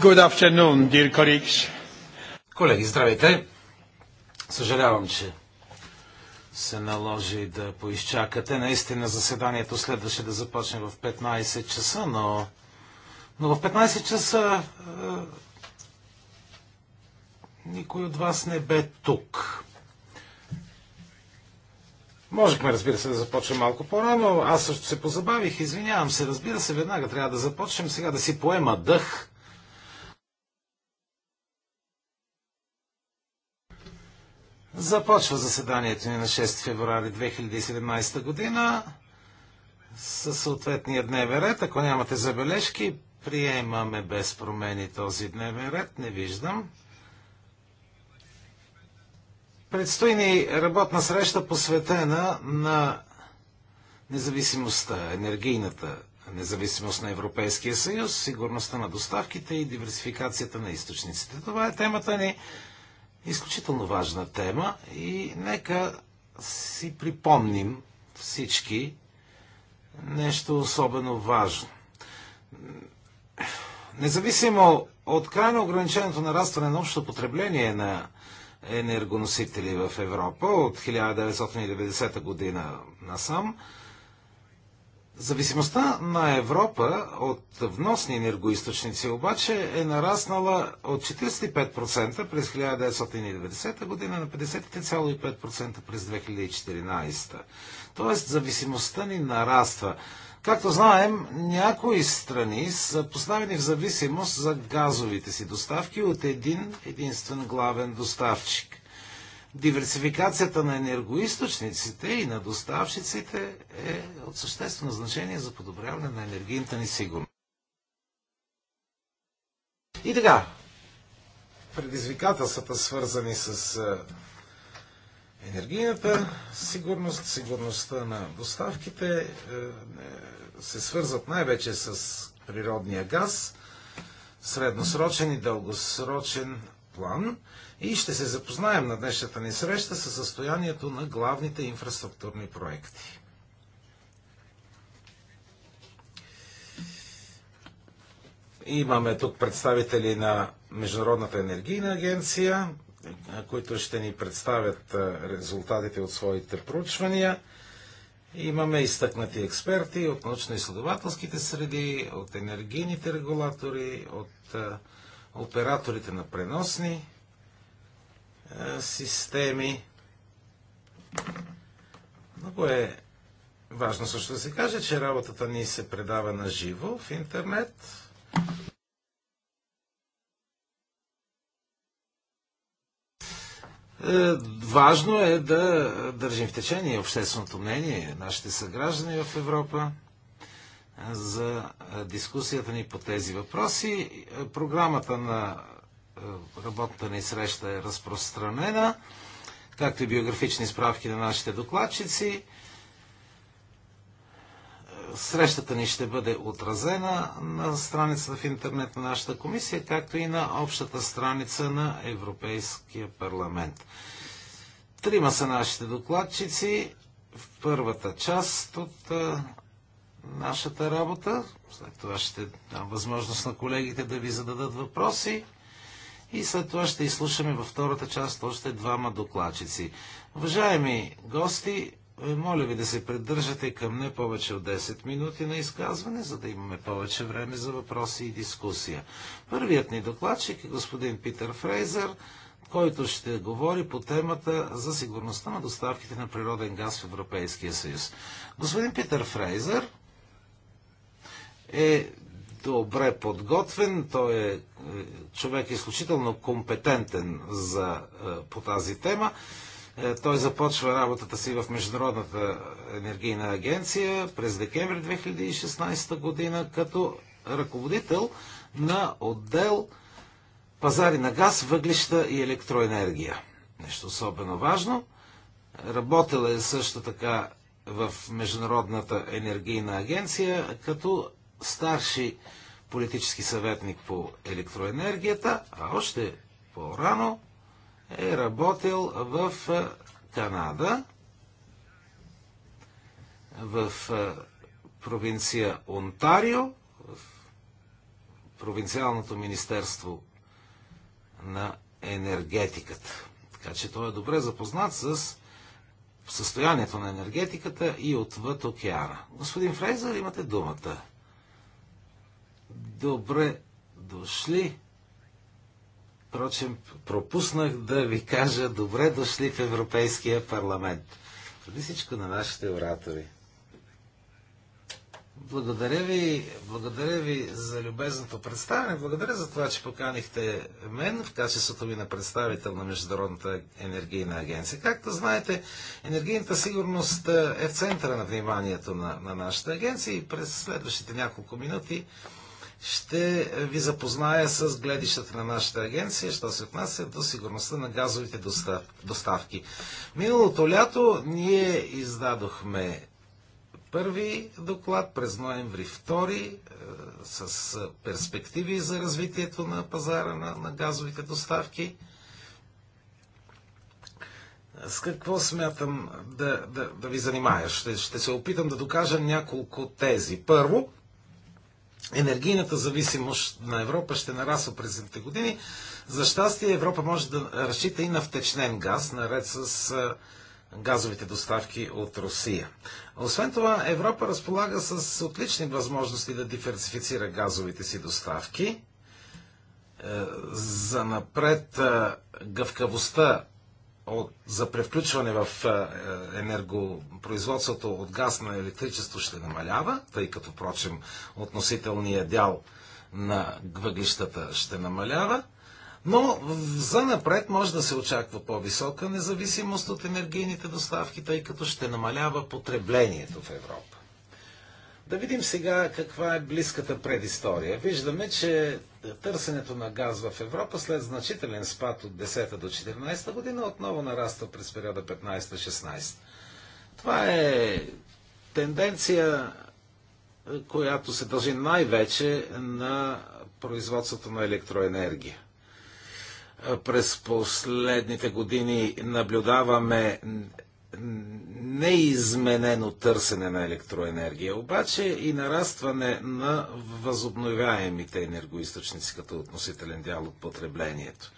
Good afternoon, dear colleagues. Колеги, здравейте! Съжалявам, че се наложи да поизчакате. Наистина заседанието следваше да започне в 15 часа, но, но в 15 часа е... никой от вас не бе тук. Можехме, разбира се, да започнем малко по-рано. Аз също се позабавих, извинявам се. Разбира се, веднага трябва да започнем сега да си поема дъх. Започва заседанието ни на 6 февруари 2017 година със съответния дневен ред. Ако нямате забележки, приемаме без промени този дневен ред. Не виждам. Предстои ни работна среща посветена на независимостта, енергийната независимост на Европейския съюз, сигурността на доставките и диверсификацията на източниците. Това е темата ни, изключително важна тема и нека си припомним всички нещо особено важно. Независимо от крайно ограниченото нарастване на общото потребление на енергоносители в Европа от 1990 година насам. Зависимостта на Европа от вносни енергоисточници обаче е нараснала от 45% през 1990 година на 53,5% през 2014. Тоест зависимостта ни нараства. Както знаем, някои страни са поставени в зависимост за газовите си доставки от един единствен главен доставчик. Диверсификацията на енергоисточниците и на доставчиците е от съществено значение за подобряване на енергийната ни сигурност. И така, предизвикателствата, свързани с е, енергийната сигурност, сигурността на доставките е, се свързват най-вече с природния газ, средносрочен и дългосрочен план и ще се запознаем на днешната ни среща с състоянието на главните инфраструктурни проекти. Имаме тук представители на Международната енергийна агенция, които ще ни представят резултатите от своите проучвания. Имаме изтъкнати експерти от научно-изследователските среди, от енергийните регулатори, от операторите на преносни системи. Много е важно също да се каже, че работата ни се предава на живо в интернет. Е, важно е да държим в течение общественото мнение, нашите съграждани в Европа, е, за дискусията ни по тези въпроси. Е, програмата на работната ни среща е разпространена, както и биографични справки на нашите докладчици. Срещата ни ще бъде отразена на страницата в интернет на нашата комисия, както и на общата страница на Европейския парламент. Трима са нашите докладчици в първата част от а, нашата работа. След това ще дам възможност на колегите да ви зададат въпроси. И след това ще изслушаме във втората част още двама докладчици. Уважаеми гости, е, моля ви да се придържате към не повече от 10 минути на изказване, за да имаме повече време за въпроси и дискусия. Първият ни докладчик е господин Питър Фрейзър, който ще говори по темата за сигурността на доставките на природен газ в Европейския съюз. Господин Питър Фрейзър е добре подготвен, той е, е човек изключително компетентен за, е, по тази тема. Е, той започва работата си в Международната енергийна агенция през декември 2016 година като ръководител на отдел пазари на газ, въглища и електроенергия. Нещо особено важно. Работила е също така в Международната енергийна агенция като старши политически съветник по електроенергията, а още по-рано е работил в Канада, в провинция Онтарио, в провинциалното министерство на енергетиката. Така че той е добре запознат с състоянието на енергетиката и отвъд океана. Господин Фрейзер, имате думата. Добре дошли Впрочем, пропуснах да ви кажа добре дошли в Европейския парламент. Преди всичко на нашите оратори. Благодаря ви, благодаря ви за любезното представяне. Благодаря за това, че поканихте мен в качеството ми на представител на Международната енергийна агенция. Както знаете, енергийната сигурност е в центъра на вниманието на, на нашата агенция и през следващите няколко минути ще ви запозная с гледищата на нашата агенция, що се отнася до сигурността на газовите доставки. Миналото лято ние издадохме първи доклад през ноември втори е, с перспективи за развитието на пазара на, на газовите доставки. С какво смятам да, да, да ви занимая? Ще, ще се опитам да докажа няколко тези. Първо, енергийната зависимост на Европа ще нарасва през едните години. За щастие Европа може да разчита и на втечнен газ, наред с газовите доставки от Русия. Освен това, Европа разполага с отлични възможности да диверсифицира газовите си доставки. Е, за напред гъвкавостта за превключване в е, е, енергопроизводството от газ на електричество ще намалява, тъй като, прочим, относителният дял на въглищата ще намалява, но за напред може да се очаква по-висока независимост от енергийните доставки, тъй като ще намалява потреблението в Европа. Да видим сега каква е близката предистория. Виждаме, че търсенето на газ в Европа след значителен спад от 10 до 14 година отново нараства през периода 15-16. Това е тенденция, която се дължи най-вече на производството на електроенергия. През последните години наблюдаваме неизменено търсене на електроенергия, обаче и нарастване на възобновяемите енергоисточници като относителен дял от потреблението.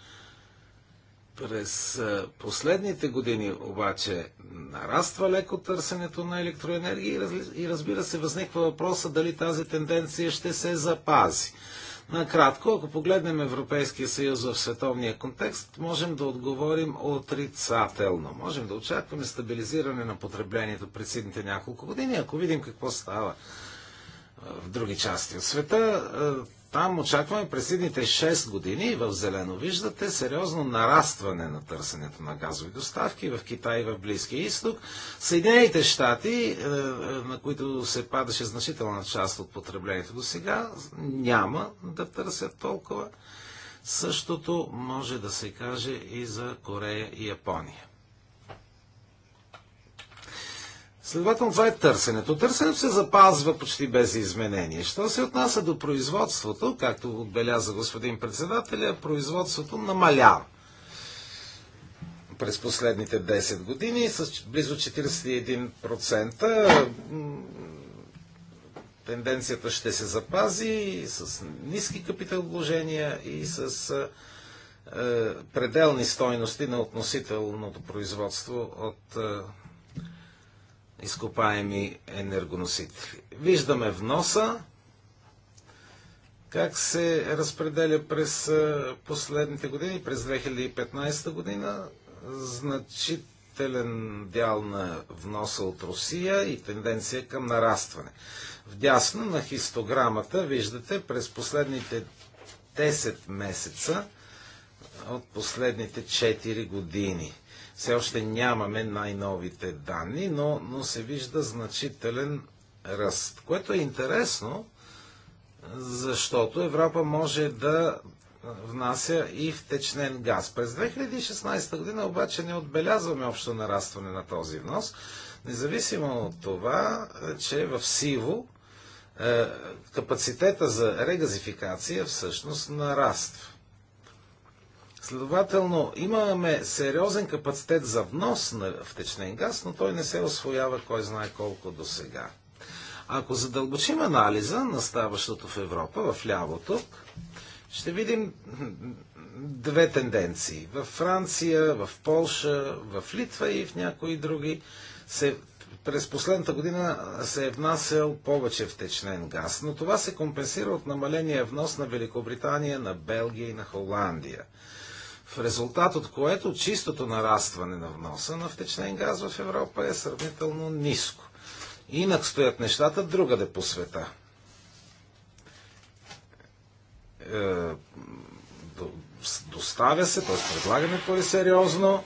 През последните години обаче нараства леко търсенето на електроенергия и разбира се възниква въпроса дали тази тенденция ще се запази. Накратко, ако погледнем Европейския съюз в световния контекст, можем да отговорим отрицателно. Можем да очакваме стабилизиране на потреблението през следните няколко години. Ако видим какво става в други части от света, там очакваме през следните 6 години в зелено виждате сериозно нарастване на търсенето на газови доставки в Китай и в Близкия изток. Съединените щати, е, е, на които се падаше значителна част от потреблението до сега, няма да търсят толкова. Същото може да се каже и за Корея и Япония. Следователно това е търсенето. Търсенето се запазва почти без изменение. Що се отнася до производството, както отбеляза господин председателя, производството намалява през последните 10 години с близо 41%. Тенденцията ще се запази с ниски капиталовложения и с пределни стойности на относителното производство от изкопаеми енергоносители. Виждаме вноса, как се разпределя през последните години, през 2015 година. Значителен дял на вноса от Русия и тенденция към нарастване. дясно на хистограмата виждате през последните 10 месеца от последните 4 години. Все още нямаме най-новите данни, но, но се вижда значителен ръст, което е интересно, защото Европа може да внася и втечнен газ. През 2016 година обаче не отбелязваме общо нарастване на този внос, независимо от това, че в сиво е, капацитета за регазификация всъщност нараства. Следователно, имаме сериозен капацитет за внос на втечнен газ, но той не се освоява кой знае колко до сега. Ако задълбочим анализа на ставащото в Европа, в ляво тук, ще видим две тенденции. В Франция, в Полша, в Литва и в някои други се, през последната година се е внасял повече втечнен газ, но това се компенсира от намаления внос на Великобритания, на Белгия и на Холандия в резултат от което чистото нарастване на вноса на втечнен газ в Европа е сравнително ниско. Инак стоят нещата другаде по света. Е, доставя се, т.е. предлагаме по сериозно,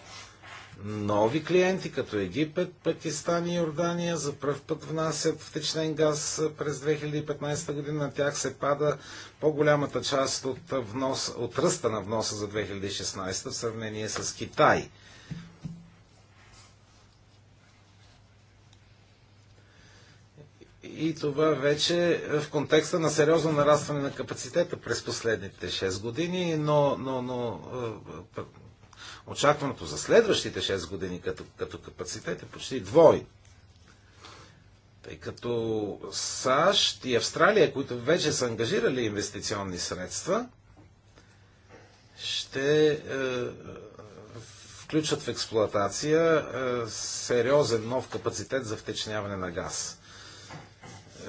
нови клиенти, като Египет, Пакистан и Йордания, за първ път внасят втечнен газ през 2015 година. На тях се пада по-голямата част от, внос, от ръста на вноса за 2016 в сравнение с Китай. И това вече в контекста на сериозно нарастване на капацитета през последните 6 години, но, но, но Очакваното за следващите 6 години като, като капацитет е почти двой. Тъй като САЩ и Австралия, които вече са ангажирали инвестиционни средства, ще е, включат в експлоатация е, сериозен нов капацитет за втечняване на газ.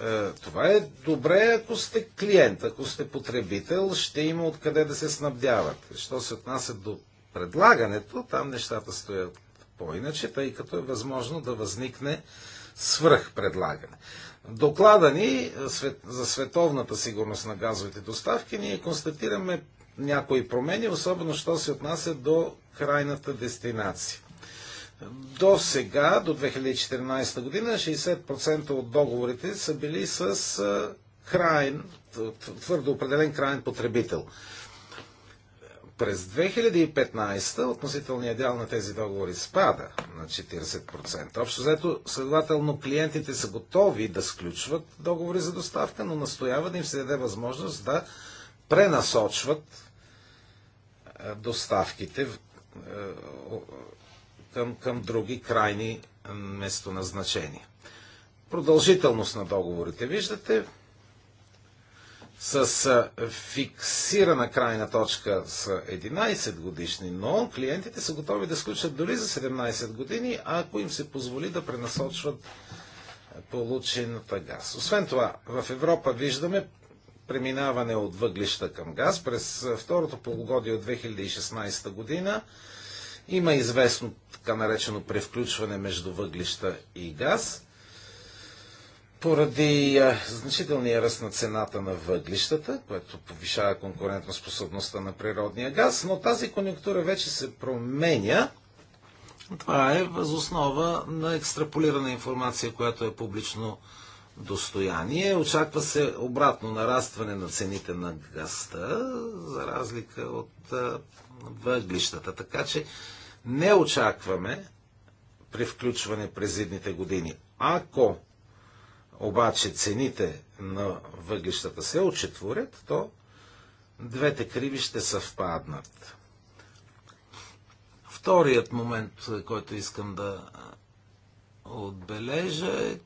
Е, това е добре, ако сте клиент, ако сте потребител, ще има откъде да се снабдяват. Що се отнася до предлагането, там нещата стоят по-иначе, тъй като е възможно да възникне свръхпредлагане. Доклада ни е, за световната сигурност на газовите доставки ние констатираме някои промени, особено що се отнася до крайната дестинация. До сега, до 2014 година, 60% от договорите са били с е, крайен, твърдо определен крайен потребител. През 2015 относителният дял на тези договори спада на 40%. Общо заето следователно, клиентите са готови да сключват договори за доставка, но настоява да им се даде възможност да пренасочват е, доставките е, към, към други крайни местоназначения. Продължителност на договорите, виждате, с фиксирана крайна точка с 11 годишни, но клиентите са готови да сключат дори за 17 години, ако им се позволи да пренасочват получената газ. Освен това, в Европа виждаме преминаване от въглища към газ. През второто полугодие от 2016 година има известно така наречено превключване между въглища и газ – поради значителния ръст на цената на въглищата, което повишава конкурентоспособността на природния газ, но тази конъюнктура вече се променя. Това е възоснова на екстраполирана информация, която е публично достояние. Очаква се обратно нарастване на цените на газта, за разлика от въглищата. Така че не очакваме при включване през едните години. Ако обаче цените на въглищата се очетворят, то двете криви ще съвпаднат. Вторият момент, който искам да отбележа е,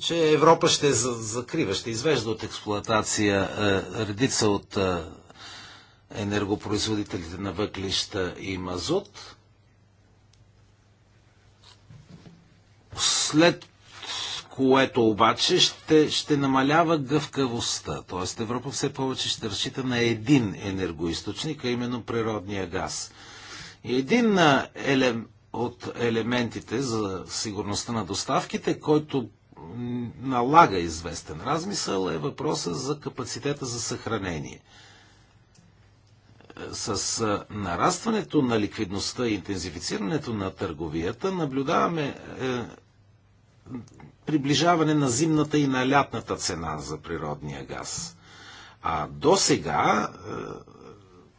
че Европа ще закрива, ще извежда от експлоатация е, редица от е, енергопроизводителите на въглища и мазут. След което обаче ще, ще намалява гъвкавостта. Тоест Европа все повече ще разчита на един енергоисточник, а именно природния газ. И един елем, от елементите за сигурността на доставките, който налага известен размисъл, е въпроса за капацитета за съхранение. С нарастването на ликвидността и интензифицирането на търговията наблюдаваме е, приближаване на зимната и на лятната цена за природния газ. А до сега е,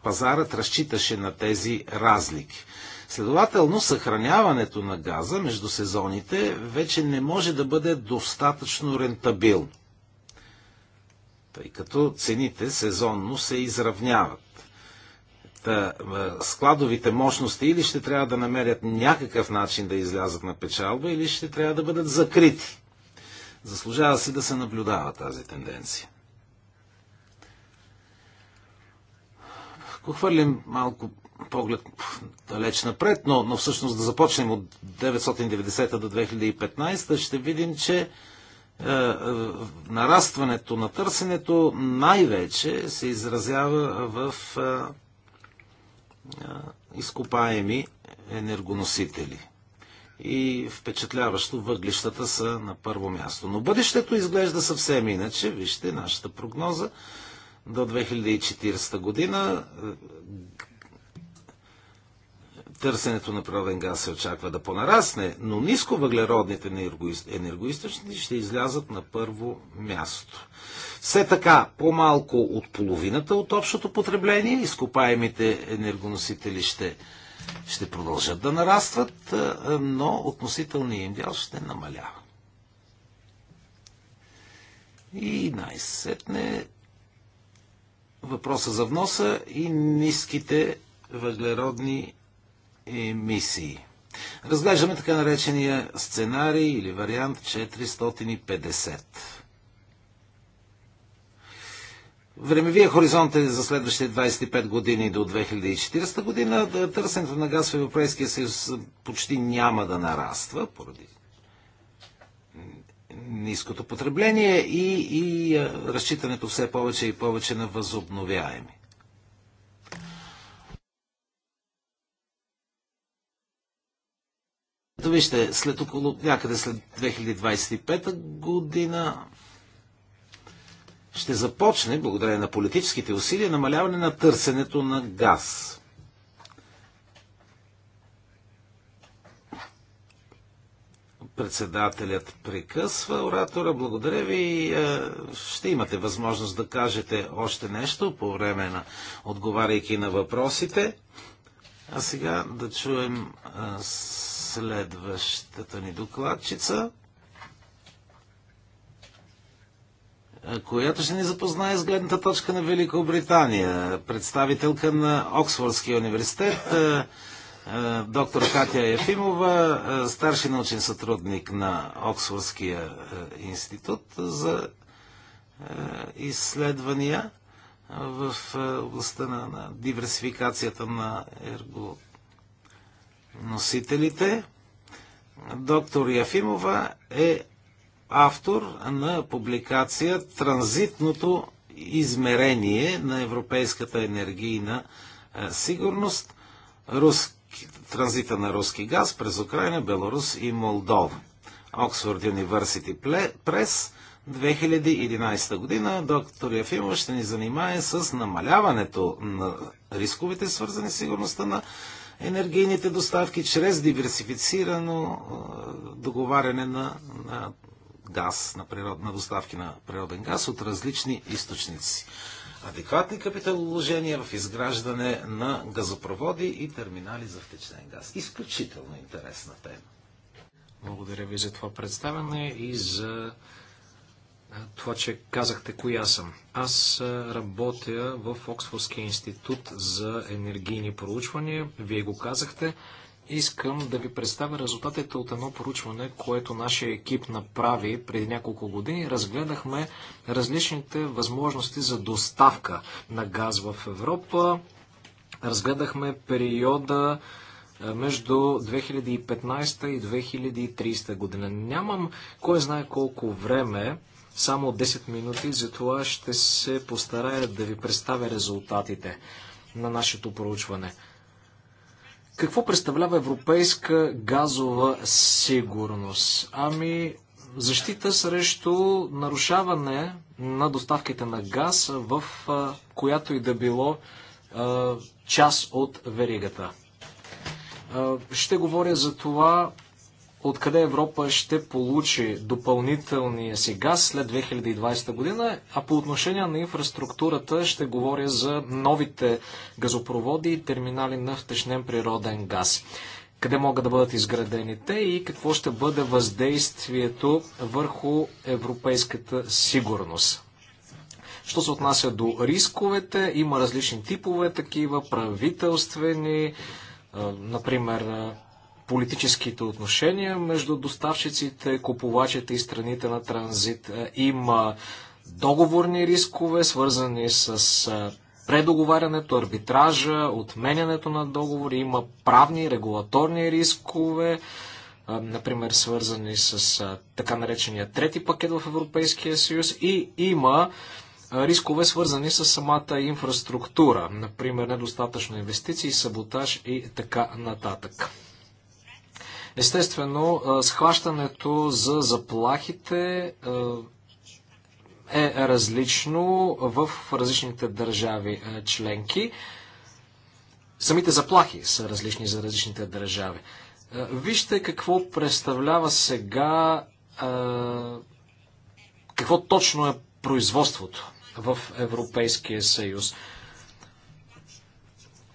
пазарът разчиташе на тези разлики. Следователно, съхраняването на газа между сезоните вече не може да бъде достатъчно рентабилно, тъй като цените сезонно се изравняват складовите мощности или ще трябва да намерят някакъв начин да излязат на печалба, или ще трябва да бъдат закрити. Заслужава си да се наблюдава тази тенденция. Ако хвърлим малко поглед далеч напред, но, но всъщност да започнем от 990 до 2015, ще видим, че е, е, нарастването на търсенето най-вече се изразява в е, изкопаеми енергоносители. И впечатляващо въглищата са на първо място. Но бъдещето изглежда съвсем иначе. Вижте нашата прогноза до 2040 година търсенето на природен газ се очаква да понарасне, но ниско въглеродните енергоисточници ще излязат на първо място. Все така, по-малко от половината от общото потребление, изкопаемите енергоносители ще, ще продължат да нарастват, но относителният им дял ще намалява. И най-сетне въпроса за вноса и ниските въглеродни емисии. Разглеждаме така наречения сценарий или вариант 450. Времевия хоризонт е за следващите 25 години до 2040 година. Търсенето на газ в Европейския съюз почти няма да нараства поради ниското потребление и, и разчитането все повече и повече на възобновяеми. Вижте, след около някъде след 2025 година ще започне, благодарение на политическите усилия, намаляване на търсенето на газ. Председателят прекъсва оратора. Благодаря ви. Е, ще имате възможност да кажете още нещо по време на отговаряйки на въпросите. А сега да чуем е, следващата ни докладчица. която ще ни запознае с гледната точка на Великобритания. Представителка на Оксфордския университет, доктор Катя Ефимова, старши научен сътрудник на Оксфордския институт за изследвания в областта на, на диверсификацията на ергоносителите. Доктор Яфимова е автор на публикация Транзитното измерение на европейската енергийна е, сигурност руски, транзита на руски газ през Украина, Беларус и Молдова. Оксфорд Юниверсити Прес 2011 година доктор Яфимов ще ни занимае с намаляването на рисковете, свързани с сигурността на енергийните доставки чрез диверсифицирано е, договаряне на, на газ, на, природ, на доставки на природен газ от различни източници. Адекватни капиталовложения в изграждане на газопроводи и терминали за втечнен газ. Изключително интересна тема. Благодаря ви за това представяне и за това, че казахте коя съм. Аз работя в Оксфордския институт за енергийни проучвания. Вие го казахте искам да ви представя резултатите от едно поручване, което нашия екип направи преди няколко години. Разгледахме различните възможности за доставка на газ в Европа. Разгледахме периода между 2015 и 2030 година. Нямам кой знае колко време, само 10 минути, затова ще се постарая да ви представя резултатите на нашето проучване. Какво представлява европейска газова сигурност? Ами, защита срещу нарушаване на доставките на газ в която и да било част от веригата. Ще говоря за това откъде Европа ще получи допълнителния си газ след 2020 година, а по отношение на инфраструктурата ще говоря за новите газопроводи и терминали на втечнен природен газ. Къде могат да бъдат изградени те и какво ще бъде въздействието върху европейската сигурност. Що се отнася до рисковете, има различни типове такива, правителствени, например политическите отношения между доставчиците, купувачите и страните на транзит. Е, има договорни рискове, свързани с е, предоговарянето, арбитража, отменянето на договори, има правни, регулаторни рискове, е, например свързани с така наречения трети пакет в Европейския съюз и има рискове свързани с самата инфраструктура, например недостатъчно инвестиции, саботаж и така нататък. Естествено, схващането за заплахите е различно в различните държави членки. Самите заплахи са различни за различните държави. Вижте какво представлява сега, какво точно е производството в Европейския съюз.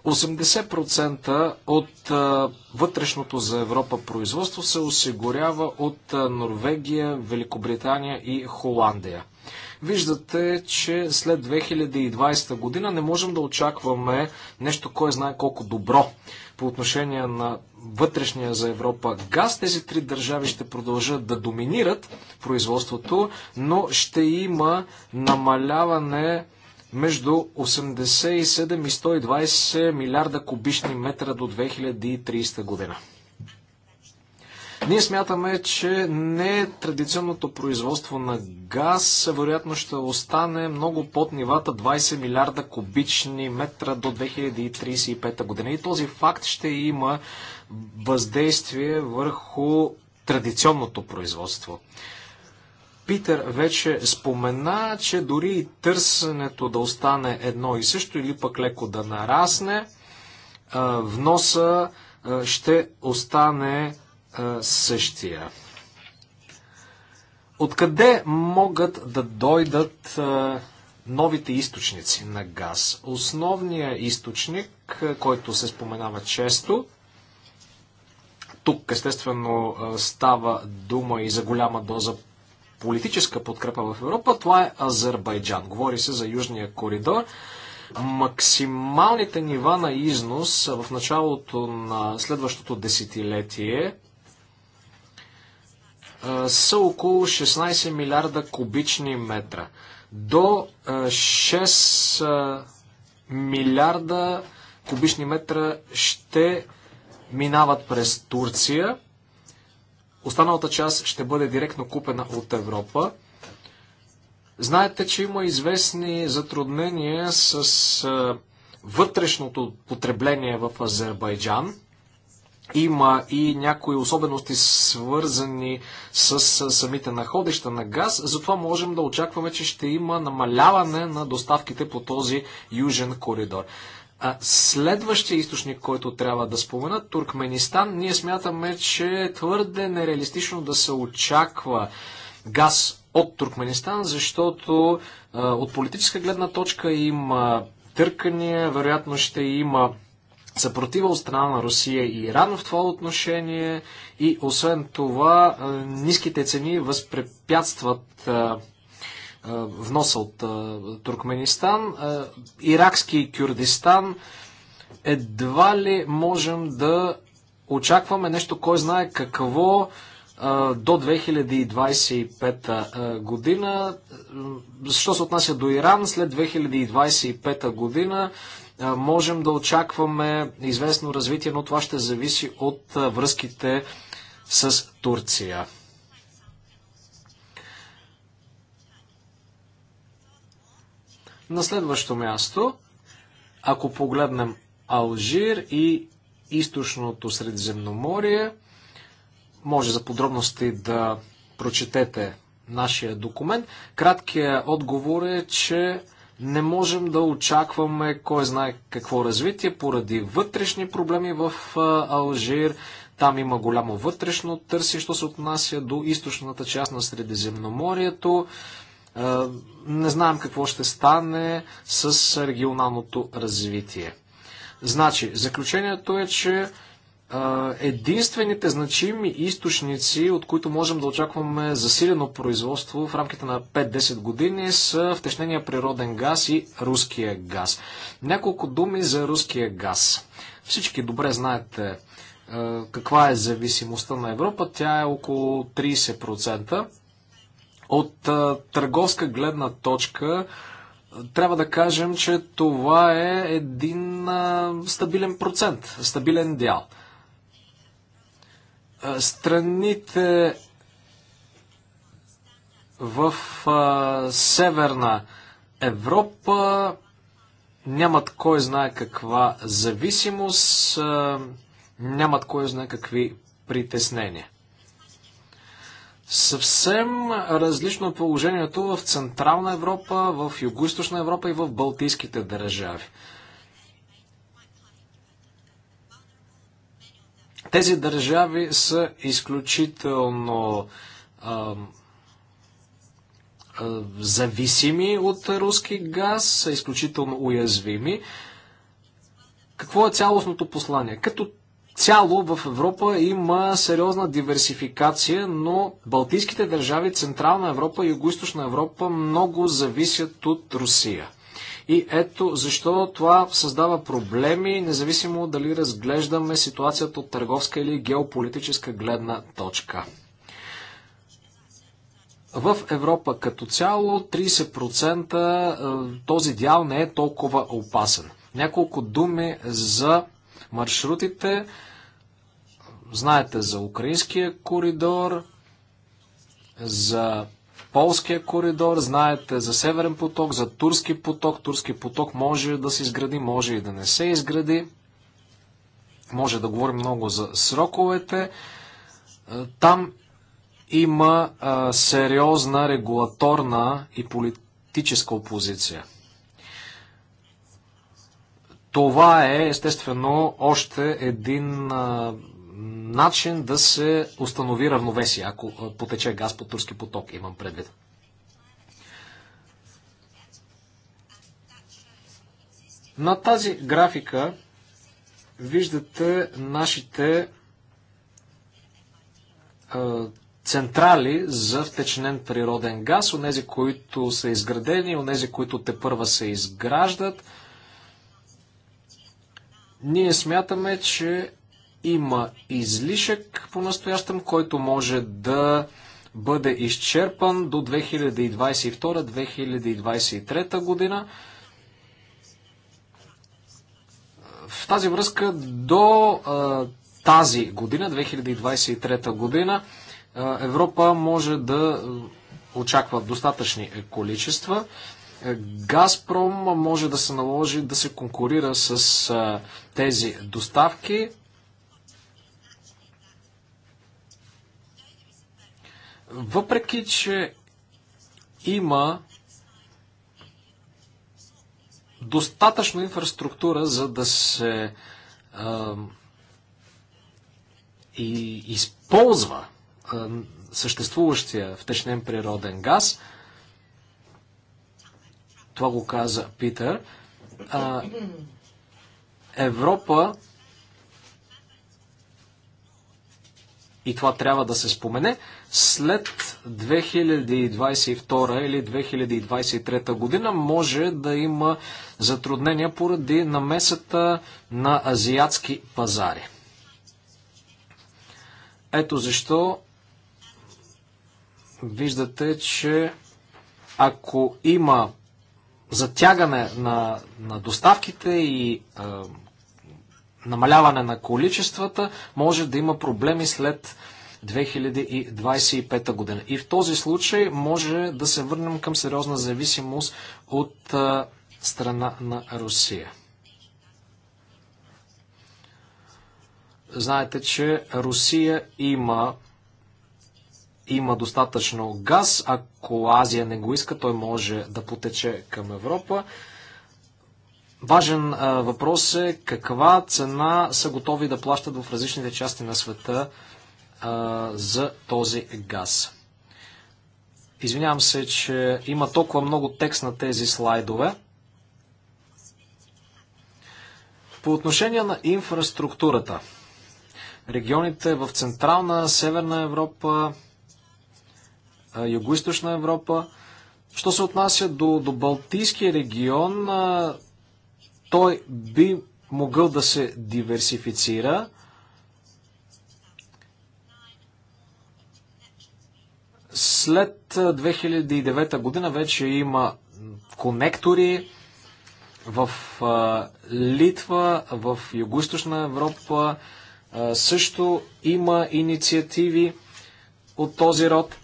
80% от а, вътрешното за Европа производство се осигурява от а, Норвегия, Великобритания и Холандия. Виждате, че след 2020 година не можем да очакваме нещо, кой знае колко добро по отношение на вътрешния за Европа газ. Тези три държави ще продължат да доминират производството, но ще има намаляване между 87 и 120 милиарда кубични метра до 2030 година. Ние смятаме, че не е традиционното производство на газ вероятно ще остане много под нивата 20 милиарда кубични метра до 2035 година. И този факт ще има въздействие върху традиционното производство. Питър вече спомена, че дори и търсенето да остане едно и също или пък леко да нарасне, вноса ще остане същия. Откъде могат да дойдат новите източници на газ? Основният източник, който се споменава често, тук естествено става дума и за голяма доза политическа подкрепа в Европа, това е Азербайджан. Говори се за Южния коридор. Максималните нива на износ в началото на следващото десетилетие са около 16 милиарда кубични метра. До 6 милиарда кубични метра ще минават през Турция. Останалата част ще бъде директно купена от Европа. Знаете, че има известни затруднения с вътрешното потребление в Азербайджан. Има и някои особености свързани с самите находища на газ, затова можем да очакваме, че ще има намаляване на доставките по този южен коридор. А следващия източник, който трябва да спомена, Туркменистан, ние смятаме, че е твърде нереалистично да се очаква газ от Туркменистан, защото а, от политическа гледна точка има търкания, вероятно ще има съпротива от страна на Русия и Иран в това отношение и освен това ниските цени възпрепятстват вноса от Туркменистан, иракски Кюрдистан, едва ли можем да очакваме нещо, кой знае какво до 2025 година. Що се отнася до Иран, след 2025 година можем да очакваме известно развитие, но това ще зависи от връзките с Турция. На следващо място, ако погледнем Алжир и източното Средиземноморие, може за подробности да прочетете нашия документ. Краткият отговор е, че не можем да очакваме кой знае какво развитие поради вътрешни проблеми в Алжир. Там има голямо вътрешно търси, що се отнася до източната част на Средиземноморието. Е, не знаем какво ще стане с регионалното развитие. Значи, заключението е, че е, единствените значими източници, от които можем да очакваме засилено производство в рамките на 5-10 години са втечнения природен газ и руския газ. Няколко думи за руския газ. Всички добре знаете е, каква е зависимостта на Европа. Тя е около 30%. От а, търговска гледна точка трябва да кажем, че това е един а, стабилен процент, стабилен дял. А, страните в а, Северна Европа нямат кой знае каква зависимост, а, нямат кой знае какви притеснения. Съвсем различно е положението в Централна Европа, в юго Европа и в Балтийските държави. Тези държави са изключително а, а, зависими от руски газ, са изключително уязвими. Какво е цялостното послание? Като цяло в Европа има сериозна диверсификация, но Балтийските държави, Централна Европа и Юго-Источна Европа много зависят от Русия. И ето защо това създава проблеми, независимо дали разглеждаме ситуацията от търговска или геополитическа гледна точка. В Европа като цяло 30% е, този дял не е толкова опасен. Няколко думи за маршрутите. Знаете за украинския коридор, за полския коридор, знаете за Северен поток, за Турски поток. Турски поток може да се изгради, може и да не се изгради. Може да говорим много за сроковете. Е, там има а, е, сериозна регулаторна и политическа опозиция. Това е, естествено, още един начин да се установи равновесие, ако потече газ по турски поток, имам предвид. На тази графика виждате нашите централи за втечнен природен газ, онези, които са изградени, онези, които те първа се изграждат – ние смятаме, че има излишък по-настоящем, който може да бъде изчерпан до 2022-2023 година. В тази връзка до а, тази година, 2023 година, а, Европа може да очаква достатъчни количества. Газпром може да се наложи да се конкурира с тези доставки. Въпреки, че има достатъчно инфраструктура, за да се а, и използва а, съществуващия втечнен природен газ, а, това го каза Питър. А, Европа и това трябва да се спомене, след 2022 или 2023 година може да има затруднения поради намесата на азиатски пазари. Ето защо виждате, че ако има затягане на, на доставките и а, намаляване на количествата може да има проблеми след 2025 година. И в този случай може да се върнем към сериозна зависимост от а, страна на Русия. Знаете, че Русия има има достатъчно газ. Ако Азия не го иска, той може да потече към Европа. Важен а, въпрос е каква цена са готови да плащат в различните части на света а, за този газ. Извинявам се, че има толкова много текст на тези слайдове. По отношение на инфраструктурата, регионите в Централна, Северна Европа, Юго-Источна Европа. Що се отнася до, до Балтийския регион, а, той би могъл да се диверсифицира. След 2009 година вече има конектори в а, Литва, в Юго-Источна Европа. А, също има инициативи от този род.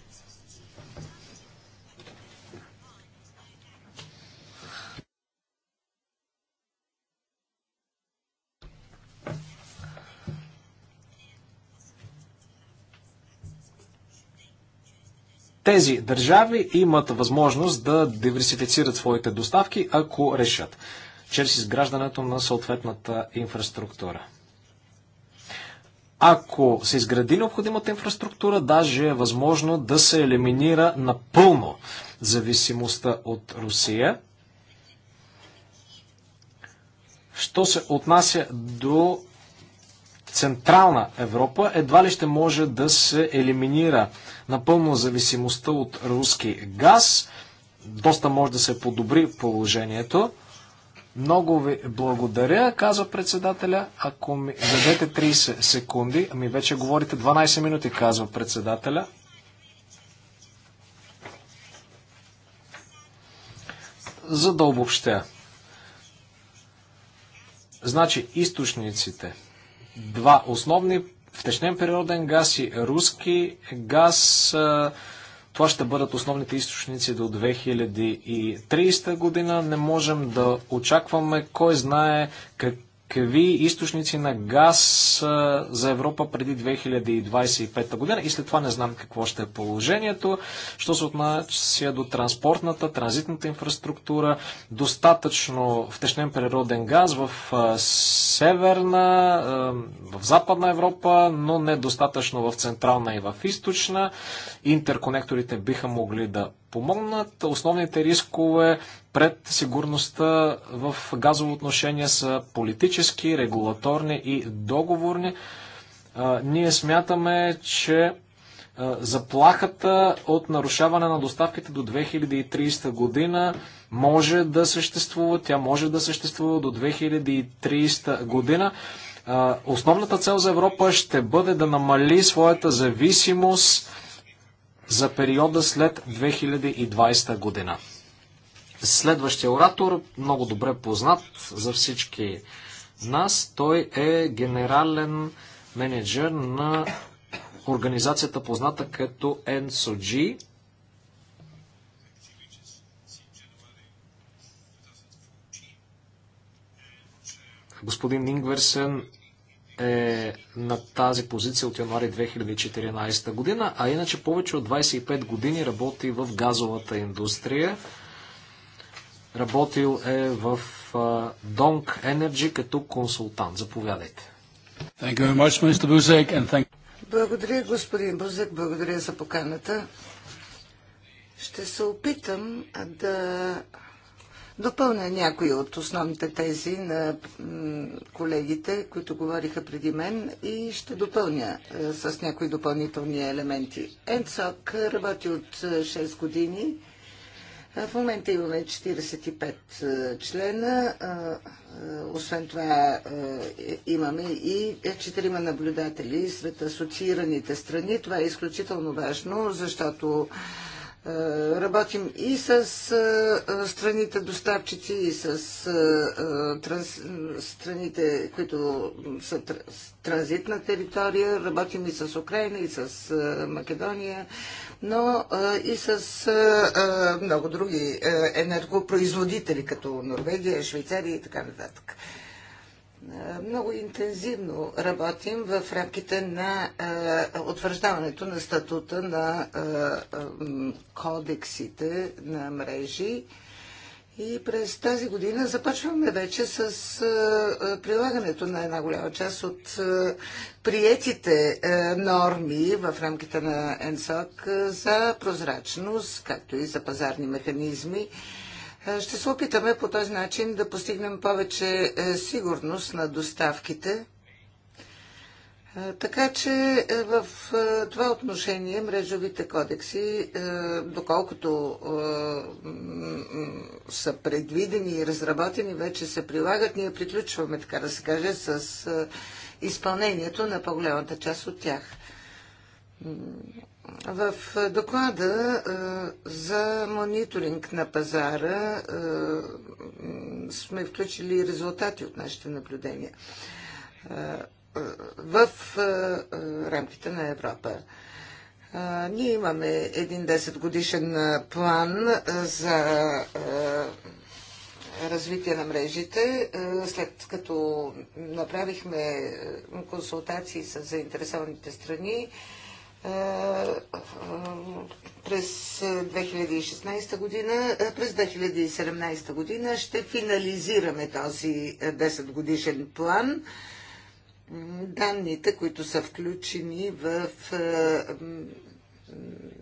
Тези държави имат възможност да диверсифицират своите доставки, ако решат, чрез изграждането на съответната инфраструктура. Ако се изгради необходимата инфраструктура, даже е възможно да се елиминира напълно зависимостта от Русия. Що се отнася до Централна Европа едва ли ще може да се елиминира напълно зависимостта от руски газ. Доста може да се подобри положението. Много ви благодаря, казва председателя. Ако ми дадете 30 секунди, ами вече говорите 12 минути, казва председателя. За да обобщя. Значи източниците – два основни втечнен природен газ и руски газ. Това ще бъдат основните източници до 2030 година. Не можем да очакваме кой знае как какви източници на газ за Европа преди 2025 година и след това не знам какво ще е положението, що се отнася до транспортната, транзитната инфраструктура, достатъчно втечнен природен газ в северна, в западна Европа, но недостатъчно в централна и в източна. Интерконекторите биха могли да помогнат. Основните рискове пред сигурността в газово отношение са политически, регулаторни и договорни. Ние смятаме, че заплахата от нарушаване на доставките до 2030 година може да съществува, тя може да съществува до 2030 година. Основната цел за Европа ще бъде да намали своята зависимост за периода след 2020 година. Следващия оратор, много добре познат за всички нас, той е генерален менеджер на организацията позната като NSOG. Господин Ингверсен е на тази позиция от януари 2014 година, а иначе повече от 25 години работи в газовата индустрия. Работил е в Donk Energy като консултант. Заповядайте. Благодаря, господин Бузек. Благодаря за поканата. Ще се опитам да допълня някои от основните тези на колегите, които говориха преди мен и ще допълня е, с някои допълнителни елементи. ЕНЦОК работи от 6 е, години. Е, в момента имаме 45 члена. Освен това имаме и 4 наблюдатели сред асоциираните страни. Това е изключително важно, защото е, работим и с е, е, страните доставчици, и с транс... страните, които са транзитна територия. Работим и с Украина, и с Македония, но и с много други енергопроизводители, като Норвегия, Швейцария и така нататък много интензивно работим в рамките на утвърждаването на статута на кодексите на мрежи. И през тази година започваме вече с прилагането на една голяма част от приетите норми в рамките на НСОК за прозрачност, както и за пазарни механизми. Е, ще се опитаме по този начин да постигнем повече е, сигурност на доставките. Е, така че в това отношение мрежовите кодекси, доколкото са предвидени и разработени, вече се прилагат. Ние приключваме, така да се каже, с изпълнението на по-голямата част от тях. В доклада за мониторинг на пазара сме включили резултати от нашите наблюдения в рамките на Европа. Ние имаме един 10 годишен план за развитие на мрежите, след като направихме консултации с заинтересованите страни е, е, през 2016 е, година, през 2017 година ще финализираме този 10 годишен план. Данните, които са включени в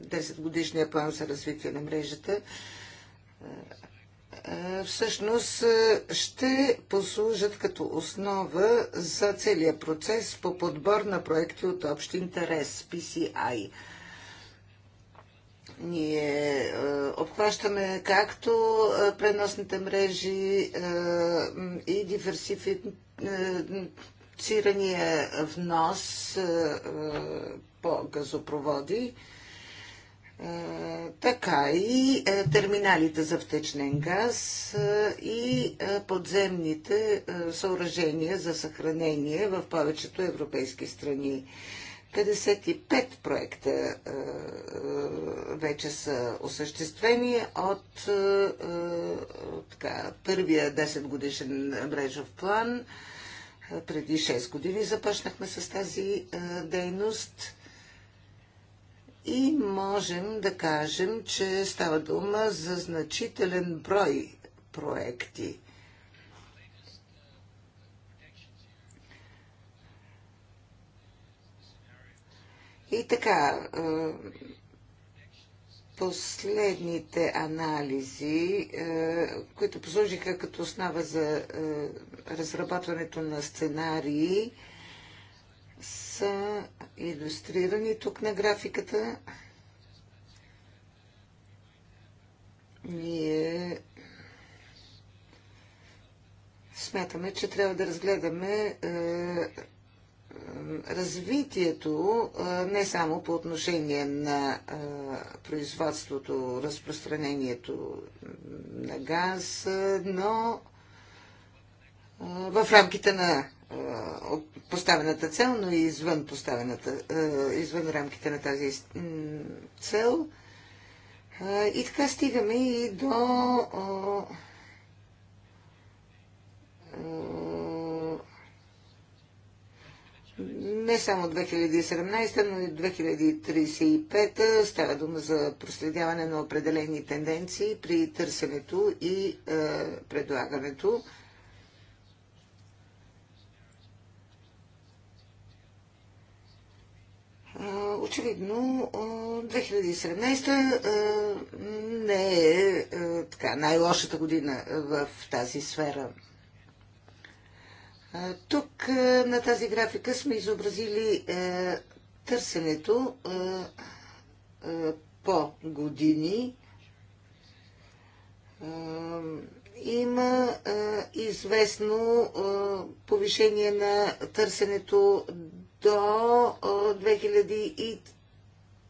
10 годишния план за развитие на мрежата, е, всъщност е, ще послужат като основа за целия процес по подбор на проекти от общ интерес, PCI. Ние е, обхващаме както преносните мрежи и диверсифицирания внос по газопроводи, така и е, терминалите за втечнен газ е, и е, подземните съоръжения за съхранение в повечето европейски страни. 55 проекта вече са осъществени от така, първия 10 годишен мрежов план. Преди 6 години започнахме с тази дейност и можем да кажем, че става дума за значителен брой проекти. И така, последните анализи, които послужиха като основа за разработването на сценарии, са иллюстрирани тук на графиката. Ние смятаме, че трябва да разгледаме е, е, развитието е, не само по отношение на производството, разпространението на газ, но в рамките на от поставената цел, но и извън поставената, извън рамките на тази цел. И така стигаме и до не само 2017, но и 2035 става дума за проследяване на определени тенденции при търсенето и предлагането Очевидно, 2017 не е така, най-лошата година в тази сфера. Тук на тази графика сме изобразили търсенето по години. Има известно повишение на търсенето до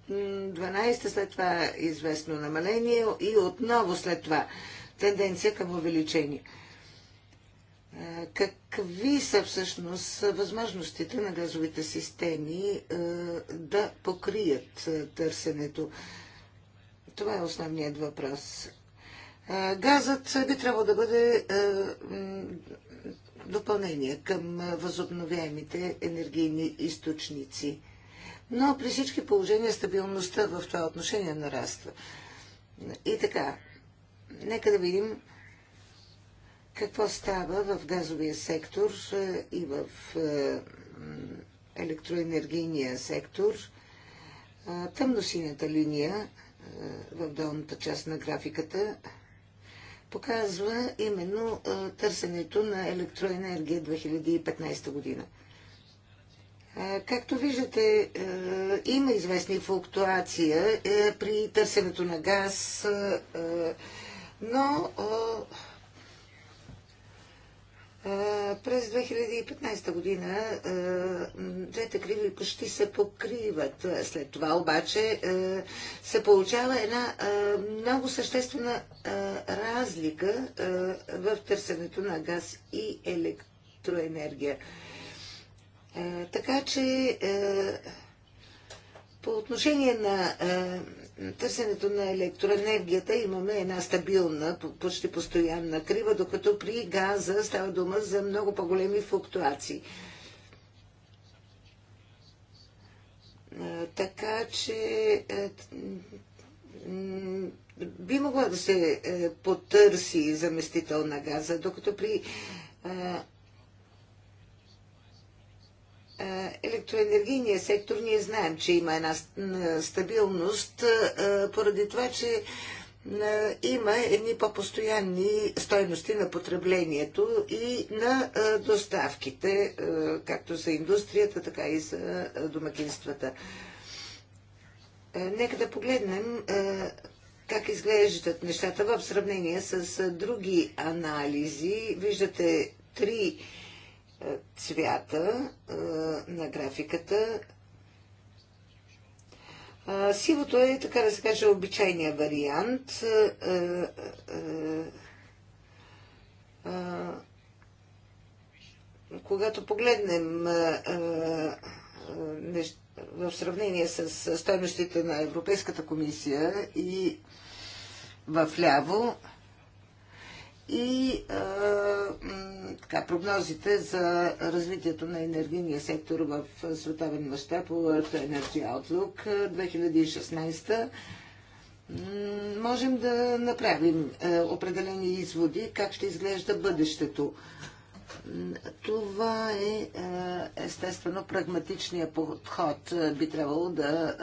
2012, след това известно намаление и отново след това тенденция към увеличение. Какви са всъщност възможностите на газовите системи да покрият търсенето? Това е основният въпрос. Газът би трябвало да бъде допълнение към възобновяемите енергийни източници. Но при всички положения стабилността в това отношение нараства. И така, нека да видим какво става в газовия сектор и в електроенергийния сектор. Тъмносинята линия в долната част на графиката показва именно търсенето на електроенергия 2015 година. Както виждате, има известни флуктуации при търсенето на газ, но през 2015 година двете криви почти се покриват. След това обаче се получава една много съществена разлика в търсенето на газ и електроенергия. Така че по отношение на търсенето на електроенергията имаме една стабилна, почти постоянна крива, докато при газа става дума за много по-големи флуктуации. Така че е, би могла да се е, потърси заместител на газа, докато при е, е, електроенергийния сектор ние знаем, че има една стабилност е, поради това, че е, има едни по-постоянни стойности на потреблението и на доставките, както за индустрията, така и за домакинствата. Нека да погледнем как изглеждат нещата в сравнение с други анализи. Виждате три е, цвята е, на графиката. Е, сивото е, така да се каже, обичайния вариант. Когато погледнем в сравнение с стойностите на Европейската комисия и в ляво, и а, така, прогнозите за развитието на енергийния сектор в световен мащаб World Energy Outlook 2016 можем да направим е, определени изводи как ще изглежда бъдещето. Това е, е естествено прагматичният подход. Е, би трябвало да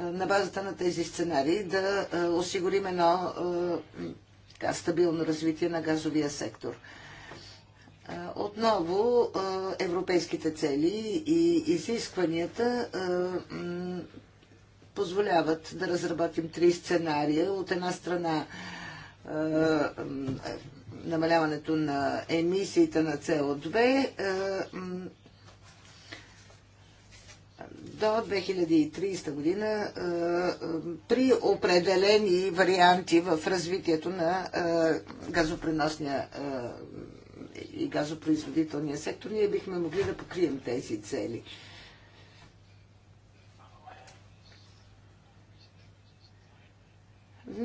на базата на тези сценарии да осигурим едно така, стабилно развитие на газовия сектор. Отново европейските цели и изискванията позволяват да разработим три сценария. От една страна намаляването на емисиите на CO2 до 2030 година е, е, при определени варианти в развитието на е, газопреносния и газопроизводителния сектор, ние бихме могли да покрием тези цели.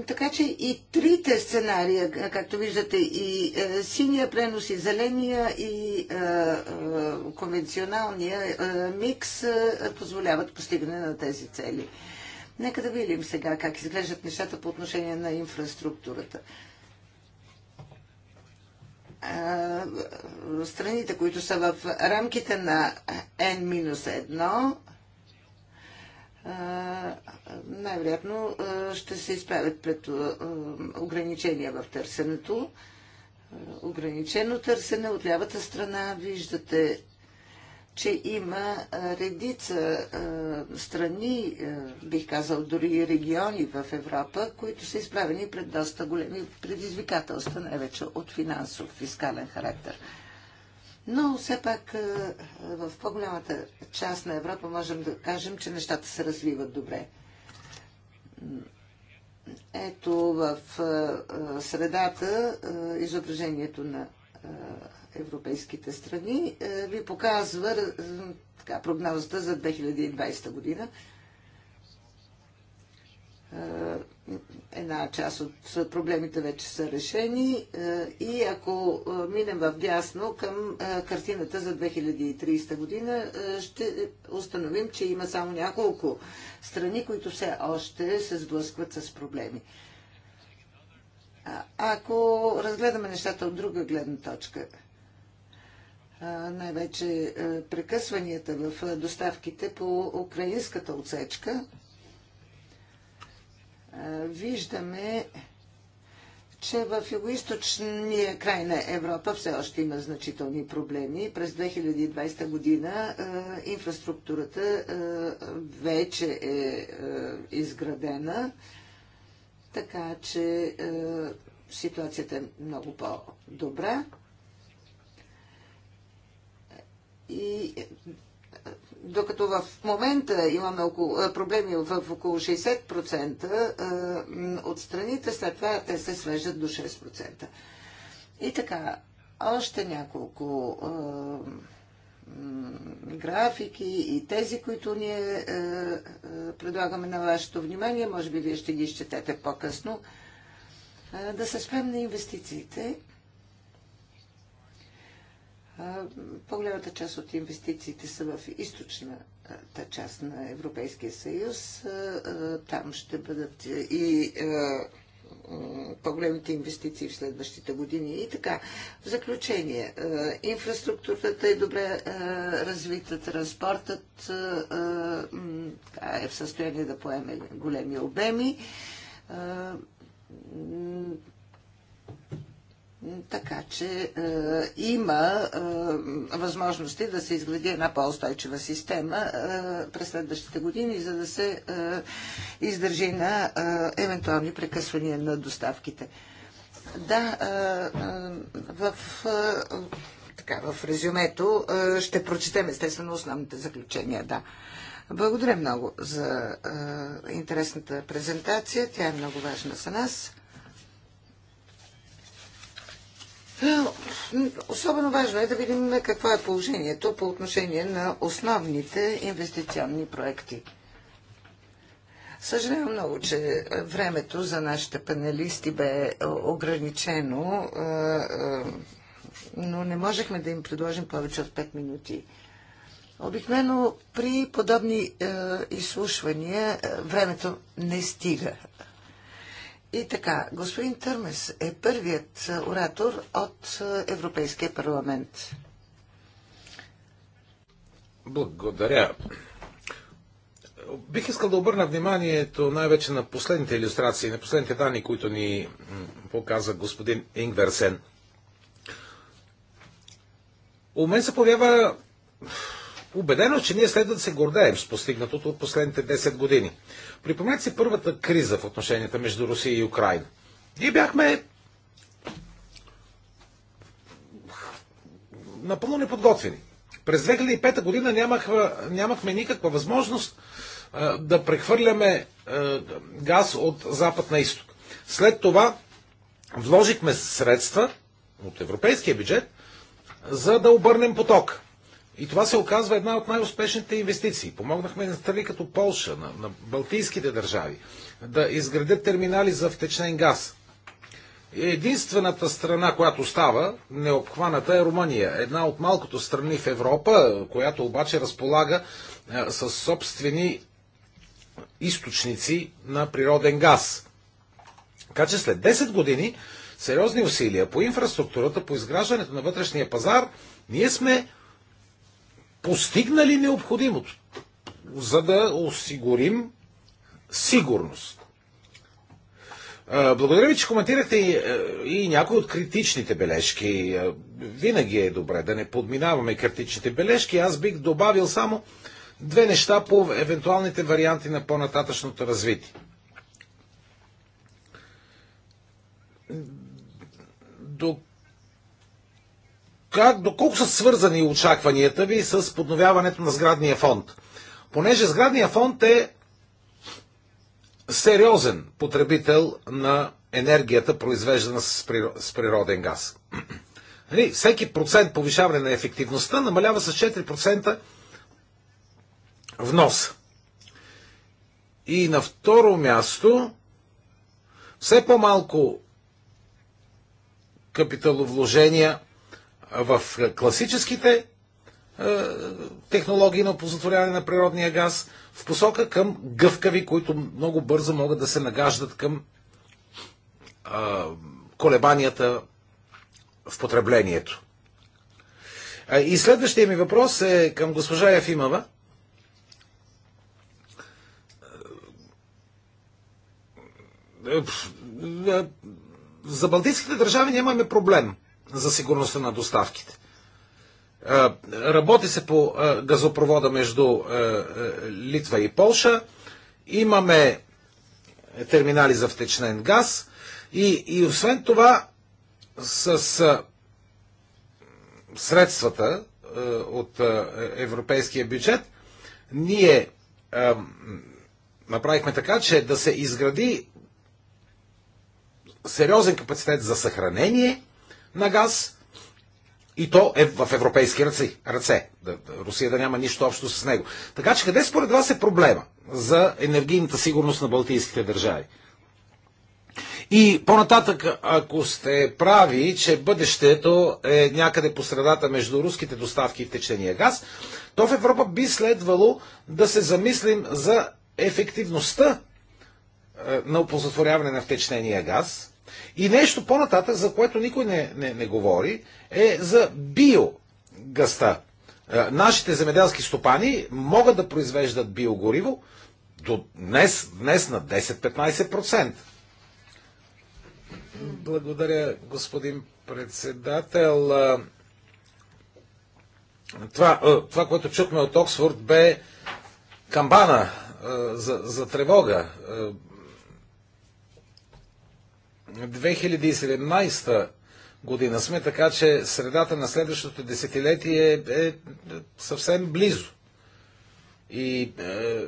Така че и трите сценария, както виждате, и е, синия пренос, и зеления, и е, е, конвенционалния е, микс е, позволяват постигане на тези цели. Нека да видим сега как изглеждат нещата по отношение на инфраструктурата. Е, страните, които са в рамките на N-1, най-вероятно ще се изправят пред ограничения в търсенето. Ограничено търсене от лявата страна виждате, че има редица страни, бих казал дори региони в Европа, които са изправени пред доста големи предизвикателства, най-вече от финансов, фискален характер. Но все пак е, в по-голямата част на Европа можем да кажем, че нещата се развиват добре. Ето в е, е, средата изображението на европейските страни ви показва така, прогнозата за 2020 година една част от проблемите вече са решени е, и ако е, минем в дясно към е, картината за 2030 година, ще установим, че има само няколко страни, които все още се сблъскват с проблеми. Ако разгледаме нещата от друга гледна точка, най-вече прекъсванията в доставките по украинската отсечка, виждаме, че в югоисточния край на Европа все още има значителни проблеми. През 2020 година инфраструктурата вече е изградена, така че ситуацията е много по-добра. И докато в момента имаме около, е, проблеми в около 60% е, от страните, след това те се свеждат до 6%. И така, още няколко е, графики и тези, които ние предлагаме на вашето внимание, може би вие ще ги изчетете по-късно, да се спрем на инвестициите по-голямата част от инвестициите са в източната част на Европейския съюз. Там ще бъдат и по-големите инвестиции в следващите години. И така, в заключение, инфраструктурата е добре развита, транспортът е в състояние да поеме големи обеми така че е, има е, възможности да се изгради една по-устойчива система е, през следващите години, за да се е, издържи на е, евентуални прекъсвания на доставките. Да, е, е, в. Е, така, в резюмето е, ще прочетем естествено основните заключения. Да. Благодаря много за е, интересната презентация. Тя е много важна за нас. Е, особено важно е да видим какво е положението по отношение на основните инвестиционни проекти. Съжалявам много, че времето за нашите панелисти бе е, ограничено, е, но не можехме да им предложим повече от 5 минути. Обикновено при подобни изслушвания времето не стига и така, господин Търмес е първият е, оратор от е, Европейския парламент. Благодаря. Бих искал да обърна вниманието най-вече на последните иллюстрации, на последните данни, които ни показа господин Ингверсен. У мен се появява Убедено, че ние следва да се гордеем с постигнатото от последните 10 години. Припомнете си първата криза в отношенията между Русия и Украина. Ние бяхме напълно неподготвени. През 2005 година нямах, нямахме никаква възможност а, да прехвърляме а, газ от запад на изток. След това вложихме средства от европейския бюджет, за да обърнем поток. И това се оказва една от най-успешните инвестиции. Помогнахме на страни като Полша, на, на Балтийските държави, да изградят терминали за втечнен газ. Единствената страна, която става необхваната е Румъния. Една от малкото страни в Европа, която обаче разполага е, с собствени източници на природен газ. Така че след 10 години сериозни усилия по инфраструктурата, по изграждането на вътрешния пазар, ние сме постигнали необходимото, за да осигурим сигурност. Благодаря ви, че коментирахте и, и някои от критичните бележки. Винаги е добре да не подминаваме критичните бележки. Аз бих добавил само две неща по евентуалните варианти на по-нататъчното развитие. До как, доколко са свързани очакванията ви с подновяването на сградния фонд? Понеже сградния фонд е сериозен потребител на енергията, произвеждана с природен газ. Нали, всеки процент повишаване на ефективността намалява с 4% внос. И на второ място, все по-малко капиталовложения – в класическите е, технологии на опозотворяване на природния газ в посока към гъвкави, които много бързо могат да се нагаждат към колебанията в потреблението. И следващия ми въпрос е към госпожа Ефимова. Е, е, за балтийските държави нямаме проблем за сигурността на доставките. Работи се по газопровода между Литва и Полша. Имаме терминали за втечнен газ. И, и освен това, с средствата от европейския бюджет, ние направихме така, че да се изгради сериозен капацитет за съхранение на газ и то е в европейски ръце. ръце. Русия да няма нищо общо с него. Така че къде според вас е проблема за енергийната сигурност на балтийските държави? И по-нататък, ако сте прави, че бъдещето е някъде по средата между руските доставки и течения газ, то в Европа би следвало да се замислим за ефективността е, на опозотворяване на втечнения газ, и нещо по-нататък, за което никой не, не, не говори, е за биогъста. Е, нашите земеделски стопани могат да произвеждат биогориво до днес, днес на 10-15%. Благодаря, господин председател. Е, това, е, това, което чухме от Оксфорд, бе камбана за, за тревога. 2017 година сме, така че средата на следващото десетилетие е, е съвсем близо. И е,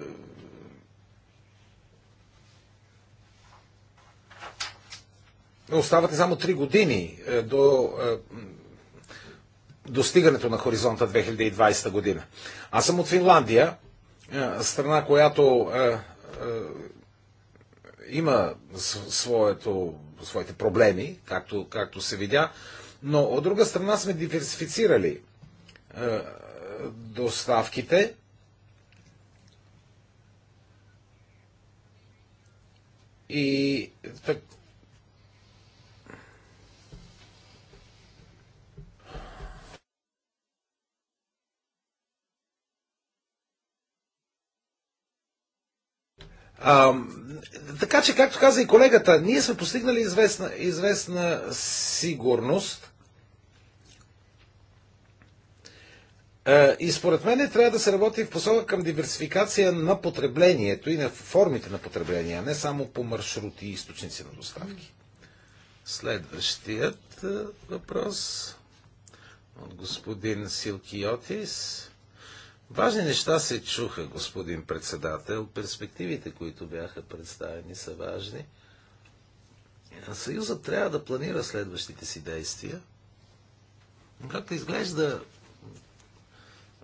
остават само 3 години е, до е, достигането на хоризонта 2020 година. Аз съм от Финландия, е, страна, която е, е, има своето своите проблеми, както, както се видя, но от друга страна сме диверсифицирали е, доставките. И А, така че, както каза и колегата, ние сме постигнали известна, известна сигурност. Е, и според мен трябва да се работи в посока към диверсификация на потреблението и на формите на потребление, а не само по маршрути и източници на доставки. Следващият е, въпрос от господин Силкиотис. Важни неща се чуха, господин председател. Перспективите, които бяха представени, са важни. Съюзът трябва да планира следващите си действия. Както изглежда,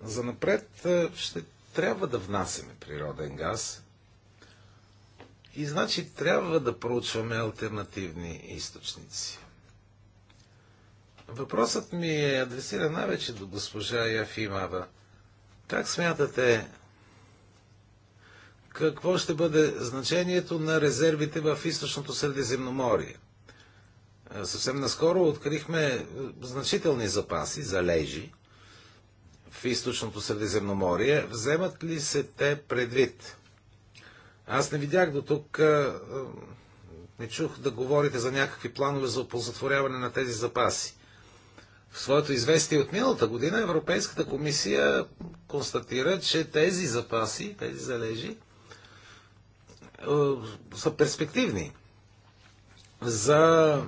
за напред ще трябва да внасяме природен газ. И значи трябва да проучваме альтернативни източници. Въпросът ми е адресиран най-вече до госпожа Яфимава. Как смятате, какво ще бъде значението на резервите в източното Средиземноморие? Е, съвсем наскоро открихме е, значителни запаси, залежи в източното Средиземноморие. Вземат ли се те предвид? Аз не видях до тук, е, не чух да говорите за някакви планове за оползотворяване на тези запаси. В своето известие от миналата година Европейската комисия констатира, че тези запаси, тези залежи е, са перспективни за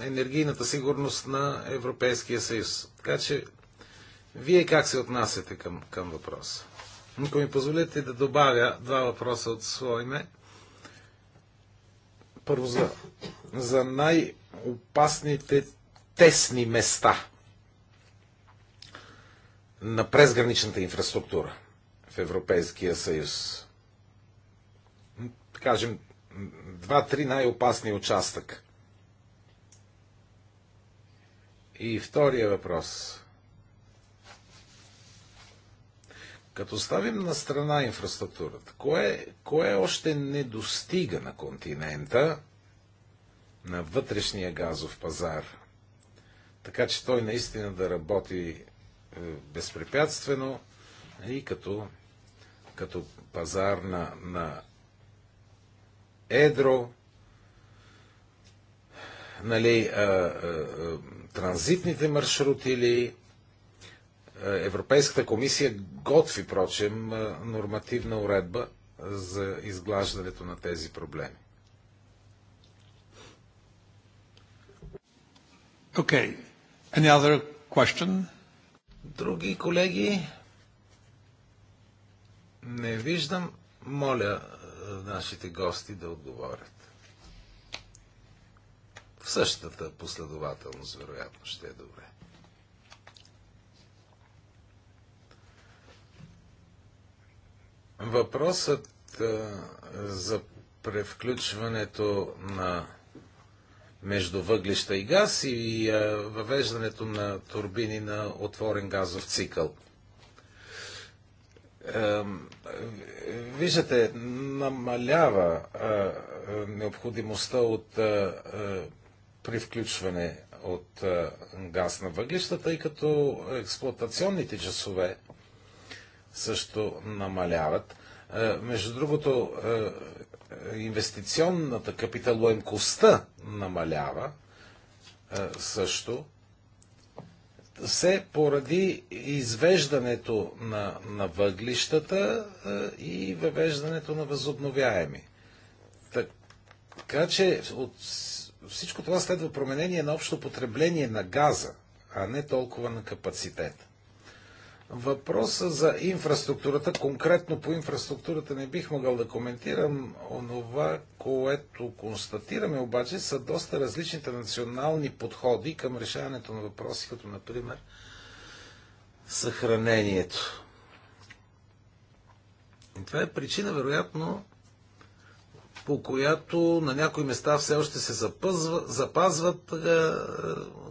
енергийната сигурност на Европейския съюз. Така че, вие как се отнасяте към, към въпроса? Ако ми позволите да добавя два въпроса от свое име. Първо за, за най-опасните тесни места на презграничната инфраструктура в Европейския съюз. Кажем, два-три най-опасни участък. И втория въпрос. Като ставим на страна инфраструктурата, кое, кое още не достига на континента, на вътрешния газов пазар, така че той наистина да работи е, безпрепятствено и като, като пазар на, на едро, нали, а, е, а, е, транзитните маршрути или Европейската комисия готви, прочем, нормативна уредба за изглаждането на тези проблеми. Okay. Any other question? Други колеги? Не виждам. Моля е, нашите гости да отговорят. В същата последователност, вероятно, ще е добре. Въпросът е, за превключването на между въглища и газ и е, въвеждането на турбини на отворен газов цикъл. Виждате, намалява е, необходимостта от е, привключване от газ на въглища, тъй като експлуатационните часове също намаляват. Между другото, инвестиционната капиталоемкостта намалява е, също, се поради извеждането на, на въглищата е, и въвеждането на възобновяеми. Так, така че от всичко това следва променение на общо потребление на газа, а не толкова на капацитета. Въпроса за инфраструктурата, конкретно по инфраструктурата не бих могъл да коментирам. Онова, което констатираме обаче, са доста различните национални подходи към решаването на въпроси, като например съхранението. И това е причина, вероятно, по която на някои места все още се запазва, запазват е, е,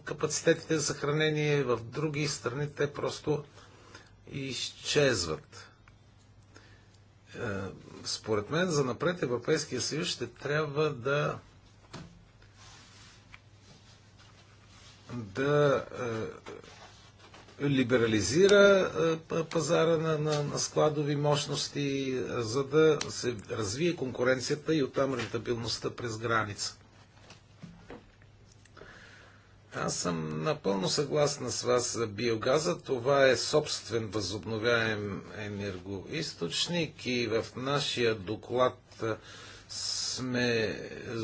капацитетите за съхранение, в други страни те просто изчезват. Е, според мен, за напред Европейския съюз ще трябва да да е, либерализира е, пазара на, на, на складови мощности, за да се развие конкуренцията и оттам рентабилността през граница. Аз съм напълно съгласна с вас за биогаза. Това е собствен възобновяем енергоисточник и в нашия доклад сме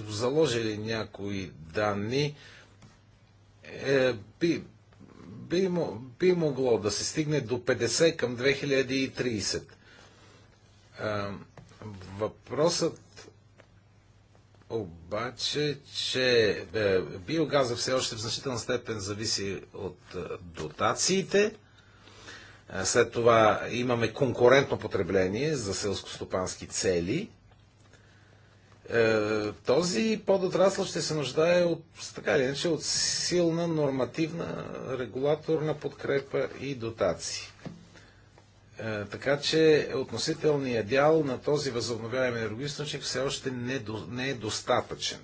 заложили някои данни. Е, би, би, би могло да се стигне до 50 към 2030. въпросът обаче, че е, биогаза все още в значителна степен зависи от е, дотациите. Е, след това имаме конкурентно потребление за селскостопански цели. Този подотрасъл ще се нуждае от, така или иначе, от силна нормативна регулаторна подкрепа и дотации. Е, така че относителният дял на този възобновяем енергоисточник все още не, до, не е достатъчен.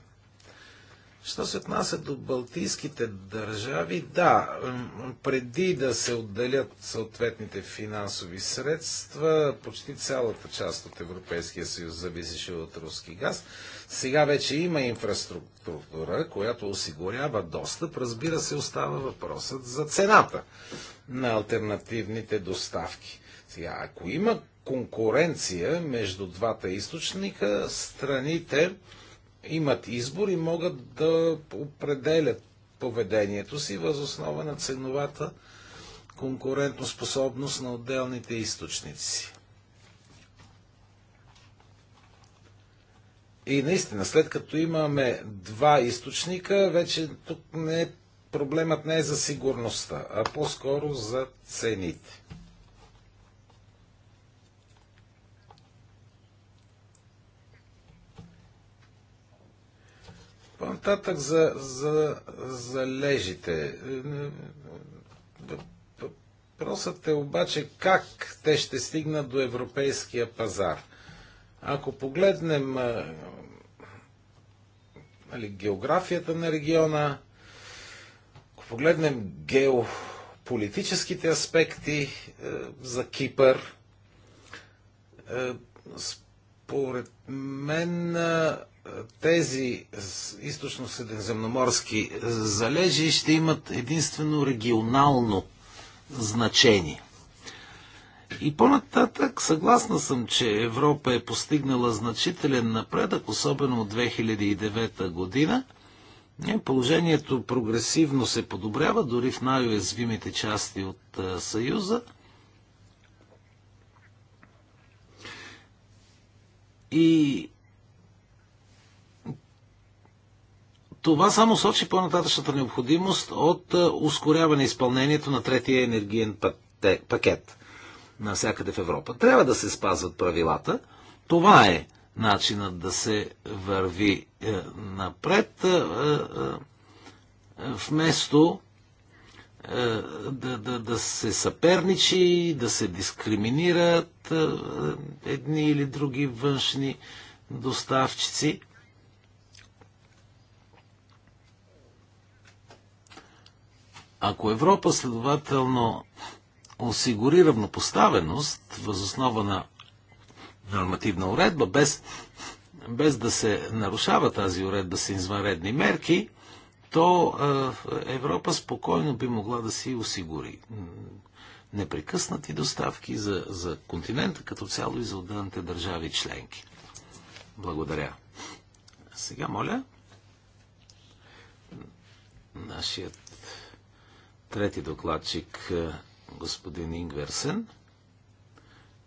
Що се отнася до балтийските държави, да, преди да се отделят съответните финансови средства, почти цялата част от Европейския съюз зависеше от руски газ. Сега вече има инфраструктура, която осигурява достъп. Разбира се, остава въпросът за цената на альтернативните доставки. Сега, ако има конкуренция между двата източника, страните имат избор и могат да определят поведението си въз основа на ценовата конкурентоспособност на отделните източници. И наистина, след като имаме два източника, вече тук не е, проблемът не е за сигурността, а по-скоро за цените. По-нататък за, за залежите. Е, просът е обаче как те ще стигнат до европейския пазар. Ако погледнем е, али, географията на региона, ако погледнем геополитическите аспекти е, за Кипър, е, според мен е, тези източно-средиземноморски залежи ще имат единствено регионално значение. И по-нататък съгласна съм, че Европа е постигнала значителен напредък, особено от 2009 година. Е, положението прогресивно се подобрява, дори в най-уязвимите части от Съюза. И Това само сочи по-нататъчната необходимост от е, ускоряване изпълнението на третия енергиен пакет навсякъде в Европа. Трябва да се спазват правилата. Това е начинът да се върви е, напред, е, вместо да, да, да се съперничи, да се дискриминират едни или други външни доставчици. Ако Европа следователно осигури равнопоставеност възоснова на нормативна уредба, без, без да се нарушава тази уредба с извънредни мерки, то е, Европа спокойно би могла да си осигури непрекъснати доставки за, за континента като цяло и за отделните държави членки. Благодаря. Сега моля нашият трети докладчик, е, господин Ингверсен,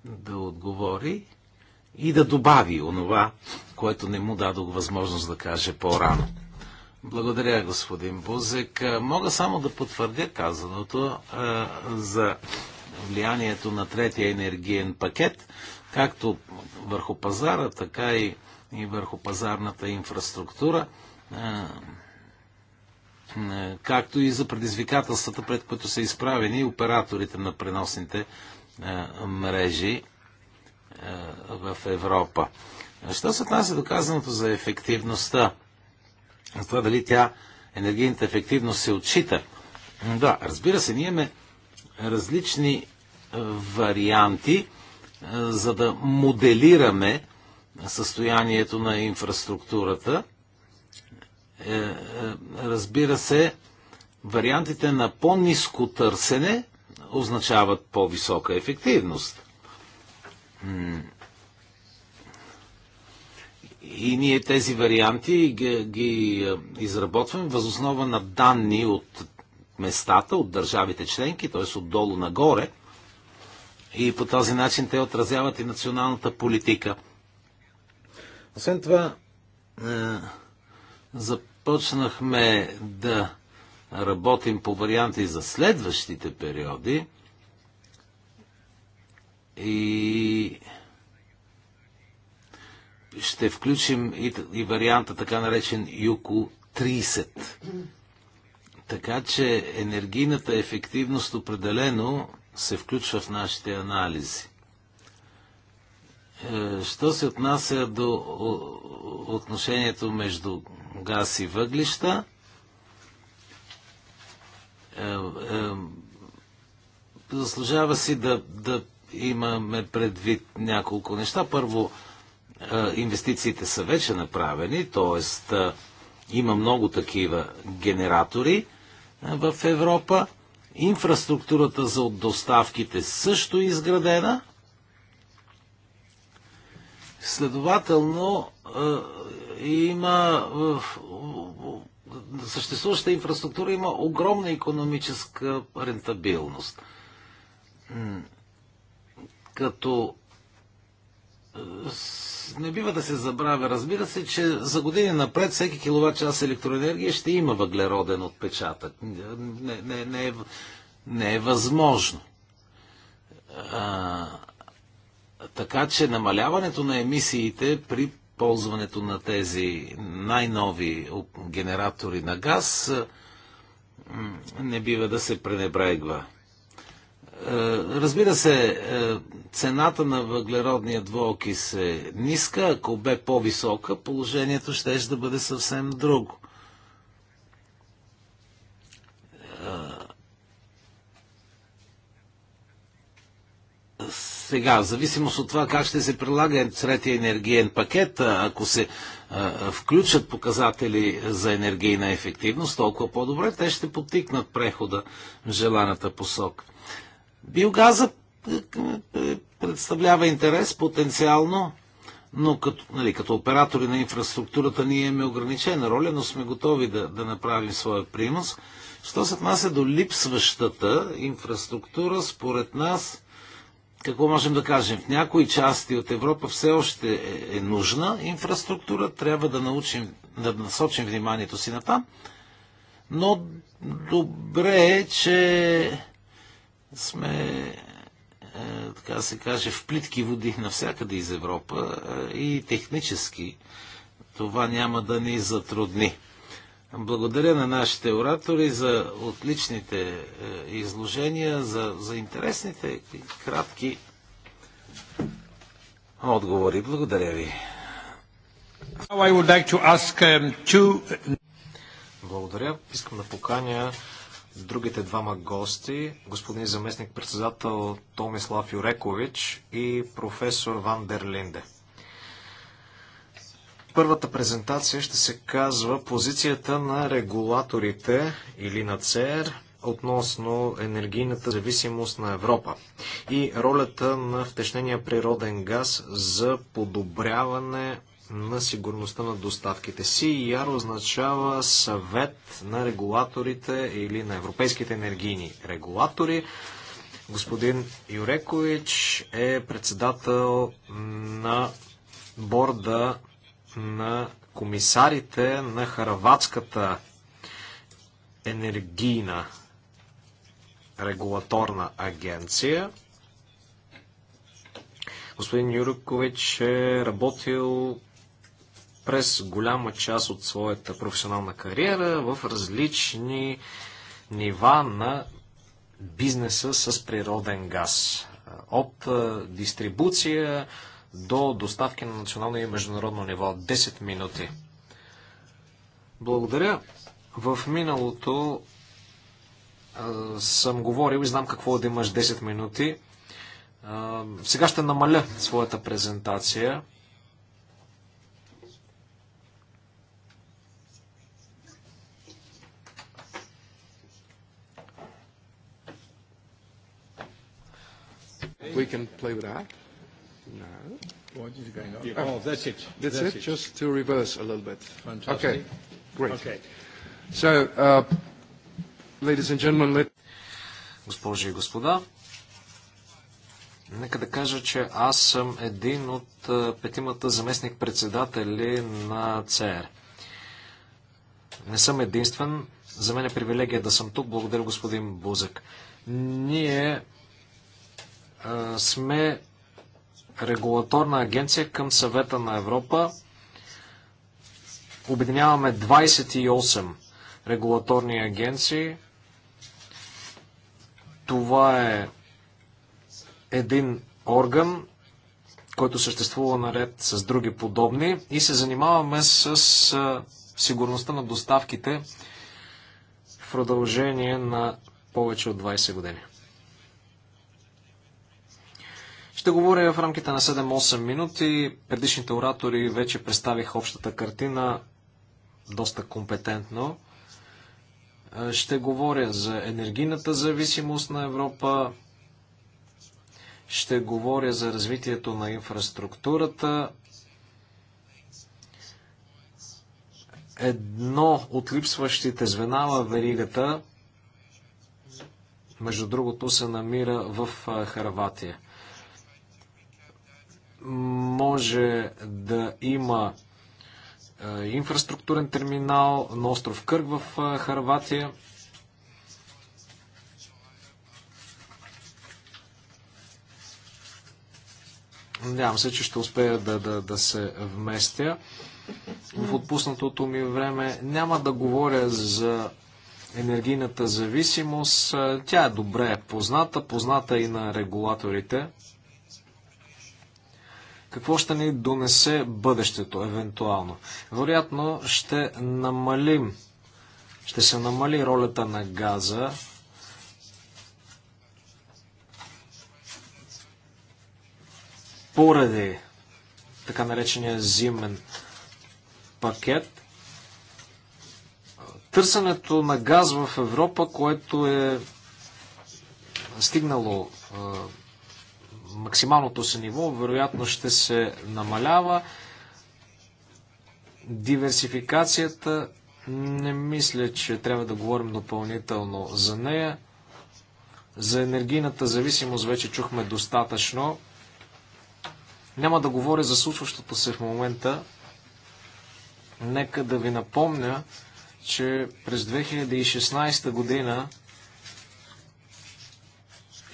да отговори и да добави онова, което не му дадох възможност да каже по-рано. Благодаря, господин Бузек. Е, мога само да потвърдя казаното а, е, за влиянието на третия енергиен пакет, както върху пазара, така и, и върху пазарната инфраструктура. А, е, както и за предизвикателствата, пред които са изправени операторите на преносните е, мрежи е, в Европа. Що се отнася до казаното за ефективността, за това дали тя, енергийната ефективност се отчита, да, разбира се, ние имаме различни варианти, за да моделираме състоянието на инфраструктурата е, е, разбира се, вариантите на по-низко търсене означават по-висока ефективност. И ние тези варианти ги, ги е, изработваме възоснова на данни от местата, от държавите членки, т.е. отдолу нагоре. И по този начин те отразяват и националната политика. Освен това, за Почнахме да работим по варианти за следващите периоди и ще включим и, и варианта така наречен ЮКО 30. Така че енергийната ефективност определено се включва в нашите анализи. Е, що се отнася до отношението между газ и въглища. Е, е, заслужава си да, да имаме предвид няколко неща. Първо, е, инвестициите са вече направени, т.е. има много такива генератори в Европа. Инфраструктурата за доставките също е изградена. Следователно, има съществуваща инфраструктура има огромна економическа рентабилност. Като е, не бива да се забравя, разбира се, че за години напред всеки киловатт час електроенергия ще има въглероден отпечатък. Не, не, не, е, не е възможно. А, така че намаляването на емисиите при ползването на тези най-нови генератори на газ е, не бива да се пренебрегва. Е, разбира се, е, цената на въглеродния двуокис е ниска. Ако бе по-висока, положението ще да бъде съвсем друго. Сега, в зависимост от това как ще се прилага третия енергиен пакет, ако се а, включат показатели за енергийна ефективност, толкова по-добре, те ще потикнат прехода в желаната посока. Биогаза е, е, представлява интерес потенциално, но като, нали, като оператори на инфраструктурата ние имаме ограничена роля, но сме готови да, да направим своя принос. Що се отнася до липсващата инфраструктура, според нас какво можем да кажем? В някои части от Европа все още е, е нужна инфраструктура, трябва да научим, да насочим вниманието си на там, но добре е, че сме, е, така се каже, в плитки води навсякъде из Европа е, и технически това няма да ни затрудни. Благодаря на нашите оратори за отличните е, изложения, за, за интересните кратки отговори. Благодаря ви. Um, Благодаря. Искам да поканя другите двама гости, господин заместник-председател Томислав Юрекович и професор Ван Дерлинде. Първата презентация ще се казва позицията на регулаторите или на ЦЕР относно енергийната зависимост на Европа и ролята на втечнения природен газ за подобряване на сигурността на доставките си. E означава съвет на регулаторите или на европейските енергийни регулатори. Господин Юрекович е председател на борда на комисарите на Харватската енергийна регулаторна агенция. Господин Юрикович е работил през голяма част от своята професионална кариера в различни нива на бизнеса с природен газ. От дистрибуция до доставки на национално и международно ниво. 10 минути. Благодаря. В миналото а, съм говорил и знам какво да имаш 10 минути. А, сега ще намаля своята презентация. We can play with that. No. What is going on? Oh, that's it. That's, it. Just to reverse a little bit. Fantastic. Okay. Great. Okay. So, uh, ladies and gentlemen, let... Госпожи и господа, нека да кажа, че аз съм един от петимата заместник-председатели на ЦР. Не съм единствен. За мен е привилегия да съм тук. Благодаря, господин Бузък. Ние а, сме регулаторна агенция към съвета на Европа. Обединяваме 28 регулаторни агенции. Това е един орган, който съществува наред с други подобни и се занимаваме с сигурността на доставките в продължение на повече от 20 години. Ще говоря в рамките на 7-8 минути. Предишните оратори вече представих общата картина доста компетентно. Е, ще говоря за енергийната зависимост на Европа, ще говоря за развитието на инфраструктурата. Едно от липсващите звена в веригата, между другото, се намира в е, Харватия може да има инфраструктурен терминал на остров Кърг в Харватия. Надявам се, че ще успея да, да, да се вместя. В отпуснатото ми време няма да говоря за енергийната зависимост. Тя е добре позната, позната и на регулаторите. Какво ще ни донесе бъдещето, евентуално? Вероятно ще намалим, ще се намали ролята на газа. Поради така наречения зимен пакет. Търсенето на газ в Европа, което е стигнало максималното си ниво, вероятно ще се намалява. Диверсификацията, не мисля, че трябва да говорим допълнително за нея. За енергийната зависимост вече чухме достатъчно. Няма да говоря за случващото се в момента. Нека да ви напомня, че през 2016 година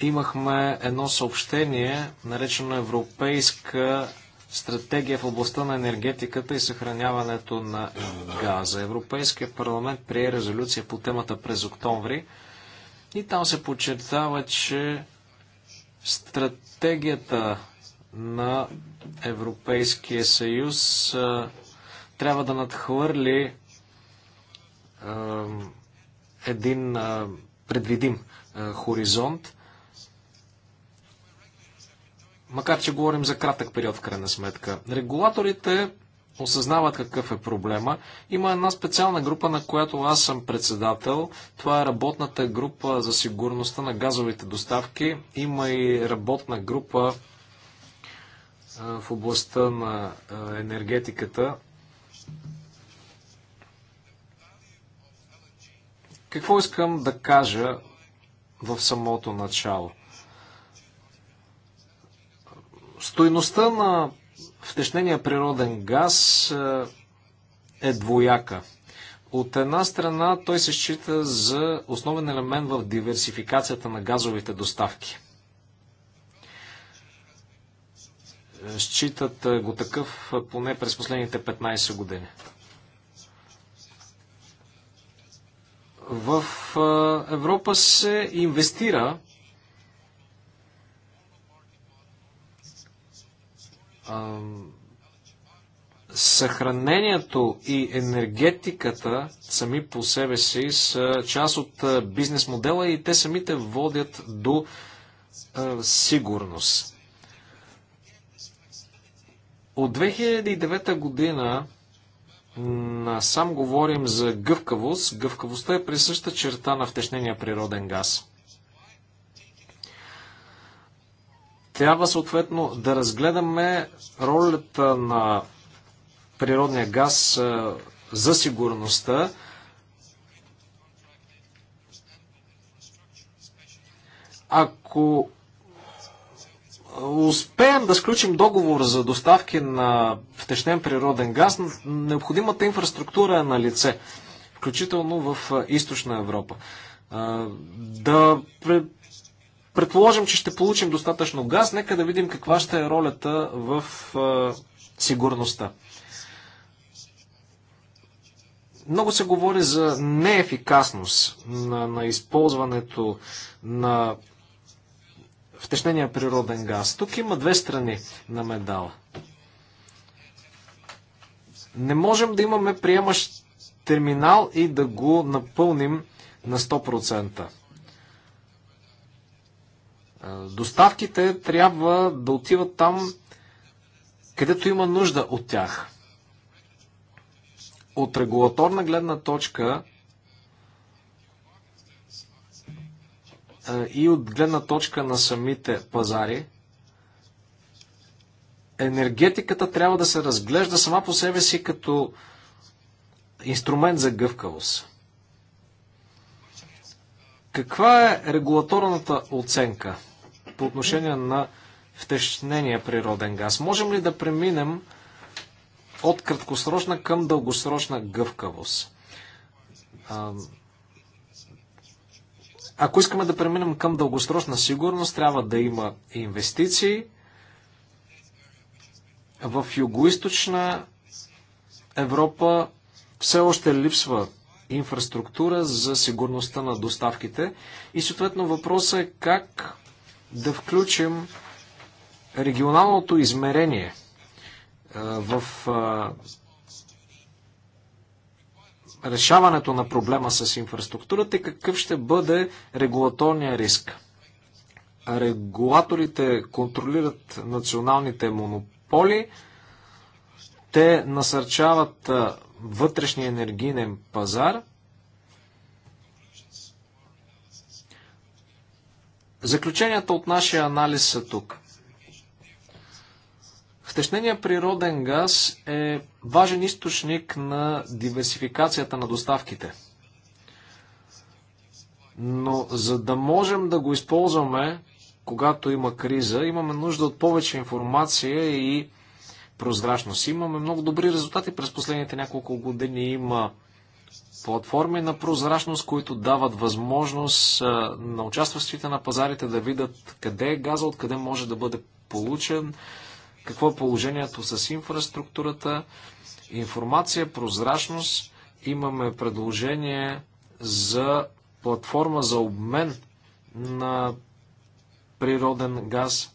имахме едно съобщение, наречено Европейска стратегия в областта на енергетиката и съхраняването на газа. Европейския парламент прие резолюция по темата през октомври и там се подчертава, че стратегията на Европейския съюз трябва да надхвърли един предвидим хоризонт макар че говорим за кратък период в крайна сметка. Регулаторите осъзнават какъв е проблема. Има една специална група, на която аз съм председател. Това е работната група за сигурността на газовите доставки. Има и работна група в областта на енергетиката. Какво искам да кажа в самото начало? Стойността на втечнения природен газ е, е двояка. От една страна той се счита за основен елемент в диверсификацията на газовите доставки. Считат е, го такъв е, поне през последните 15 години. В Европа се инвестира съхранението и енергетиката сами по себе си са част от бизнес модела и те самите водят до сигурност. От 2009 година сам говорим за гъвкавост. Гъвкавостта е присъща черта на втешнения природен газ. Трябва съответно да разгледаме ролята на природния газ е, за сигурността. Ако успеем да сключим договор за доставки на втечнен природен газ, необходимата инфраструктура е на лице, включително в е, източна Европа. Е, да Предположим, че ще получим достатъчно газ, нека да видим каква ще е ролята в а, сигурността. Много се говори за неефикасност на, на използването на втечнения природен газ. Тук има две страни на медала. Не можем да имаме приемащ терминал и да го напълним на 100%. Доставките трябва да отиват там, където има нужда от тях. От регулаторна гледна точка и от гледна точка на самите пазари, енергетиката трябва да се разглежда сама по себе си като инструмент за гъвкавост. Каква е регулаторната оценка? по отношение на втечнения природен газ. Можем ли да преминем от краткосрочна към дългосрочна гъвкавост? Ако искаме да преминем към дългосрочна сигурност, трябва да има инвестиции в югоисточна Европа все още липсва инфраструктура за сигурността на доставките и съответно въпросът е как да включим регионалното измерение в решаването на проблема с инфраструктурата и какъв ще бъде регулаторния риск. Регулаторите контролират националните монополи, те насърчават вътрешния енергийен пазар – Заключенията от нашия анализ са тук. Втечнения природен газ е важен източник на диверсификацията на доставките. Но за да можем да го използваме, когато има криза, имаме нужда от повече информация и прозрачност. Имаме много добри резултати през последните няколко години. Има платформи на прозрачност, които дават възможност на участващите на пазарите да видят къде е газа, откъде може да бъде получен, какво е положението с инфраструктурата, информация, прозрачност. Имаме предложение за платформа за обмен на природен газ.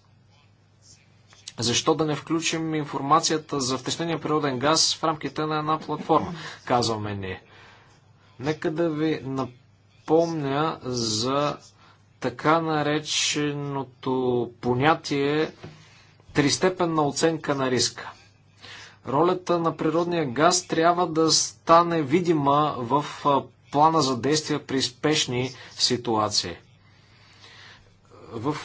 Защо да не включим информацията за втечнения природен газ в рамките на една платформа, казваме ние. Нека да ви напомня за така нареченото понятие тристепенна оценка на риска. Ролята на природния газ трябва да стане видима в плана за действия при спешни ситуации. В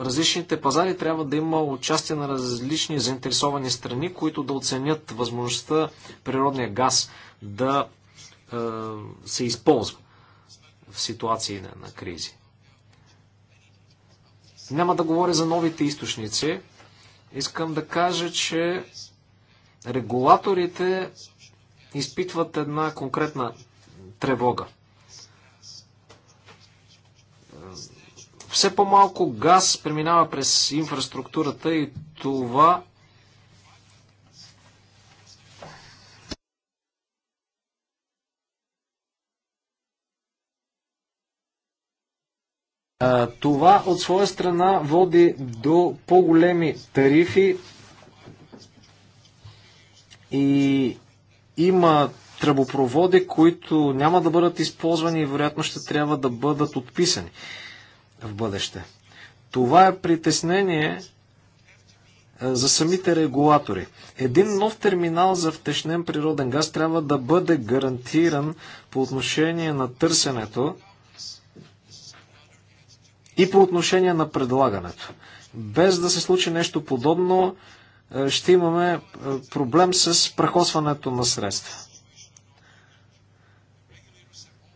различните пазари трябва да има участие на различни заинтересовани страни, които да оценят възможността природния газ да се използва в ситуации на, на кризи. Няма да говоря за новите източници. Искам да кажа, че регулаторите изпитват една конкретна тревога. Все по-малко газ преминава през инфраструктурата и това Това от своя страна води до по-големи тарифи и има тръбопроводи, които няма да бъдат използвани и вероятно ще трябва да бъдат отписани в бъдеще. Това е притеснение за самите регулатори. Един нов терминал за втечнен природен газ трябва да бъде гарантиран по отношение на търсенето и по отношение на предлагането. Без да се случи нещо подобно, е, ще имаме е, проблем с прахосването на средства.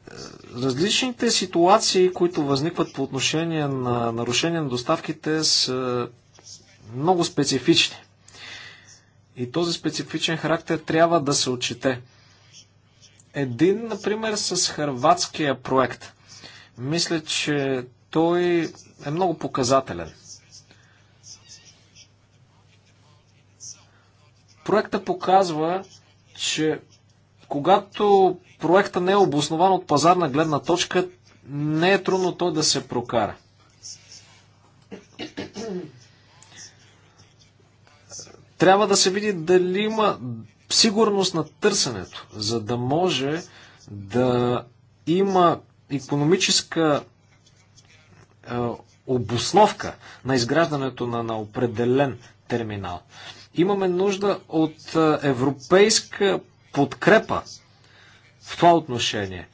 Е, различните ситуации, които възникват по отношение на нарушение на доставките, са много специфични. И този специфичен характер трябва да се отчете. Един, например, с хрватския проект. Мисля, че той е много показателен. Проекта показва, че когато проекта не е обоснован от пазарна гледна точка, не е трудно той да се прокара. Трябва да се види дали има сигурност на търсенето, за да може да има економическа е, обосновка на изграждането на, на определен терминал. Имаме нужда от е, европейска подкрепа в това отношение.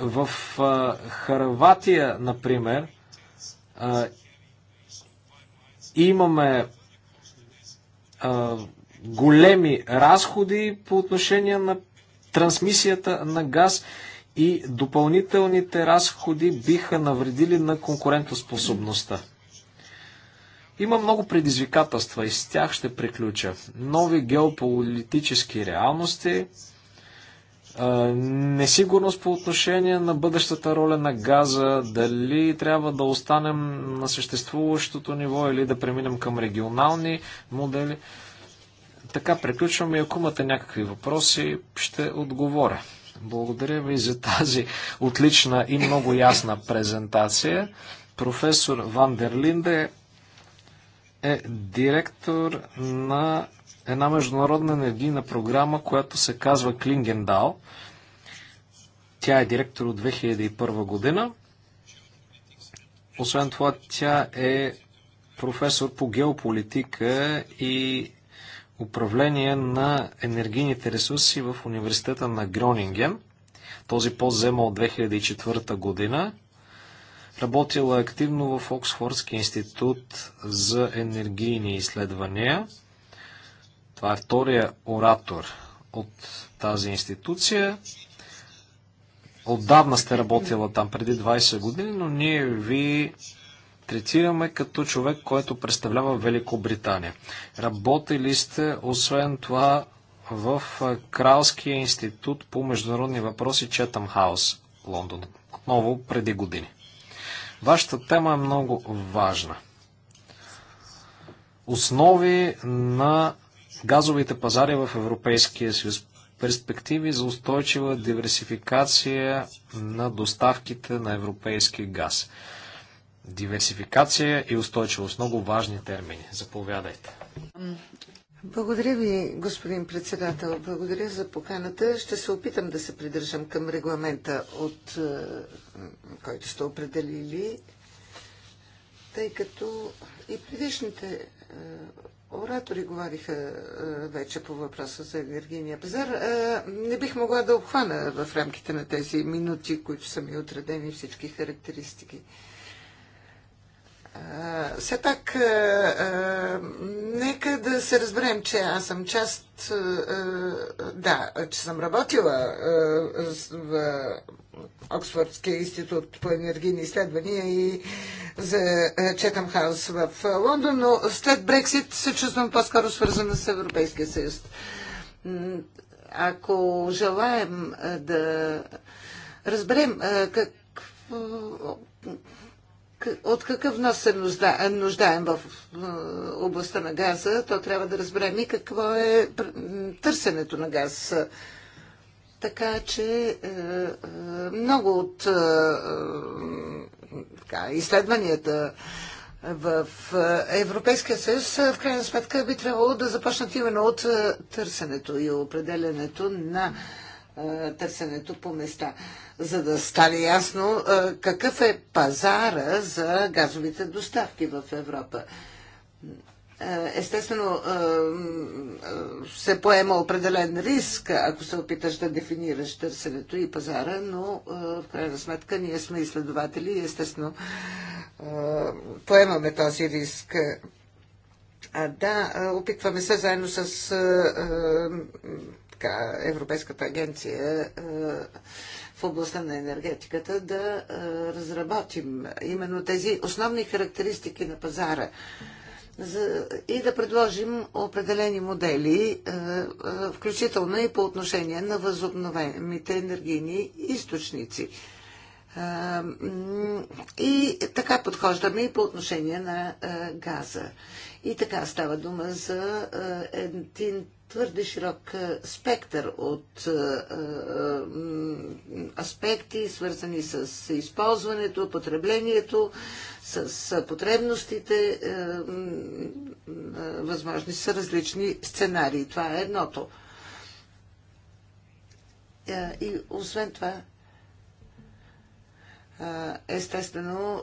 В е, Харватия, например, имаме големи разходи по отношение на трансмисията на газ и допълнителните разходи биха навредили на конкурентоспособността. Има много предизвикателства и с тях ще приключа. Нови геополитически реалности, несигурност по отношение на бъдещата роля на газа, дали трябва да останем на съществуващото ниво или да преминем към регионални модели. Така приключвам и ако имате някакви въпроси, ще отговоря. Благодаря ви за тази отлична и много ясна презентация. Професор Ван Линде е директор на една международна енергийна програма, която се казва Клингендал. Тя е директор от 2001 година. Освен това, тя е професор по геополитика и управление на енергийните ресурси в университета на Гронинген. Този пост взема от 2004 година. Работила е активно в Оксфордския институт за енергийни изследвания. Това е втория оратор от тази институция. Отдавна сте работила там, преди 20 години, но ние ви третираме като човек, който представлява Великобритания. Работили сте, освен това, в Кралския институт по международни въпроси Четъм Хаус, Лондон. Отново преди години. Вашата тема е много важна. Основи на газовите пазари в Европейския съюз. Перспективи за устойчива диверсификация на доставките на европейски газ диверсификация и устойчивост. Много важни термини. Заповядайте. Благодаря ви, господин председател. Благодаря за поканата. Ще се опитам да се придържам към регламента, от е, който сте определили, тъй като и предишните е, оратори говориха е, вече по въпроса за енергийния пазар. Не бих могла да обхвана в рамките на тези минути, които са ми отредени всички характеристики все пак, а, нека да се разберем, че аз съм част, а, да, че съм работила а, в Оксфордския институт по енергийни изследвания и за Четъм Хаус в Лондон, но след Брексит се чувствам по-скоро свързана с Европейския съюз. Ако желаем да разберем как от какъв нос се нуждаем в е, областта на газа, то трябва да разберем и какво е търсенето на газ. Така че е, е, много от така, изследванията в Европейския съюз в крайна сметка би трябвало да започнат именно от търсенето и определенето на е, търсенето по места, за да стане ясно е, какъв е пазара за газовите доставки в Европа. Е, естествено, се поема определен риск, ако се опиташ да дефинираш търсенето и пазара, но в крайна сметка ние сме изследователи и естествено поемаме този риск. А, да, опитваме се заедно с така, Европейската агенция е, в областта на енергетиката да е, разработим именно тези основни характеристики на пазара и да предложим определени модели, е, включително и по отношение на възобновените енергийни източници. И така подхождаме и по отношение на газа. И така става дума за един твърде широк е, спектър от е, е, аспекти, свързани с използването, потреблението, с потребностите. Възможни са различни сценарии. Това е едното. И освен това, Естествено,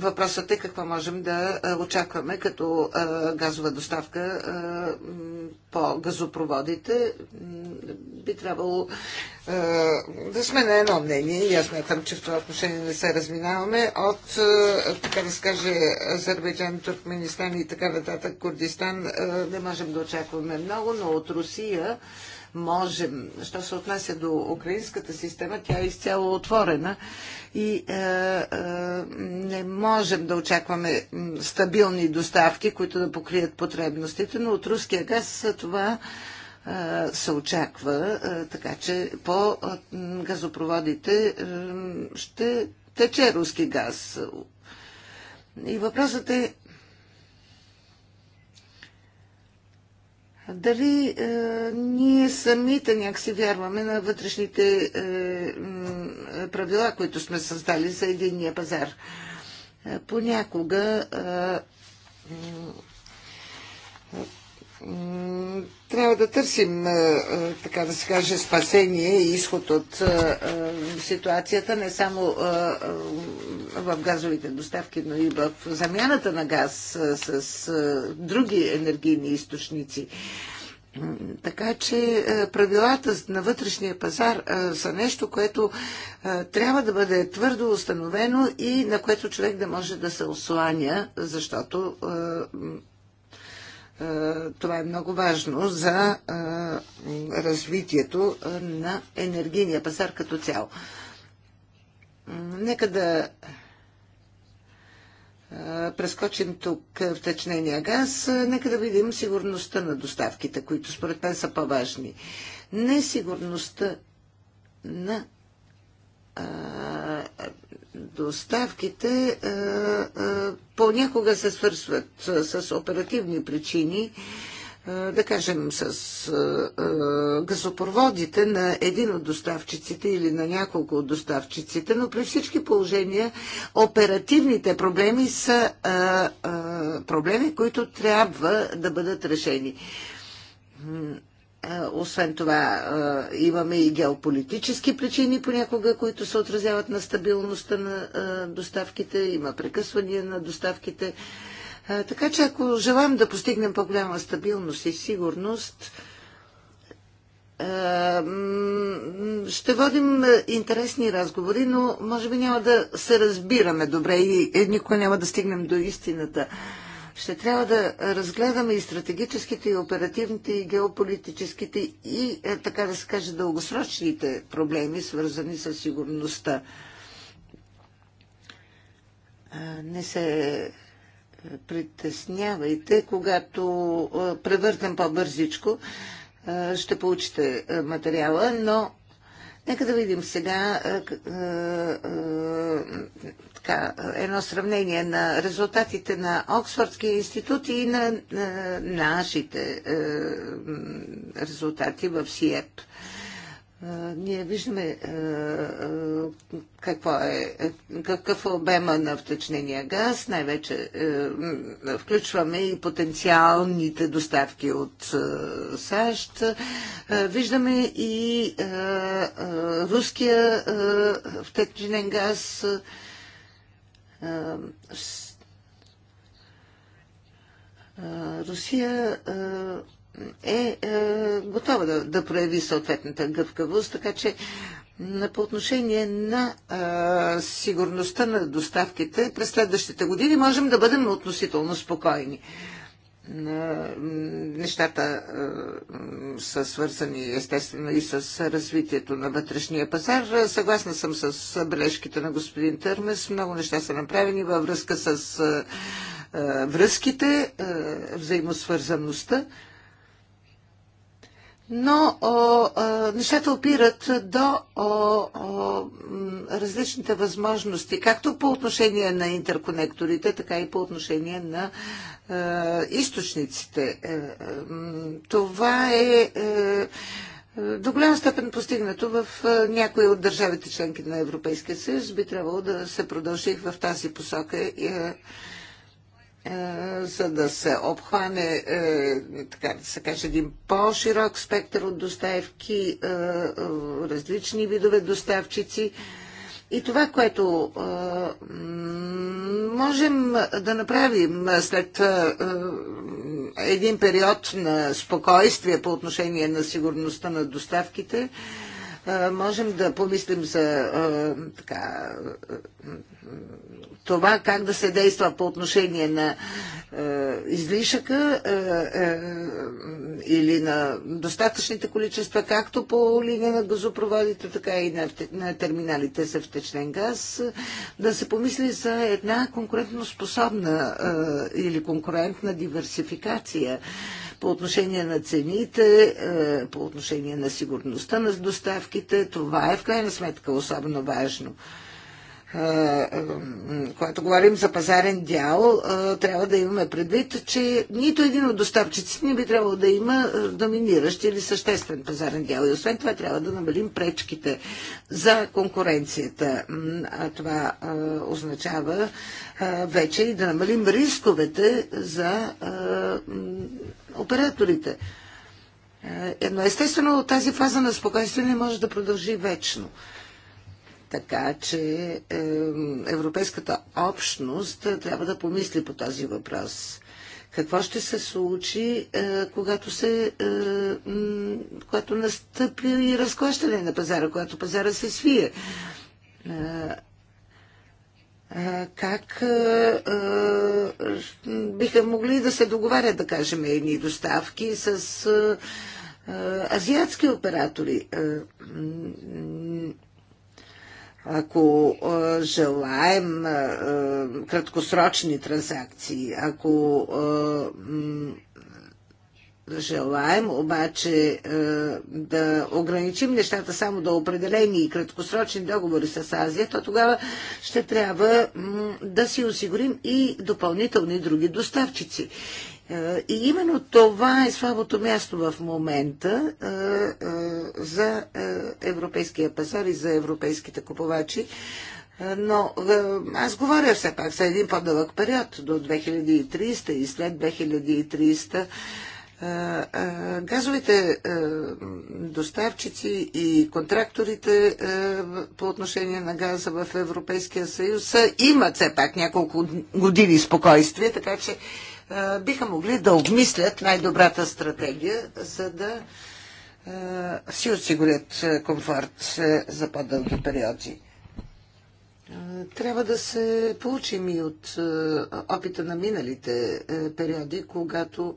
въпросът е какво можем да очакваме като газова доставка по газопроводите, би трябвало е, да сме на едно мнение и аз смятам, че в това отношение не се разминаваме от, е, така да скаже, Азербайджан, Туркменистан и така нататък, Курдистан. Е, не можем да очакваме много, но от Русия можем. Що се отнася до украинската система, тя е изцяло отворена и е, е, не можем да очакваме стабилни доставки, които да покрият потребностите, но от руския газ това е, се очаква, е, така че по е, газопроводите ще тече руски газ. И въпросът е Дали е, ние самите някакси вярваме на вътрешните е, е, правила, които сме създали за единния пазар? Е, понякога е, трябва да търсим, така да се каже, спасение и изход от ситуацията, не само в газовите доставки, но и в замяната на газ с други енергийни източници. Така че правилата на вътрешния пазар са нещо, което трябва да бъде твърдо установено и на което човек да може да се осланя, защото е, това е много важно за е, развитието на енергийния пазар като цяло. Нека да е, прескочим тук втечнения газ. Нека да видим сигурността на доставките, които според мен са по-важни. Несигурността на доставките понякога се свързват с оперативни причини, да кажем с газопроводите на един от доставчиците или на няколко от доставчиците, но при всички положения оперативните проблеми са проблеми, които трябва да бъдат решени. Освен това, имаме и геополитически причини понякога, които се отразяват на стабилността на доставките, има прекъсвания на доставките. Така че ако желаем да постигнем по-голяма стабилност и сигурност, ще водим интересни разговори, но може би няма да се разбираме добре и е, никога няма да стигнем до истината ще трябва да разгледаме и стратегическите, и оперативните, и геополитическите, и е, така да се каже дългосрочните проблеми, свързани с сигурността. Не се е, притеснявайте, когато е, превъртам по-бързичко, ще получите материала, но Нека да видим сега така, едно сравнение на резултатите на Оксфордския институт и на, на нашите е, резултати в СИЕП. Е, ние виждаме е, е какво е, е, какъв е обема на втечнения газ. Най-вече е, включваме и потенциалните доставки от е, САЩ. Е, виждаме и е, е, руския е, втечнен газ. Е, е, е, Русия е, е, готова да, да прояви съответната гъвкавост, така че по отношение на а, сигурността на доставките през следващите години можем да бъдем относително спокойни нещата са свързани естествено и с развитието на вътрешния пазар. Съгласна съм с бележките на господин Търмес. Много неща са направени във връзка с връзките, взаимосвързаността. Но о, о, нещата опират до о, о, различните възможности, както по отношение на интерконекторите, така и по отношение на е, източниците. Е, е, това е до голяма степен постигнато в някои от държавите членки на Европейския съюз. Би трябвало да се продължи в тази посока за да се обхване, така да се каже, един по-широк спектър от доставки, различни видове доставчици. И това, което а, можем да направим след а, един период на спокойствие по отношение на сигурността на доставките, а, можем да помислим за а, така, това как да се действа по отношение на е, излишъка е, е, или на достатъчните количества, както по линия на газопроводите, така и на, на терминалите за втечнен газ, да се помисли за една конкурентоспособна или конкурентна диверсификация по отношение на цените, по отношение на сигурността на доставките. Това е в крайна сметка особено важно когато говорим за пазарен дял, трябва да имаме предвид, че нито един от доставчиците не би трябвало да има доминиращ или съществен пазарен дял. И освен това трябва да намалим пречките за конкуренцията. А това означава вече и да намалим рисковете за операторите. Едно естествено тази фаза на спокойствие не може да продължи вечно. Така че Европейската общност трябва да помисли по този въпрос. Какво ще се случи, е, когато, се, е, когато настъпи разклащане на пазара, когато пазара се свие? Е, как а, а, биха могли да се договарят, да кажем, едни доставки с а, азиатски оператори ако желаем краткосрочни транзакции, ако желаем обаче да ограничим нещата само до определени и краткосрочни договори с Азия, то тогава ще трябва да си осигурим и допълнителни други доставчици. Е, и именно това е слабото място в момента е, е, за европейския пазар и за европейските купувачи. Но аз говоря все пак за един по-дълъг период до 2300 и след 2300 газовите доставчици и контракторите по отношение на газа в Европейския съюз имат все пак няколко години спокойствие, така че биха могли да обмислят най-добрата стратегия, за да си осигурят комфорт за по-дълги периоди. Трябва да се получим и от опита на миналите периоди, когато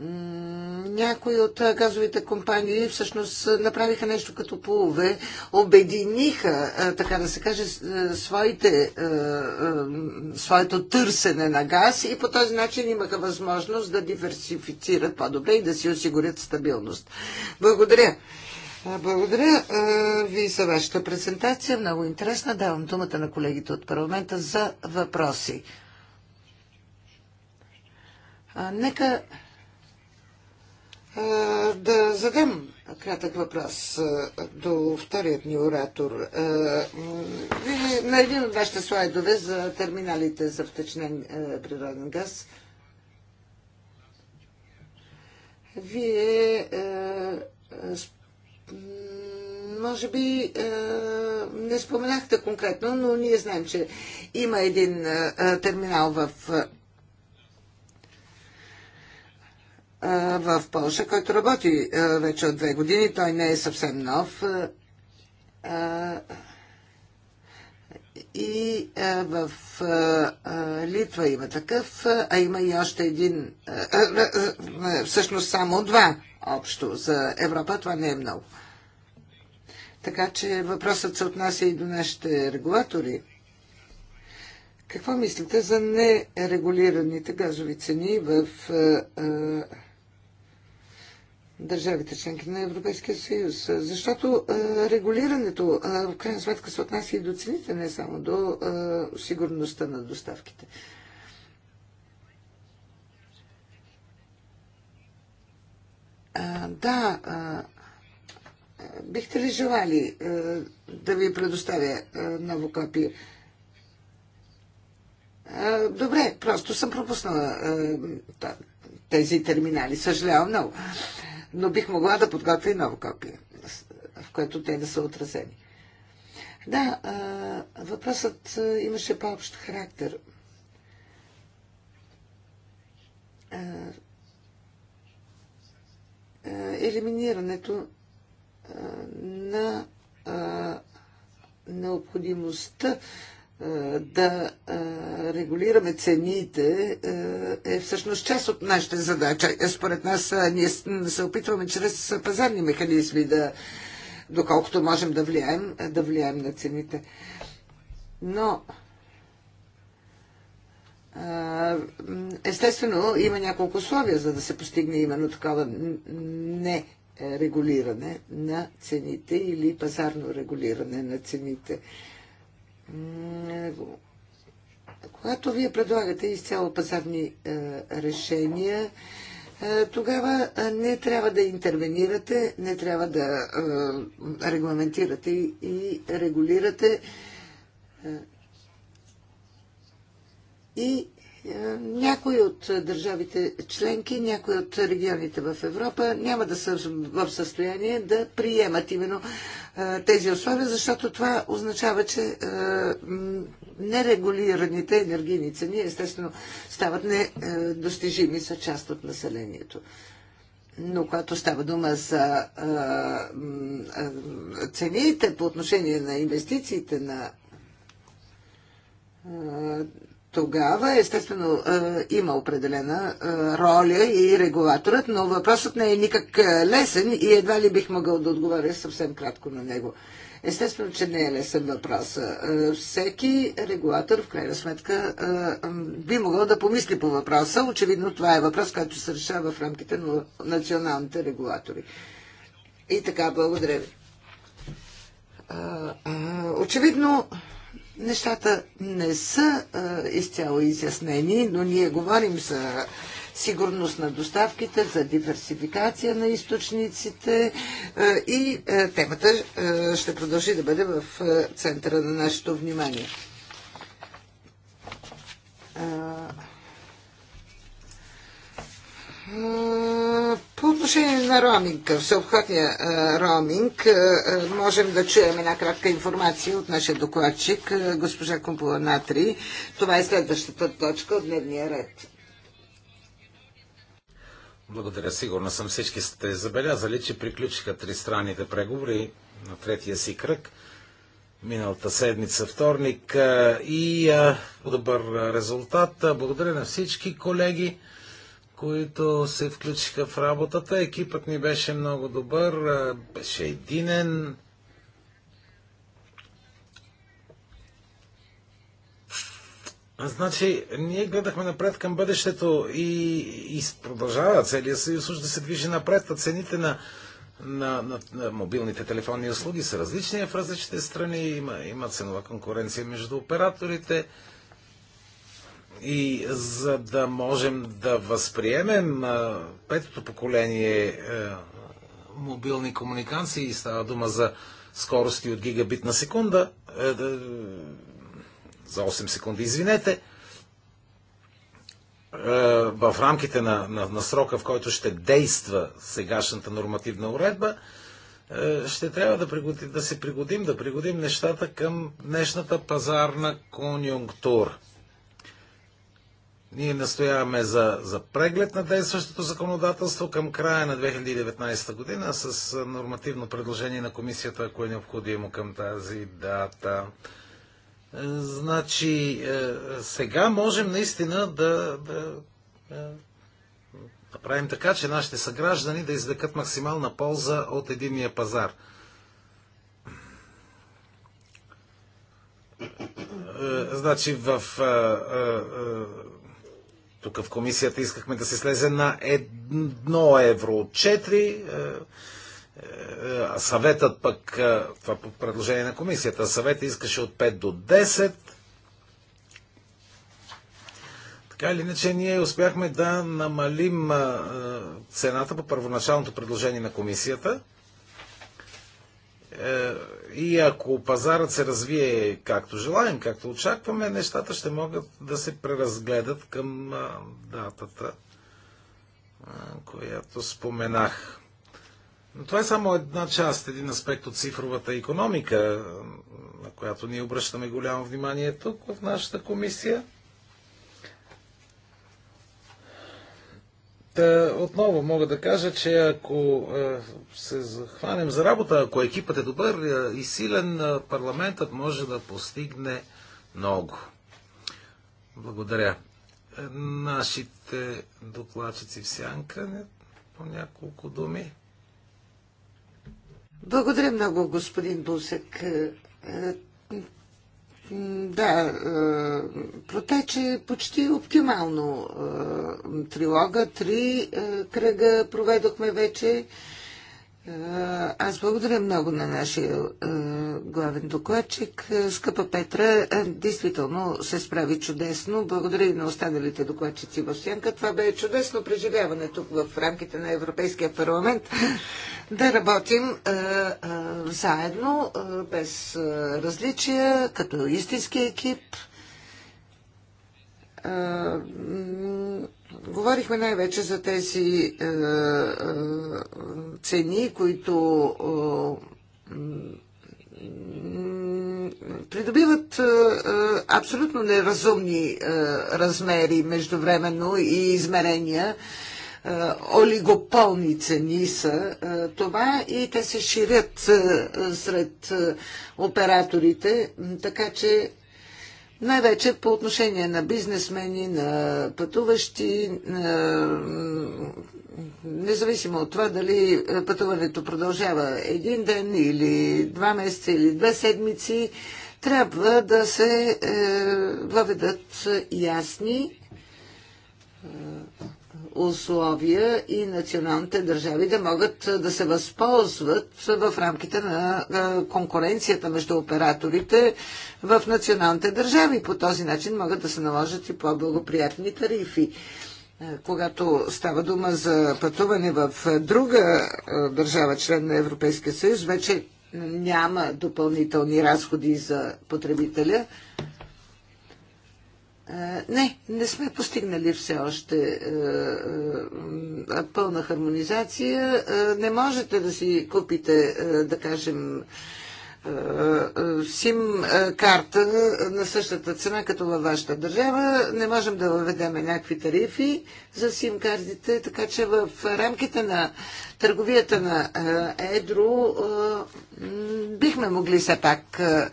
някои от газовите компании всъщност направиха нещо като полове, обединиха, е, така да се каже, е, своите, е, своето търсене на газ и по този начин имаха възможност да диверсифицират по-добре и да си осигурят стабилност. Благодаря. Благодаря ви за вашата презентация. Много интересна. Давам думата на колегите от парламента за въпроси. нека да задам кратък въпрос до вторият ни оратор. Вие на един от вашите слайдове за терминалите за втечнен природен газ вие може би не споменахте конкретно, но ние знаем, че има един терминал в в Польша, който работи вече от две години. Той не е съвсем нов. И в Литва има такъв, а има и още един, всъщност само два общо за Европа. Това не е много. Така че въпросът се отнася и до нашите регулатори. Какво мислите за нерегулираните газови цени в държавите членки на Европейския съюз. Защото е, регулирането е, в крайна сметка се отнася и до цените, не само до е, сигурността на доставките. да, бихте ли желали да ви предоставя ново копие? добре, просто съм пропуснала тези терминали. Съжалявам много но бих могла да подготвя и ново копие, в което те да са отразени. Да, въпросът имаше по-общ характер. Елиминирането на необходимостта да регулираме цените е всъщност част от нашата задача. Е, според нас ние се опитваме чрез пазарни механизми да, доколкото можем да влияем, да влияем на цените. Но естествено има няколко условия, за да се постигне именно такова не е, регулиране на цените или пазарно регулиране на цените. Когато вие предлагате изцяло пазарни е, решения, е, тогава не трябва да интервенирате, не трябва да е, регламентирате и регулирате. И някои от държавите членки, някои от регионите в Европа няма да са в състояние да приемат именно е, тези условия, защото това означава, че е, нерегулираните енергийни цени естествено стават недостижими за част от населението. Но когато става дума за е, цените по отношение на инвестициите на тогава, естествено, е, има определена е, роля и регулаторът, но въпросът не е никак е, лесен и едва ли бих могъл да отговоря съвсем кратко на него. Естествено, че не е лесен въпрос. Всеки регулатор, в крайна сметка, би могъл да помисли по въпроса. Очевидно, това е въпрос, който се решава в рамките на националните регулатори. И така, благодаря ви. Очевидно, Нещата не са а, изцяло изяснени, но ние говорим за сигурност на доставките, за диверсификация на източниците а, и а, темата а, ще продължи да бъде в а, центъра на нашето внимание. Е, по отношение на роуминг, всеобхватния роуминг, можем да чуем една кратка информация от нашия докладчик, госпожа Компула Натри. Това е следващата точка от дневния ред. Благодаря. Сигурно съм всички сте забелязали, че приключиха тристранните преговори на третия си кръг миналата седмица, вторник и добър резултат. Благодаря на всички колеги които се включиха в работата. Екипът ни беше много добър, беше единен. Значи, ние гледахме напред към бъдещето и, и продължава целият съюз да се движи напред, а цените на, на, на, на мобилните телефонни услуги са различни в различните страни, има, има ценова конкуренция между операторите. И за да можем да възприемем петото поколение е, мобилни комуникации, става дума за скорости от гигабит на секунда, е, за 8 секунди, извинете, е, в рамките на, на, на срока, в който ще действа сегашната нормативна уредба, ще трябва да, пригоди, да се пригодим, да пригодим нещата към днешната пазарна конюнктура. Ние настояваме за, за преглед на действащото законодателство към края на 2019 година с нормативно предложение на комисията, ако е необходимо към тази дата. Е, значи, е, сега можем наистина да, да, направим е, да така, че нашите съграждани да извлекат максимална полза от единния пазар. Значи, в тук в комисията искахме да се слезе на 1 евро от 4. А е, е, е, съветът пък, това по предложение на комисията, съветът искаше от 5 до 10. Така или иначе, ние успяхме да намалим цената по първоначалното предложение на комисията – е, и ако пазарът се развие както желаем, както очакваме, нещата ще могат да се преразгледат към датата, която споменах. Но това е само една част, един аспект от цифровата економика, на която ние обръщаме голямо внимание тук в нашата комисия. Та, е, отново мога да кажа, че ако е, се захванем за работа, ако екипът е добър е, и силен, парламентът може да постигне много. Благодаря. Нашите докладчици в сянка по няколко думи. Благодаря много, господин Бусек. Да, е, протече почти оптимално е, трилога. Три е, кръга проведохме вече. Е, аз благодаря много на нашия е, главен докладчик. Е, скъпа Петра, действително се справи чудесно. Благодаря и на останалите докладчици в Сянка. Това бе чудесно преживяване тук в рамките на Европейския парламент. Да работим заедно, без различия, като истински екип Говорихме най-вече за тези е, е, цени, които е, придобиват е, е, абсолютно неразумни е, размери междувременно и измерения. Олигополни цени са това и те се ширят сред операторите, така че най-вече по отношение на бизнесмени, на пътуващи, на... независимо от това дали пътуването продължава един ден или два месеца или две седмици, трябва да се е, въведат ясни е, условия и националните държави да могат да се възползват в рамките на конкуренцията между операторите в националните държави. По този начин могат да се наложат и по-благоприятни тарифи. Когато става дума за пътуване в друга държава, член на Европейския съюз, вече няма допълнителни разходи за потребителя, е, не, не сме постигнали все още е, е, пълна хармонизация. Не можете да си купите, да кажем, сим карта на същата цена, като във вашата държава. Не можем да въведеме някакви тарифи за сим картите, така че в рамките на търговията на е, Едро е, бихме могли все пак е,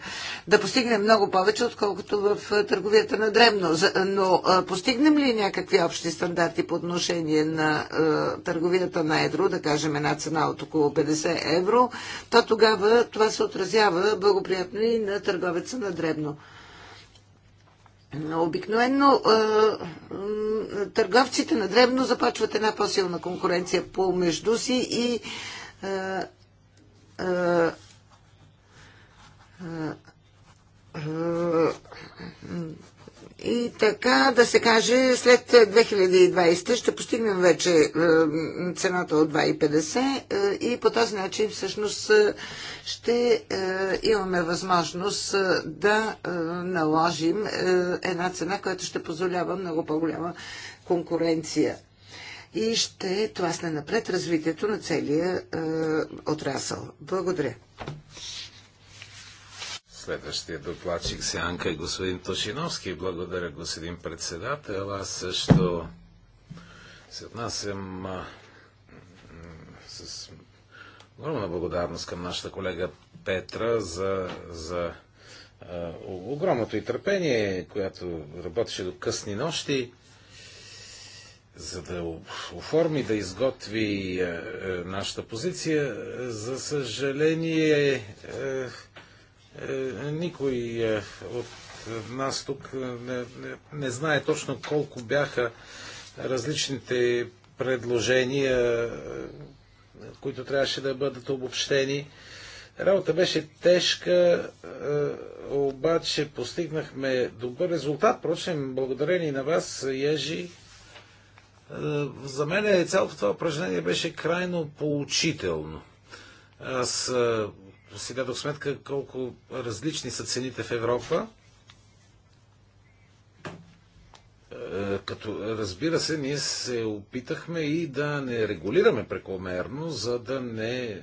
да постигнем много повече, отколкото в търговията на Дребно. Но постигнем ли някакви общи стандарти по отношение на търговията на Едро, да кажем една цена от около 50 евро, то тогава това се отразява благоприятно и на търговеца на Дребно. Обикновено търговците на древно започват една по-силна конкуренция помежду си и и така, да се каже, след 2020 ще постигнем вече е, цената от 2,50 е, и по този начин всъщност е, ще имаме възможност да наложим една цена, която ще позволява много по-голяма конкуренция и ще тласне напред развитието на целия отрасъл. Благодаря. Следващия докладчик Сянка и е господин Тошиновски. Благодаря, господин председател. Аз също се отнасям а, с огромна благодарност към нашата колега Петра за, за а, огромното и търпение, която работеше до късни нощи, за да оформи, да изготви а, е, нашата позиция. За съжаление, е, е, никой е, от нас тук не, не, не знае точно колко бяха различните предложения, е, които трябваше да бъдат обобщени. Работа беше тежка, обаче постигнахме добър резултат. Впрочем, благодарение на вас, Ежи, за мен цялото това упражнение беше крайно поучително. Аз си дадох сметка колко различни са цените в Европа. Е, като разбира се, ние се опитахме и да не регулираме прекомерно, за да не е,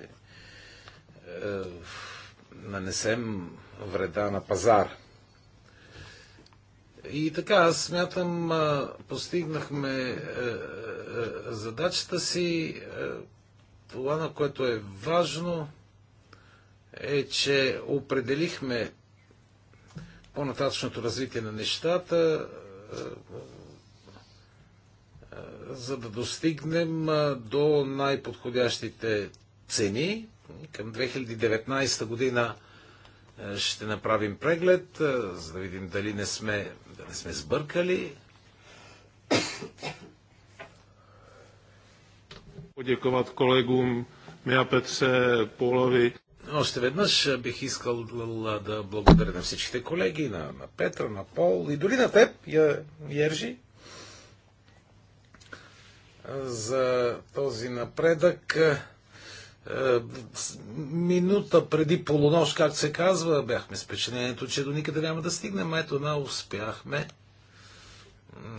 нанесем вреда на пазар. И така, аз смятам, е, постигнахме задачата си. Това, на което е важно, е, че определихме по-нататъчното развитие на нещата, е, е, за да достигнем е, до най-подходящите цени. Към 2019 година ще направим преглед, за да видим дали не сме, да не сме сбъркали. Poděkovat kolegům Mia Petře Pólovi. Още веднъж бих искал да благодаря на всичките колеги, на, на Петра, на Пол и дори на теб, Я, Ержи, за този напредък. Минута преди полунощ, как се казва, бяхме с впечатлението, че до никъде няма да стигнем. Ето, на успяхме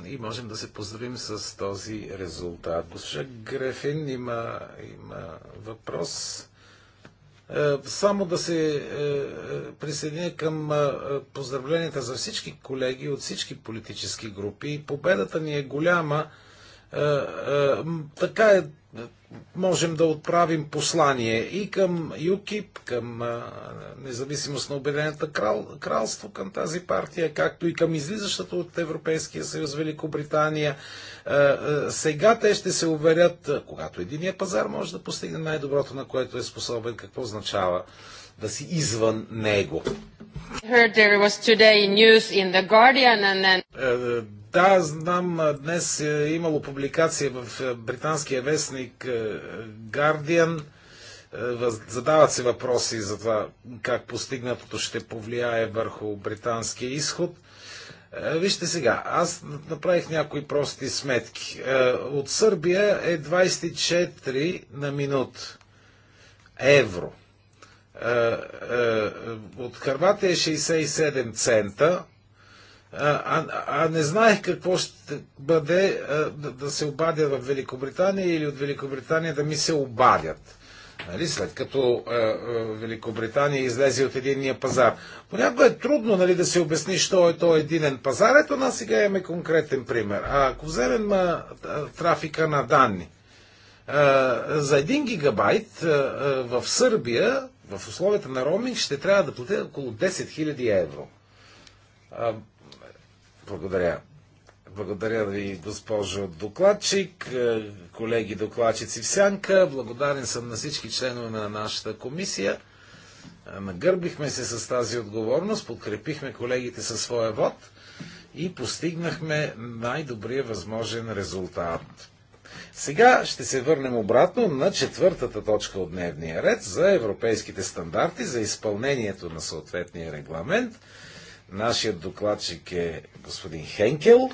и можем да се поздравим с този резултат. Госпожа Грефин има, има въпрос. Е, само да се е, е, присъединя към поздравленията за всички колеги от всички политически групи. Победата ни е голяма е, е, така е, можем да отправим послание и към ЮКИП, към е, независимост на Обединената крал, кралство, към тази партия, както и към излизащата от Европейския съюз Великобритания. Сега те ще се уверят, когато единия пазар може да постигне най-доброто, на което е способен, какво означава да си извън него. Then... Да, знам, днес е имало публикация в е, британския вестник е, Guardian. Е, задават се въпроси за това как постигнатото ще повлияе върху британския изход. Вижте сега, аз направих някои прости сметки. От Сърбия е 24 на минут евро. Е, е, от Харватия 67 е цента, а, а не знаех какво ще бъде да, да се обадя в Великобритания или от Великобритания да ми се обадят. Нали, след като е, е, Великобритания излезе от единния пазар. Понякога е трудно нали, да се обясни, що е то единен пазар. Ето нас сега имаме конкретен пример. А ако вземем а, трафика на данни, а, за 1 гигабайт а, а, в Сърбия в условията на роуминг ще трябва да платят около 10 000 евро. А, благодаря. Благодаря ви, госпожо докладчик, е, колеги докладчици в Сянка. Благодарен съм на всички членове на нашата комисия. Е, нагърбихме се с тази отговорност, подкрепихме колегите със своя вод и постигнахме най-добрия възможен резултат. Сега ще се върнем обратно на четвъртата точка от дневния ред за европейските стандарти за изпълнението на съответния регламент. Нашият докладчик е господин Хенкел.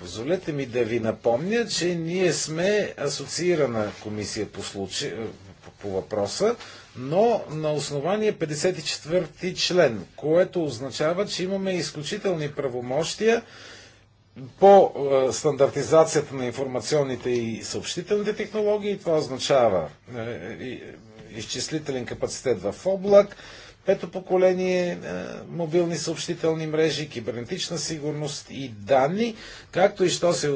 Позволете ми да ви напомня, че ние сме асоциирана комисия по, случай, по, въпроса, но на основание 54 ти член, което означава, че имаме изключителни правомощия по е, стандартизацията на информационните и съобщителните технологии. Това означава е, е, изчислителен капацитет в облак, пето поколение мобилни съобщителни мрежи, кибернетична сигурност и данни, както и що се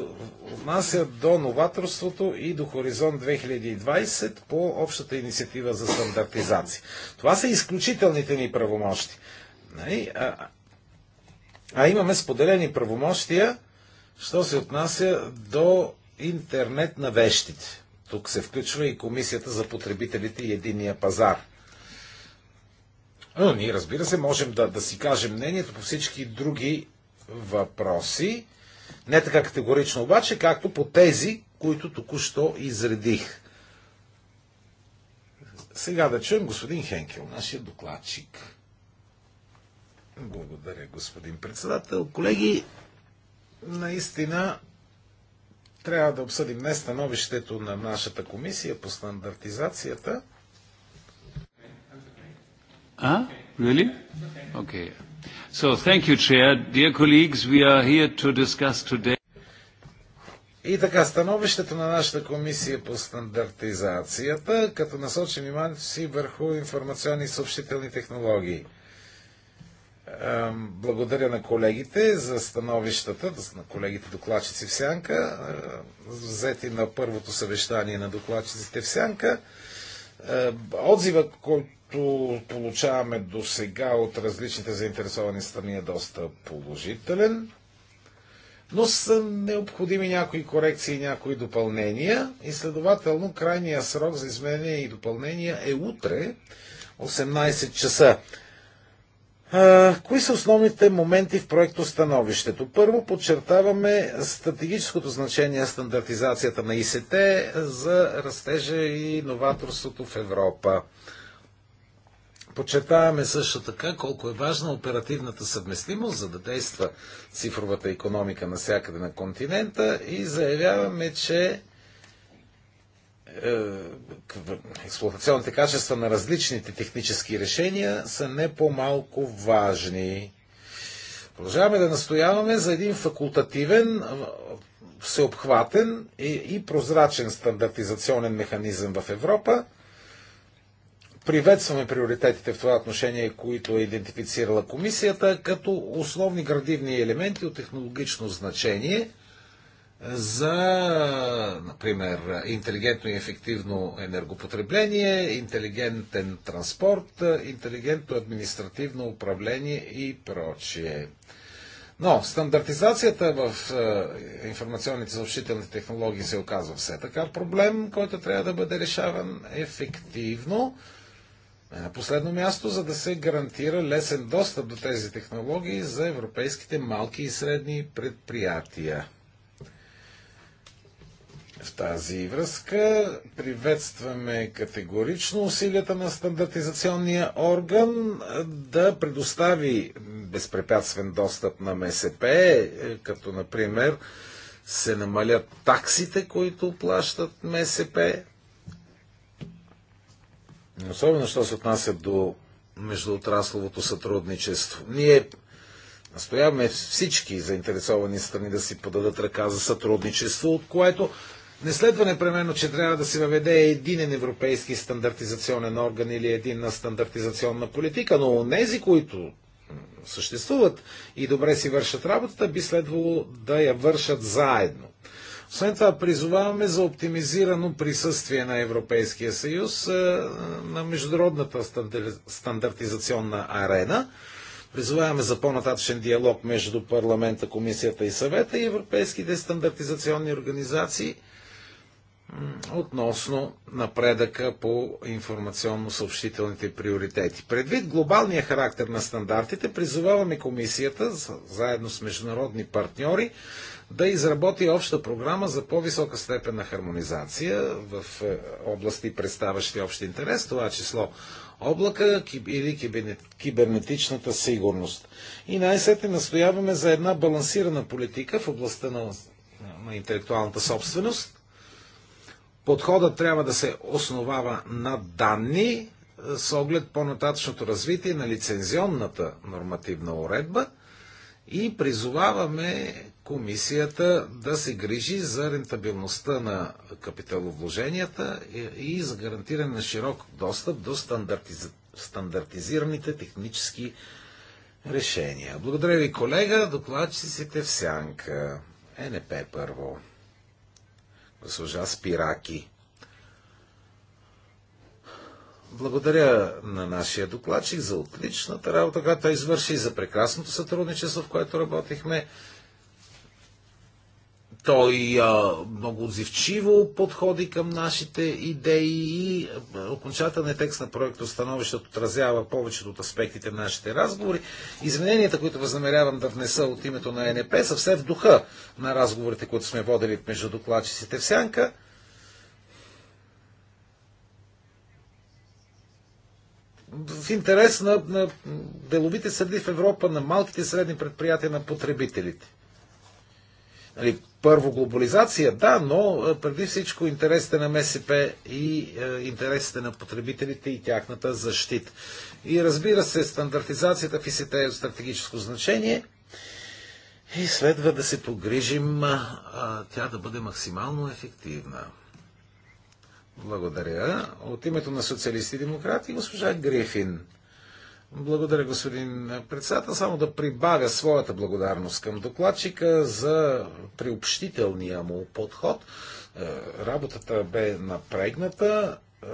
отнася до новаторството и до Хоризонт 2020 по общата инициатива за стандартизация. Това са изключителните ни правомощи. Нали? А имаме споделени правомощия Що се отнася до интернет на вещите? Тук се включва и Комисията за потребителите и единия пазар. Но ние, разбира се, можем да, да си кажем мнението по всички други въпроси. Не така категорично обаче, както по тези, които току-що изредих. Сега да чуем господин Хенкел, нашия докладчик. Благодаря, господин председател. Колеги, наистина трябва да обсъдим не становището на нашата комисия по стандартизацията. А? Really? Okay. So thank you, Chair. Dear colleagues, we are here to discuss today. И така, становището на нашата комисия по стандартизацията, като насочи вниманието си върху информационни и съобщителни технологии – благодаря на колегите за становищата, на колегите докладчици в Сянка, взети на първото съвещание на докладчиците в Сянка. Отзива, който получаваме до сега от различните заинтересовани страни е доста положителен, но са необходими някои корекции и някои допълнения и следователно крайният срок за изменение и допълнение е утре, 18 часа. Кои са основните моменти в проекто становището? Първо подчертаваме стратегическото значение стандартизацията на ИСТ за растежа и новаторството в Европа. Подчертаваме също така колко е важна оперативната съвместимост, за да действа цифровата економика навсякъде на континента и заявяваме, че е, експлуатационните качества на различните технически решения са не по-малко важни. Продължаваме да настояваме за един факултативен, е, всеобхватен и прозрачен стандартизационен механизъм в Европа. Приветстваме приоритетите в това отношение, които е идентифицирала комисията, като основни градивни елементи от технологично значение – за, например, интелигентно и ефективно енергопотребление, интелигентен транспорт, интелигентно административно управление и прочие. Но стандартизацията в е, информационните съобщителни технологии се оказва все така проблем, който трябва да бъде решаван ефективно. Е, на последно място, за да се гарантира лесен достъп до тези технологии за европейските малки и средни предприятия. В тази връзка приветстваме категорично усилията на стандартизационния орган да предостави безпрепятствен достъп на МСП, е, като например се намалят таксите, които плащат МСП. Особено, що се отнася до междуотрасловото сътрудничество. Ние настояваме всички заинтересовани страни да си подадат ръка за сътрудничество, от което не следва непременно, че трябва да се въведе единен европейски стандартизационен орган или единна стандартизационна политика, но нези, които съществуват и добре си вършат работата, би следвало да я вършат заедно. Освен това, призоваваме за оптимизирано присъствие на Европейския съюз е, на международната стандартизационна арена. Призоваваме за по-нататъчен диалог между парламента, комисията и съвета и европейските стандартизационни организации – относно напредъка по информационно-съобщителните приоритети. Предвид глобалния характер на стандартите, призоваваме комисията, заедно с международни партньори, да изработи обща програма за по-висока степен на хармонизация в е, области, представащи общ интерес, това число облака или кибернетичната сигурност. И най-сетне настояваме за една балансирана политика в областта на, на интелектуалната собственост, Подходът трябва да се основава на данни е, с оглед по-нататъчното развитие на лицензионната нормативна уредба и призоваваме комисията да се грижи за рентабилността на капиталовложенията и за гарантиране на широк достъп до стандартиз... стандартизираните технически решения. Благодаря ви, колега. Докладчиците в сянка. ЕНП първо госпожа Спираки. Благодаря на нашия докладчик за отличната работа, която той извърши и за прекрасното сътрудничество, в което работихме. Той а, много отзивчиво подходи към нашите идеи и окончателният текст на проекта становище отразява повечето от аспектите на нашите разговори. Измененията, които възнамерявам да внеса от името на НП, са все в духа на разговорите, които сме водили между докладчиците в Сянка. в интерес на, на деловите среди в Европа, на малките и средни предприятия, на потребителите. Нали, първо глобализация, да, но е, преди всичко интересите на МСП и е, интересите на потребителите и тяхната защита. И разбира се, стандартизацията в ИСТ е от стратегическо значение и следва да се погрижим а, е, тя да бъде максимално ефективна. Благодаря. От името на социалисти и демократи, госпожа Грифин. Благодаря, господин председател. Само да прибавя своята благодарност към докладчика за приобщителния му подход. Е, работата бе напрегната, е,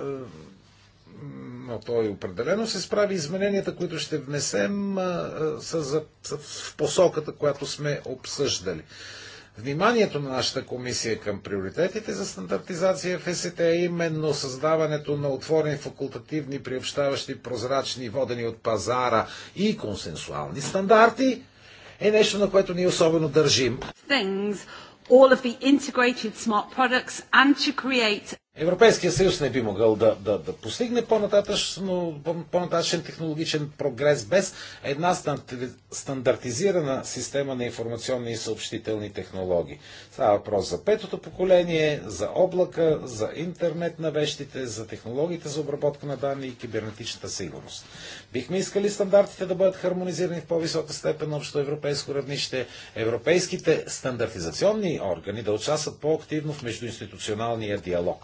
но той определено се справи. Измененията, които ще внесем, е, са, в посоката, която сме обсъждали. Вниманието на нашата комисия към приоритетите за стандартизация в ЕСТ е именно създаването на отворени факултативни, приобщаващи, прозрачни, водени от пазара и консенсуални стандарти е нещо, на което ние особено държим. Things, all of the integrated smart products and to create Европейския съюз не би могъл да, да, да постигне по по-нататъчен технологичен прогрес без една стандартизирана система на информационни и съобщителни технологии. Става въпрос за петото поколение, за облака, за интернет на вещите, за технологиите за обработка на данни и кибернетичната сигурност. Бихме искали стандартите да бъдат хармонизирани в по-висока степен на общо европейско равнище, европейските стандартизационни органи да участват по-активно в междуинституционалния диалог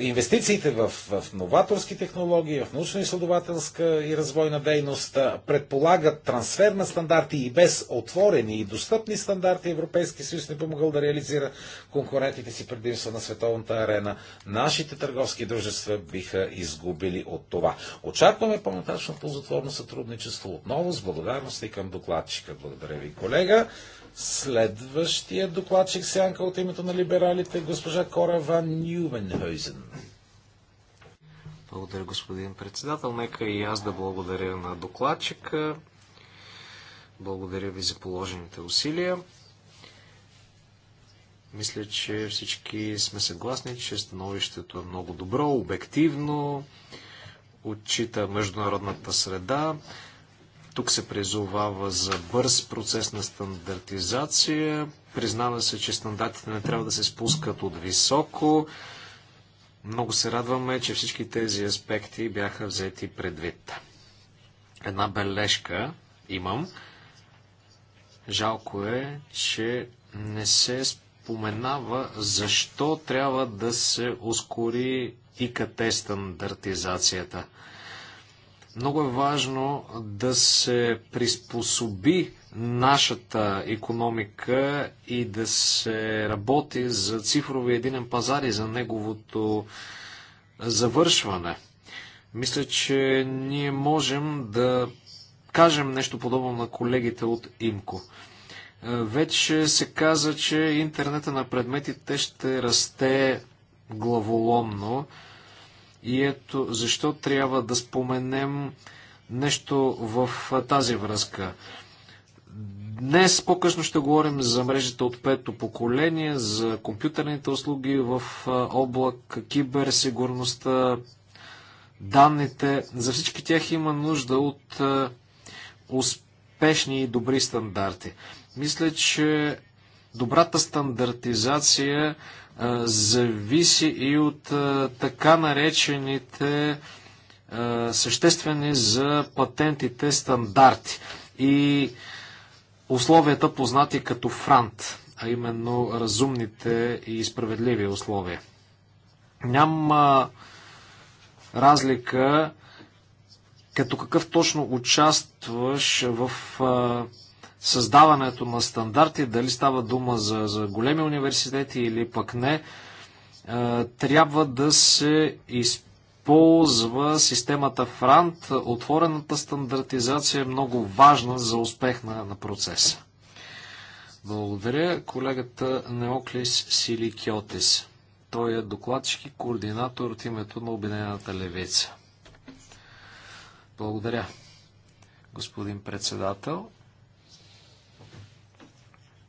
инвестициите в, в новаторски технологии, в научно-изследователска и развойна дейност предполагат трансфер на стандарти и без отворени и достъпни стандарти Европейски съюз не помогъл да реализира конкурентите си предимства на световната арена. Нашите търговски дружества биха изгубили от това. Очакваме по-нататъчно ползотворно сътрудничество отново с благодарности към докладчика. Благодаря ви, колега. Следващия докладчик сянка от името на либералите госпожа Кора Ван Нювенхойзен. Благодаря, господин председател. Нека и аз да благодаря на докладчика. Благодаря ви за положените усилия. Мисля, че всички сме съгласни, че становището е много добро, обективно, отчита международната среда. Тук се призовава за бърз процес на стандартизация. Признава се, че стандартите не трябва да се спускат от високо. Много се радваме, че всички тези аспекти бяха взети предвид. Една бележка имам. Жалко е, че не се споменава защо трябва да се ускори ИКТ стандартизацията. Много е важно да се приспособи нашата економика и да се работи за цифрови единен пазар и за неговото завършване. Мисля, че ние можем да кажем нещо подобно на колегите от ИМКО. Е, вече се каза, че интернета на предметите ще расте главоломно. И ето защо трябва да споменем нещо в тази връзка. Днес по-късно ще говорим за мрежата от пето поколение, за компютърните услуги в облак, киберсигурността, данните. За всички тях има нужда от успешни и добри стандарти. Мисля, че добрата стандартизация зависи и от така наречените съществени за патентите стандарти и условията познати като франт, а именно разумните и справедливи условия. Няма разлика като какъв точно участваш в създаването на стандарти, дали става дума за, за големи университети или пък не, е, трябва да се използва системата ФРАНТ. Отворената стандартизация е много важна за успех на, на процеса. Благодаря колегата Неоклис Силикиотис. Той е докладчик координатор от името на Обединената левица. Благодаря, господин председател.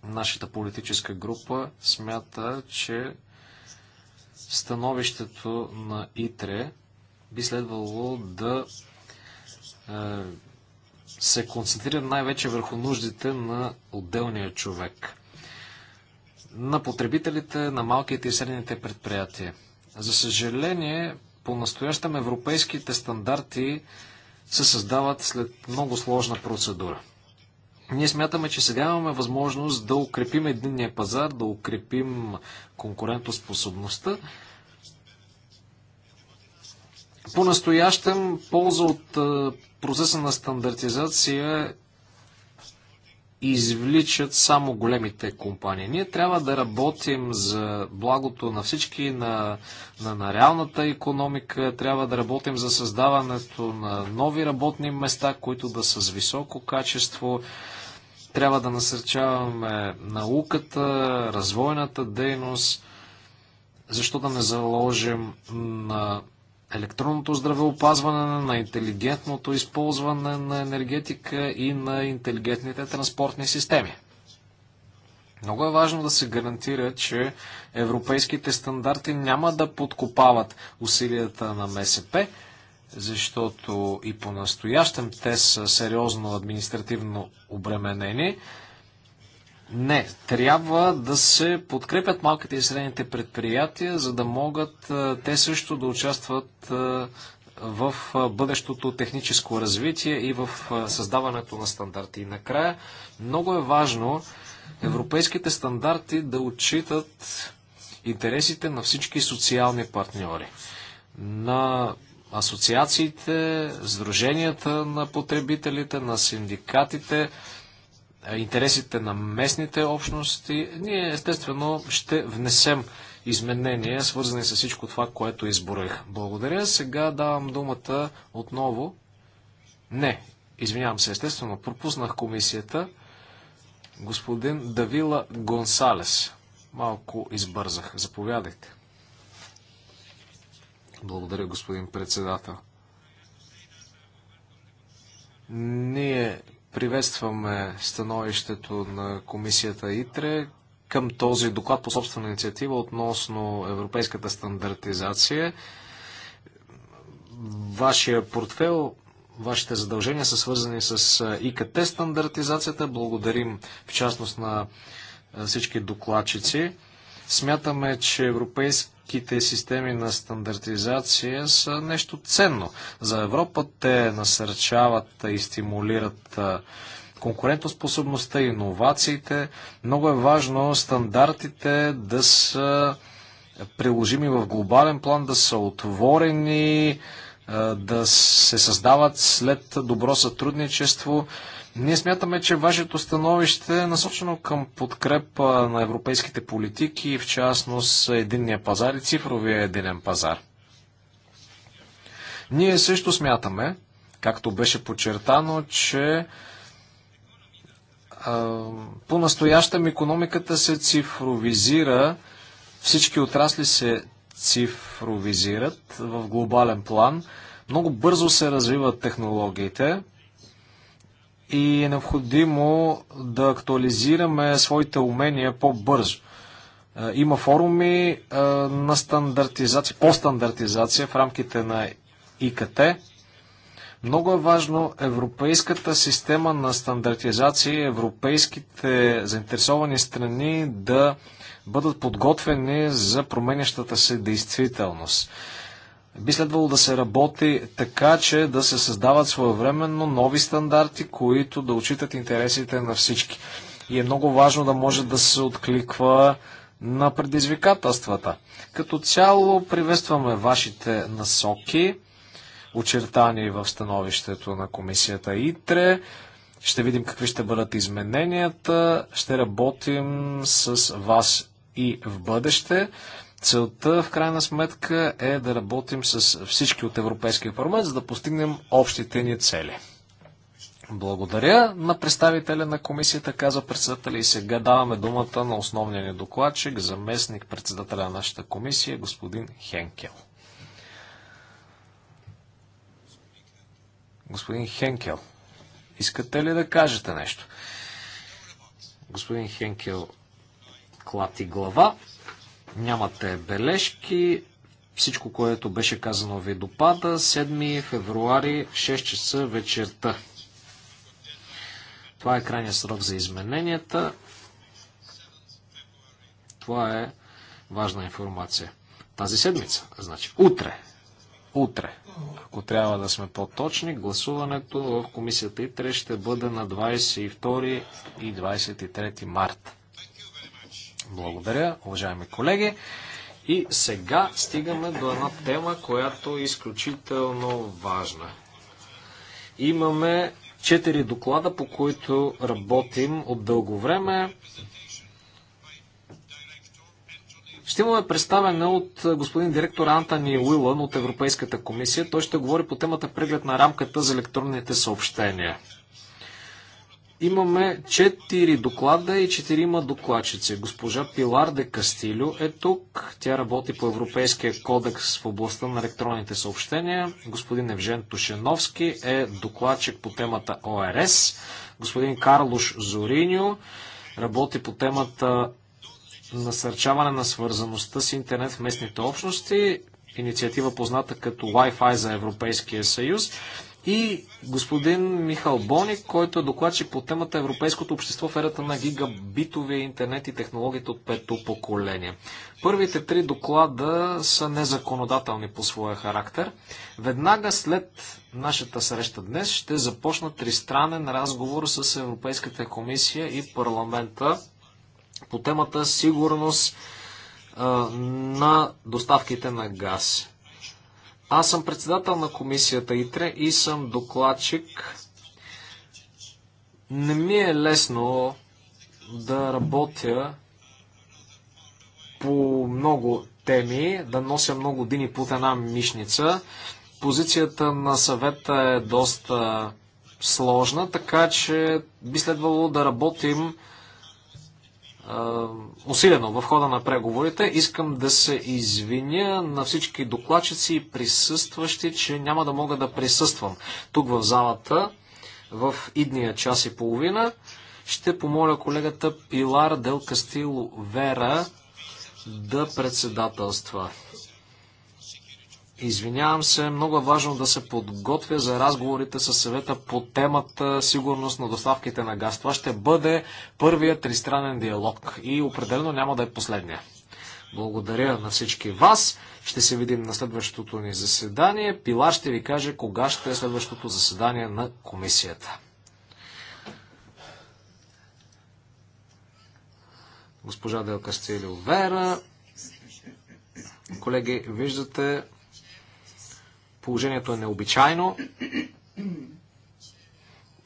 Нашата политическа група смята, че становището на ИТРЕ би следвало да е, се концентрира най-вече върху нуждите на отделния човек, на потребителите, на малките и средните предприятия. За съжаление, по-настоящем европейските стандарти се създават след много сложна процедура. Ние смятаме, че сега имаме възможност да укрепим единния пазар, да укрепим конкурентоспособността. По-настоящем полза от процеса на стандартизация извличат само големите компании. Ние трябва да работим за благото на всички, на, на, на реалната економика, трябва да работим за създаването на нови работни места, които да са с високо качество. Трябва да насърчаваме науката, развойната дейност. Защо да не заложим на електронното здравеопазване, на интелигентното използване на енергетика и на интелигентните транспортни системи. Много е важно да се гарантира, че европейските стандарти няма да подкопават усилията на МСП, защото и по-настоящем те са сериозно административно обременени. Не, трябва да се подкрепят малките и средните предприятия, за да могат те също да участват в бъдещото техническо развитие и в създаването на стандарти. И накрая, много е важно европейските стандарти да отчитат интересите на всички социални партньори, на асоциациите, сдруженията на потребителите, на синдикатите, интересите на местните общности. Ние естествено ще внесем изменения, свързани с всичко това, което изборех. Благодаря. Сега давам думата отново. Не, извинявам се, естествено, пропуснах комисията. Господин Давила Гонсалес. Малко избързах. Заповядайте. Благодаря, господин председател. Ние приветстваме становището на комисията ИТРЕ към този доклад по собствена инициатива относно европейската стандартизация. Вашия портфел, вашите задължения са свързани с ИКТ стандартизацията. Благодарим в частност на всички докладчици. Смятаме, че европейски европейските системи на стандартизация са нещо ценно. За Европа те насърчават и стимулират конкурентоспособността, иновациите. Много е важно стандартите да са приложими в глобален план, да са отворени, да се създават след добро сътрудничество. Ние смятаме, че вашето становище е насочено към подкрепа на европейските политики, в частност единния пазар и цифровия единен пазар. Ние също смятаме, както беше подчертано, че по-настоящем економиката се цифровизира, всички отрасли се цифровизират в глобален план. Много бързо се развиват технологиите и е необходимо да актуализираме своите умения по-бързо. Е, има форуми е, на стандартизация, по стандартизация в рамките на ИКТ. Много е важно европейската система на стандартизация и европейските заинтересовани страни да бъдат подготвени за променящата се действителност. Би следвало да се работи така, че да се създават своевременно нови стандарти, които да отчитат интересите на всички. И е много важно да може да се откликва на предизвикателствата. Като цяло приветстваме вашите насоки, очертани в становището на комисията ИТРЕ. Ще видим какви ще бъдат измененията. Ще работим с вас и в бъдеще. Целта в крайна сметка е да работим с всички от Европейския парламент, за да постигнем общите ни цели. Благодаря на представителя на комисията, каза председателя и сега даваме думата на основния ни докладчик, заместник председателя на нашата комисия, господин Хенкел. Господин Хенкел, искате ли да кажете нещо? Господин Хенкел клати глава. Нямате бележки. Всичко, което беше казано ви допада. 7 февруари, 6 часа вечерта. Това е крайният срок за измененията. Това е важна информация. Тази седмица, значи утре, утре, ако трябва да сме по-точни, гласуването в комисията ИТРЕ ще бъде на 22 и 23 марта. Благодаря, уважаеми колеги. И сега стигаме до една тема, която е изключително важна. Имаме четири доклада, по които работим от дълго време. Ще имаме представяне от господин директор Антони Уилън от Европейската комисия. Той ще говори по темата преглед на рамката за електронните съобщения. Имаме 4 доклада и 4 докладчици. Госпожа Пилар де Кастилю е тук. Тя работи по Европейския кодекс в областта на електронните съобщения. Господин Евжен Тушеновски е докладчик по темата ОРС. Господин Карлош Зориньо работи по темата насърчаване на свързаността с интернет в местните общности, инициатива позната като Wi-Fi за Европейския съюз и господин Михал Бони, който е докладчик по темата Европейското общество в ерата на гигабитовия интернет и технологията от пето поколение. Първите три доклада са незаконодателни по своя характер. Веднага след нашата среща днес ще започна тристранен разговор с Европейската комисия и парламента по темата сигурност на доставките на газ. Аз съм председател на комисията ИТРЕ и съм докладчик. Не ми е лесно да работя по много теми, да нося много дини под една мишница. Позицията на съвета е доста сложна, така че би следвало да работим усилено в хода на преговорите. Искам да се извиня на всички докладчици и присъстващи, че няма да мога да присъствам тук в залата в идния час и половина. Ще помоля колегата Пилар Дел Кастило Вера да председателства. Извинявам се, много е важно да се подготвя за разговорите с съвета по темата сигурност на доставките на газ. Това ще бъде първият тристранен диалог и определено няма да е последния. Благодаря на всички вас. Ще се видим на следващото ни заседание. Пила ще ви каже кога ще е следващото заседание на комисията. Госпожа Делка Стилио Вера. Колеги, виждате, Положението е необичайно.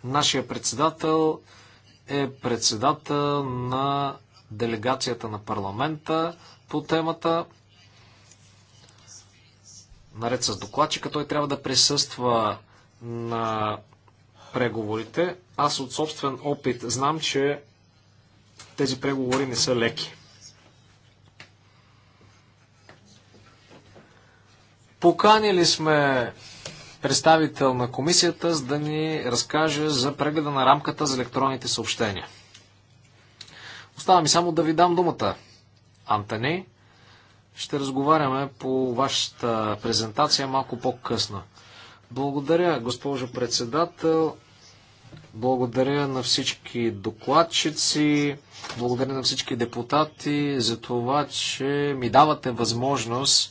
Нашия председател е председател на делегацията на парламента по темата. Наред с докладчика той трябва да присъства на преговорите. Аз от собствен опит знам, че тези преговори не са леки. Поканили сме представител на комисията, за да ни разкаже за прегледа на рамката за електронните съобщения. Остава ми само да ви дам думата. Антони, ще разговаряме по вашата презентация малко по-късно. Благодаря, госпожо председател. Благодаря на всички докладчици, благодаря на всички депутати за това, че ми давате възможност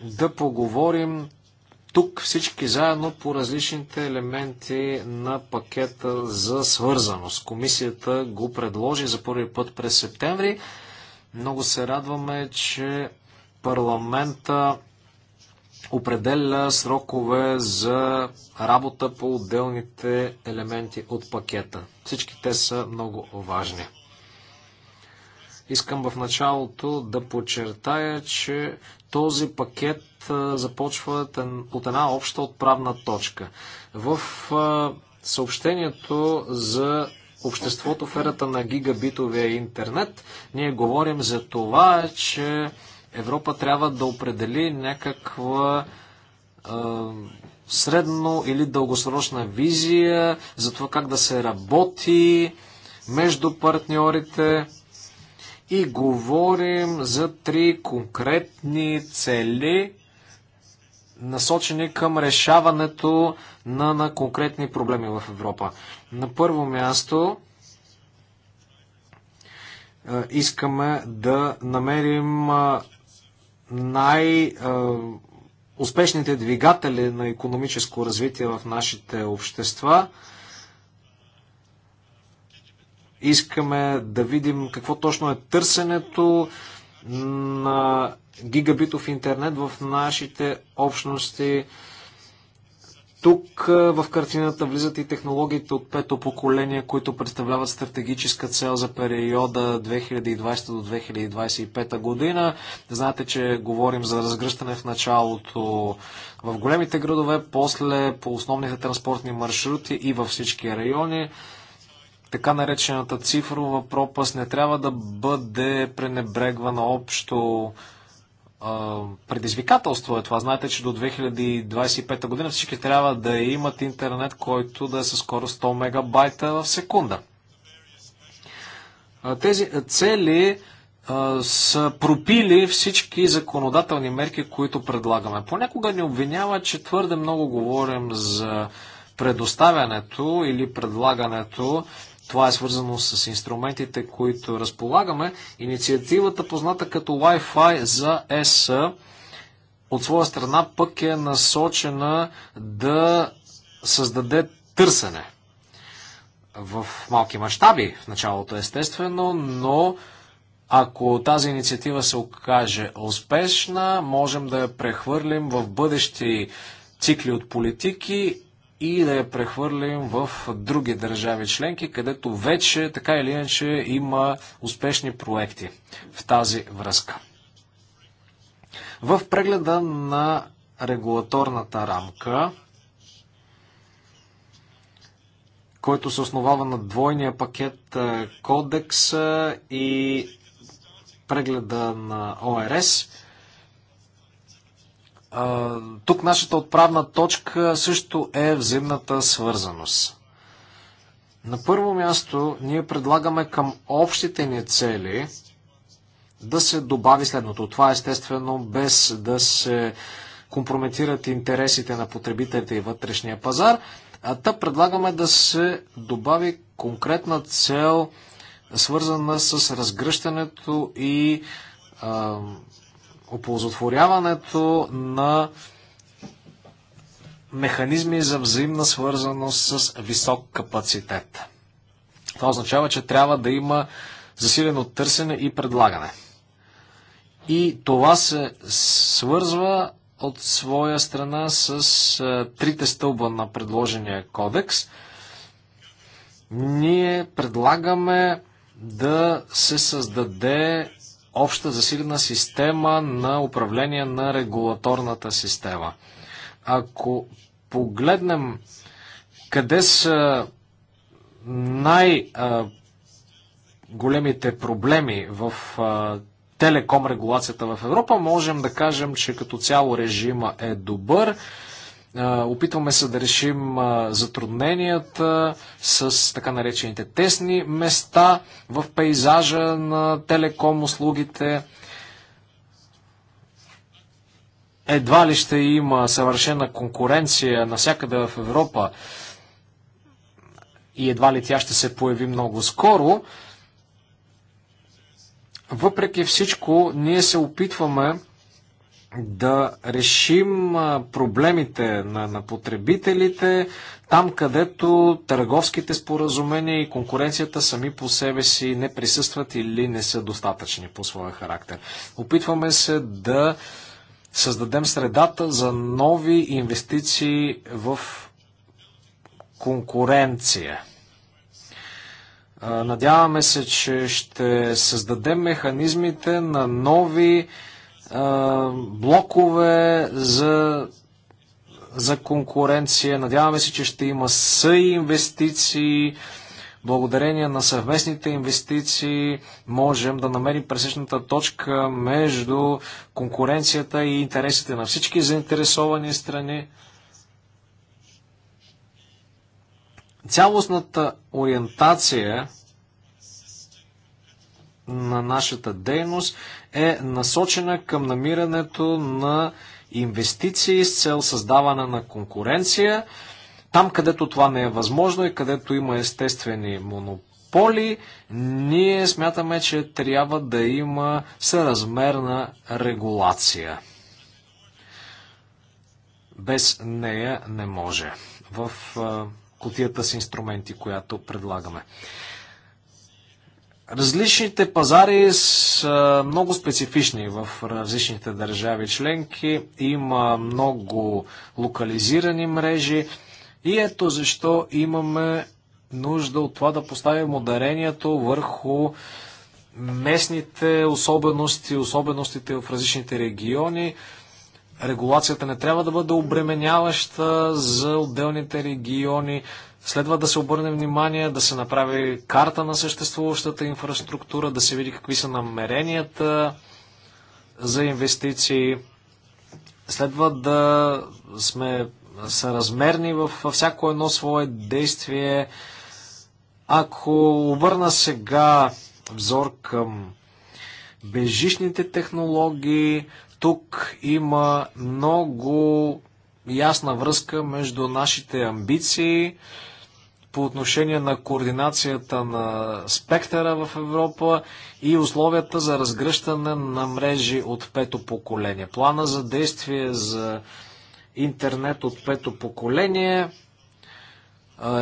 да поговорим тук всички заедно по различните елементи на пакета за свързаност. Комисията го предложи за първи път през септември. Много се радваме, че парламента определя срокове за работа по отделните елементи от пакета. Всички те са много важни. Искам в началото да подчертая, че този пакет започва от една обща отправна точка. В съобщението за обществото в ерата на гигабитовия интернет ние говорим за това, че Европа трябва да определи някаква средно или дългосрочна визия за това как да се работи между партньорите и говорим за три конкретни цели, насочени към решаването на, на конкретни проблеми в Европа. На първо място е, искаме да намерим е, най- е, успешните двигатели на економическо развитие в нашите общества – Искаме да видим какво точно е търсенето на гигабитов интернет в нашите общности. Тук в картината влизат и технологиите от пето поколение, които представляват стратегическа цел за периода 2020 до 2025 година. Знаете, че говорим за разгръщане в началото в големите градове, после по основните транспортни маршрути и във всички райони така наречената цифрова пропаст не трябва да бъде пренебрегвана общо предизвикателство е това. Знаете, че до 2025 година всички трябва да имат интернет, който да е със скорост 100 мегабайта в секунда. Тези цели са пропили всички законодателни мерки, които предлагаме. Понякога ни обвинява, че твърде много говорим за предоставянето или предлагането това е свързано с инструментите, които разполагаме. Инициативата, позната като Wi-Fi за ЕС, от своя страна пък е насочена да създаде търсене в малки мащаби в началото естествено, но ако тази инициатива се окаже успешна, можем да я прехвърлим в бъдещи цикли от политики и да я прехвърлим в други държави членки, където вече така или иначе има успешни проекти в тази връзка. В прегледа на регулаторната рамка, който се основава на двойния пакет кодекс и прегледа на ОРС, тук нашата отправна точка също е взаимната свързаност. На първо място ние предлагаме към общите ни цели да се добави следното. Това естествено без да се компрометират интересите на потребителите и вътрешния пазар. А та предлагаме да се добави конкретна цел, свързана с разгръщането и оползотворяването на механизми за взаимна свързаност с висок капацитет. Това означава, че трябва да има засилено търсене и предлагане. И това се свързва от своя страна с е, трите стълба на предложения кодекс. Ние предлагаме да се създаде обща засилена система на управление на регулаторната система. Ако погледнем къде са най- големите проблеми в телеком регулацията в Европа, можем да кажем, че като цяло режима е добър. Опитваме се да решим затрудненията с така наречените тесни места в пейзажа на телеком услугите. Едва ли ще има съвършена конкуренция навсякъде в Европа и едва ли тя ще се появи много скоро. Въпреки всичко, ние се опитваме да решим проблемите на, на потребителите там, където търговските споразумения и конкуренцията сами по себе си не присъстват или не са достатъчни по своя характер. Опитваме се да създадем средата за нови инвестиции в конкуренция. Надяваме се, че ще създадем механизмите на нови блокове за, за конкуренция. Надяваме се, че ще има съинвестиции. Благодарение на съвместните инвестиции можем да намерим пресечната точка между конкуренцията и интересите на всички заинтересовани страни. Цялостната ориентация на нашата дейност е насочена към намирането на инвестиции с цел създаване на конкуренция. Там, където това не е възможно и където има естествени монополи, ние смятаме, че трябва да има съразмерна регулация. Без нея не може. В кутията с инструменти, която предлагаме. Различните пазари са много специфични в различните държави членки. Има много локализирани мрежи и ето защо имаме нужда от това да поставим ударението върху местните особености, особеностите в различните региони. Регулацията не трябва да бъде обременяваща за отделните региони. Следва да се обърне внимание, да се направи карта на съществуващата инфраструктура, да се види какви са намеренията за инвестиции. Следва да сме съразмерни във всяко едно свое действие. Ако обърна сега взор към бежишните технологии, тук има много ясна връзка между нашите амбиции, по отношение на координацията на спектъра в Европа и условията за разгръщане на мрежи от пето поколение. Плана за действие за интернет от пето поколение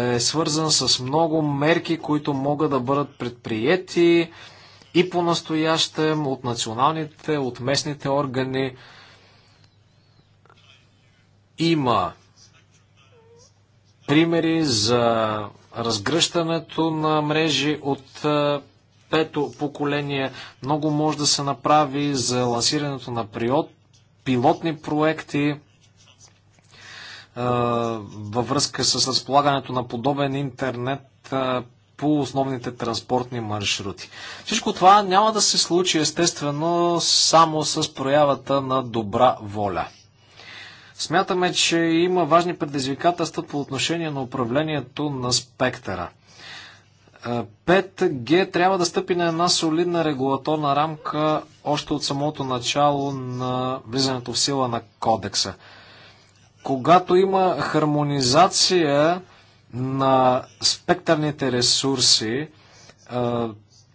е свързан с много мерки, които могат да бъдат предприяти и по-настоящем от националните, от местните органи. Има примери за разгръщането на мрежи от пето поколение. Много може да се направи за лансирането на приот, пилотни проекти във връзка с разполагането на подобен интернет по основните транспортни маршрути. Всичко това няма да се случи естествено само с проявата на добра воля. Смятаме, че има важни предизвикателства по отношение на управлението на спектъра. 5G е, трябва да стъпи на една солидна регулаторна рамка още от самото начало на влизането в сила на кодекса. Когато има хармонизация на спектърните ресурси, е,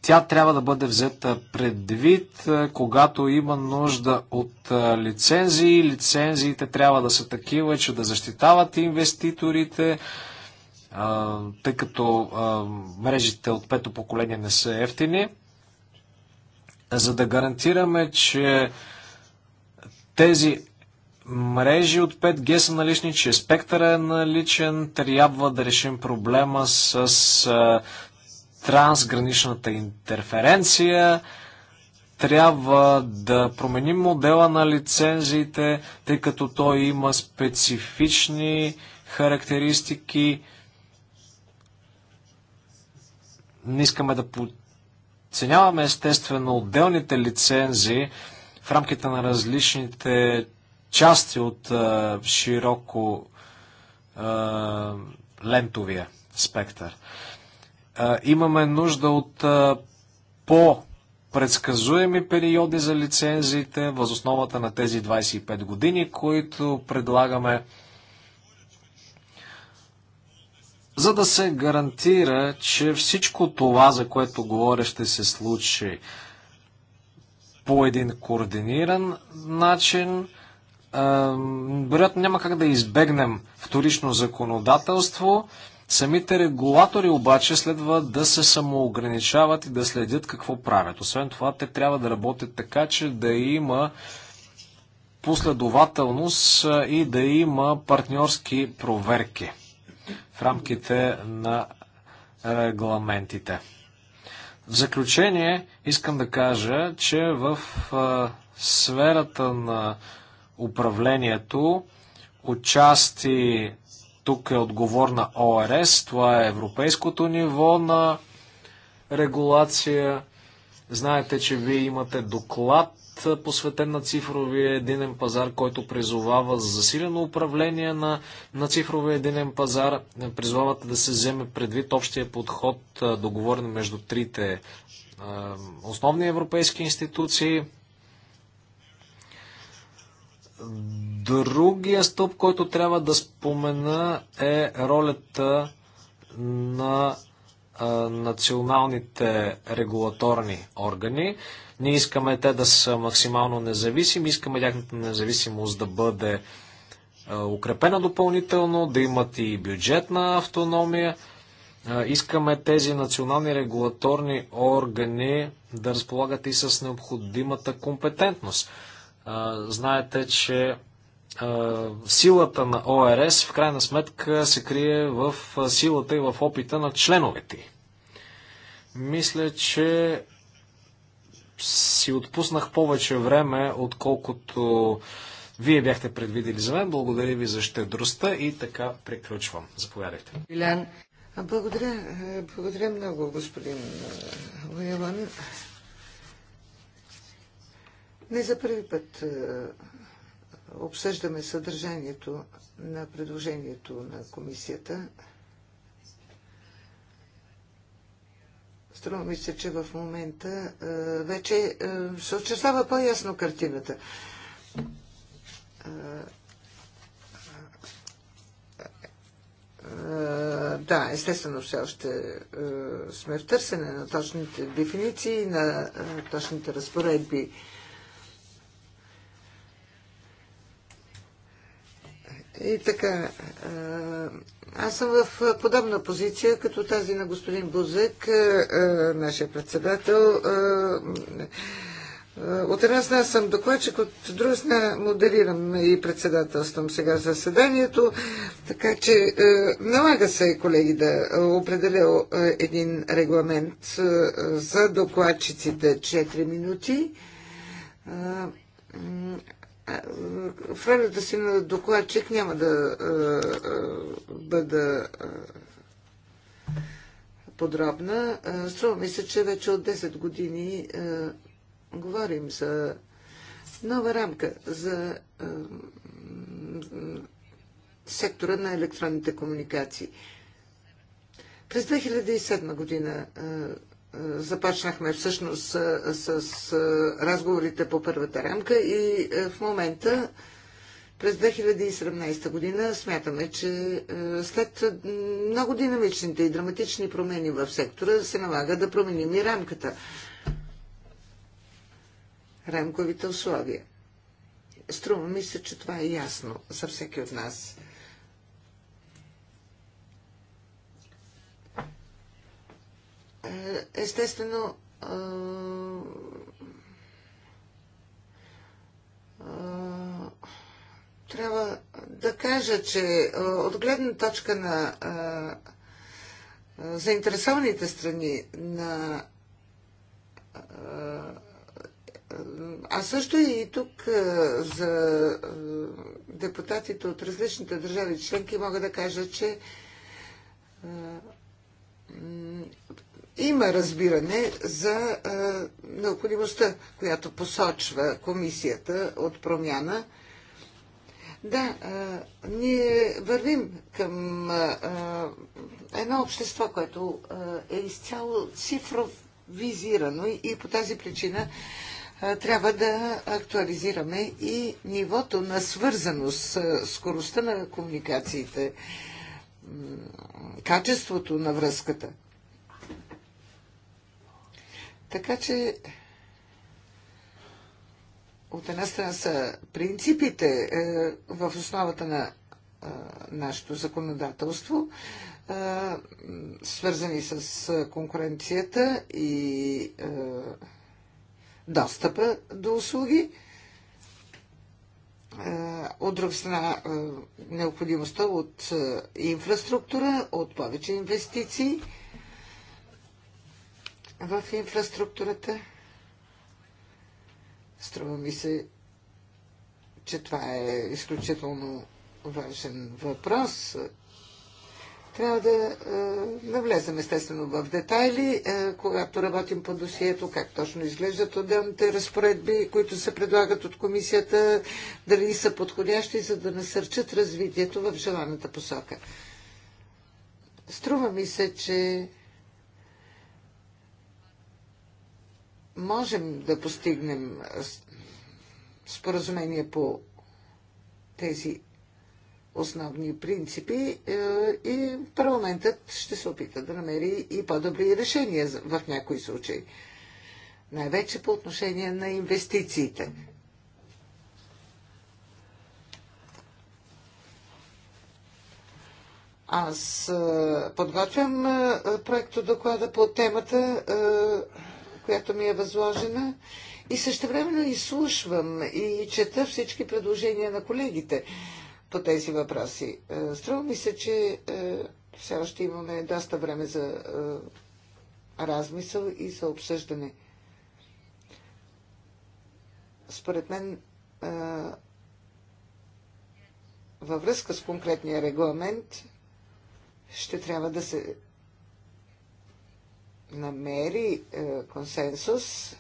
тя трябва да бъде взета предвид, е, когато има нужда от е, лицензии. Лицензиите трябва да са такива, че да защитават инвеститорите, е, тъй като мрежите от пето поколение не са ефтини, за да гарантираме, че тези мрежи от 5G са налични, че спектъра е наличен, трябва да решим проблема с трансграничната интерференция. Трябва да променим модела на лицензиите, тъй като той има специфични характеристики. Не искаме да подценяваме естествено отделните лицензии в рамките на различните части от а, широко а, лентовия спектър. Имаме нужда от по- предсказуеми периоди за лицензиите възосновата на тези 25 години, които предлагаме за да се гарантира, че всичко това, за което говоря, ще се случи по един координиран начин. Вероятно няма как да избегнем вторично законодателство. Самите регулатори обаче следва да се самоограничават и да следят какво правят. Освен това, те трябва да работят така, че да има последователност и да има партньорски проверки в рамките на регламентите. В заключение искам да кажа, че в сферата на управлението участи. Тук е отговорна ОРС, това е европейското ниво на регулация. Знаете, че вие имате доклад посветен на цифровия единен пазар, който призовава за засилено управление на, на цифровия единен пазар. Призовавате да се вземе предвид общия подход, договорен между трите основни европейски институции. Другия стълб, който трябва да спомена е ролята на националните регулаторни органи. Ние искаме те да са максимално независими, искаме тяхната независимост да бъде укрепена допълнително, да имат и бюджетна автономия. Искаме тези национални регулаторни органи да разполагат и с необходимата компетентност. Знаете, че силата на ОРС в крайна сметка се крие в силата и в опита на членовете. Мисля, че си отпуснах повече време, отколкото вие бяхте предвидели за мен. Благодаря ви за щедростта и така приключвам. Заповядайте. Благодаря, благодаря много, господин Лоялан. Не за първи път обсъждаме съдържанието на предложението на комисията. Струва ми се, че в момента вече се очертава по-ясно картината. да, естествено, все още сме в търсене на точните дефиниции, на точните разпоредби И така, аз съм в подобна позиция, като тази на господин Бузек, нашия председател. От една страна съм докладчик, от друга страна моделирам и председателствам сега заседанието, така че налага се, колеги, да определя един регламент за докладчиците 4 минути в ролята си на докладчик няма да бъда подробна. Струва ми се, че вече от 10 години говорим за нова рамка за сектора на електронните комуникации. През 2007 година започнахме всъщност с, с, с разговорите по първата рамка и в момента през 2017 година смятаме, че след много динамичните и драматични промени в сектора се налага да променим и рамката. Рамковите условия. Струва ми се, че това е ясно за всеки от нас. Е, естествено, трябва да кажа, че от гледна точка на заинтересованите страни на а също и тук за депутатите от различните държави членки мога да кажа, че има разбиране за необходимостта, която посочва комисията от промяна. Да, а, ние вървим към а, едно общество, което а, е изцяло цифровизирано и, и по тази причина а, трябва да актуализираме и нивото на свързаност, с скоростта на комуникациите, качеството на връзката. Така че от една страна са принципите е, в основата на е, нашето законодателство, е, свързани с е, конкуренцията и е, достъпа до услуги. Е, от друга страна, е, необходимостта от инфраструктура, от повече инвестиции в инфраструктурата. Струва ми се, че това е изключително важен въпрос. Трябва да е, навлезем естествено в детайли, е, когато работим по досието, как точно изглеждат отделните разпоредби, които се предлагат от комисията, дали са подходящи, за да насърчат развитието в желаната посока. Струва ми се, че можем да постигнем споразумение по тези основни принципи е, и парламентът ще се опита да намери и по-добри решения в някои случаи. Най-вече по отношение на инвестициите. Аз е, подготвям е, проекто доклада по темата която ми е възложена и същевременно изслушвам и чета всички предложения на колегите по тези въпроси. Е, струва ми се, че е, все още имаме доста време за е, размисъл и за обсъждане. Според мен, във връзка с конкретния регламент, ще трябва да се намери е, консенсус е,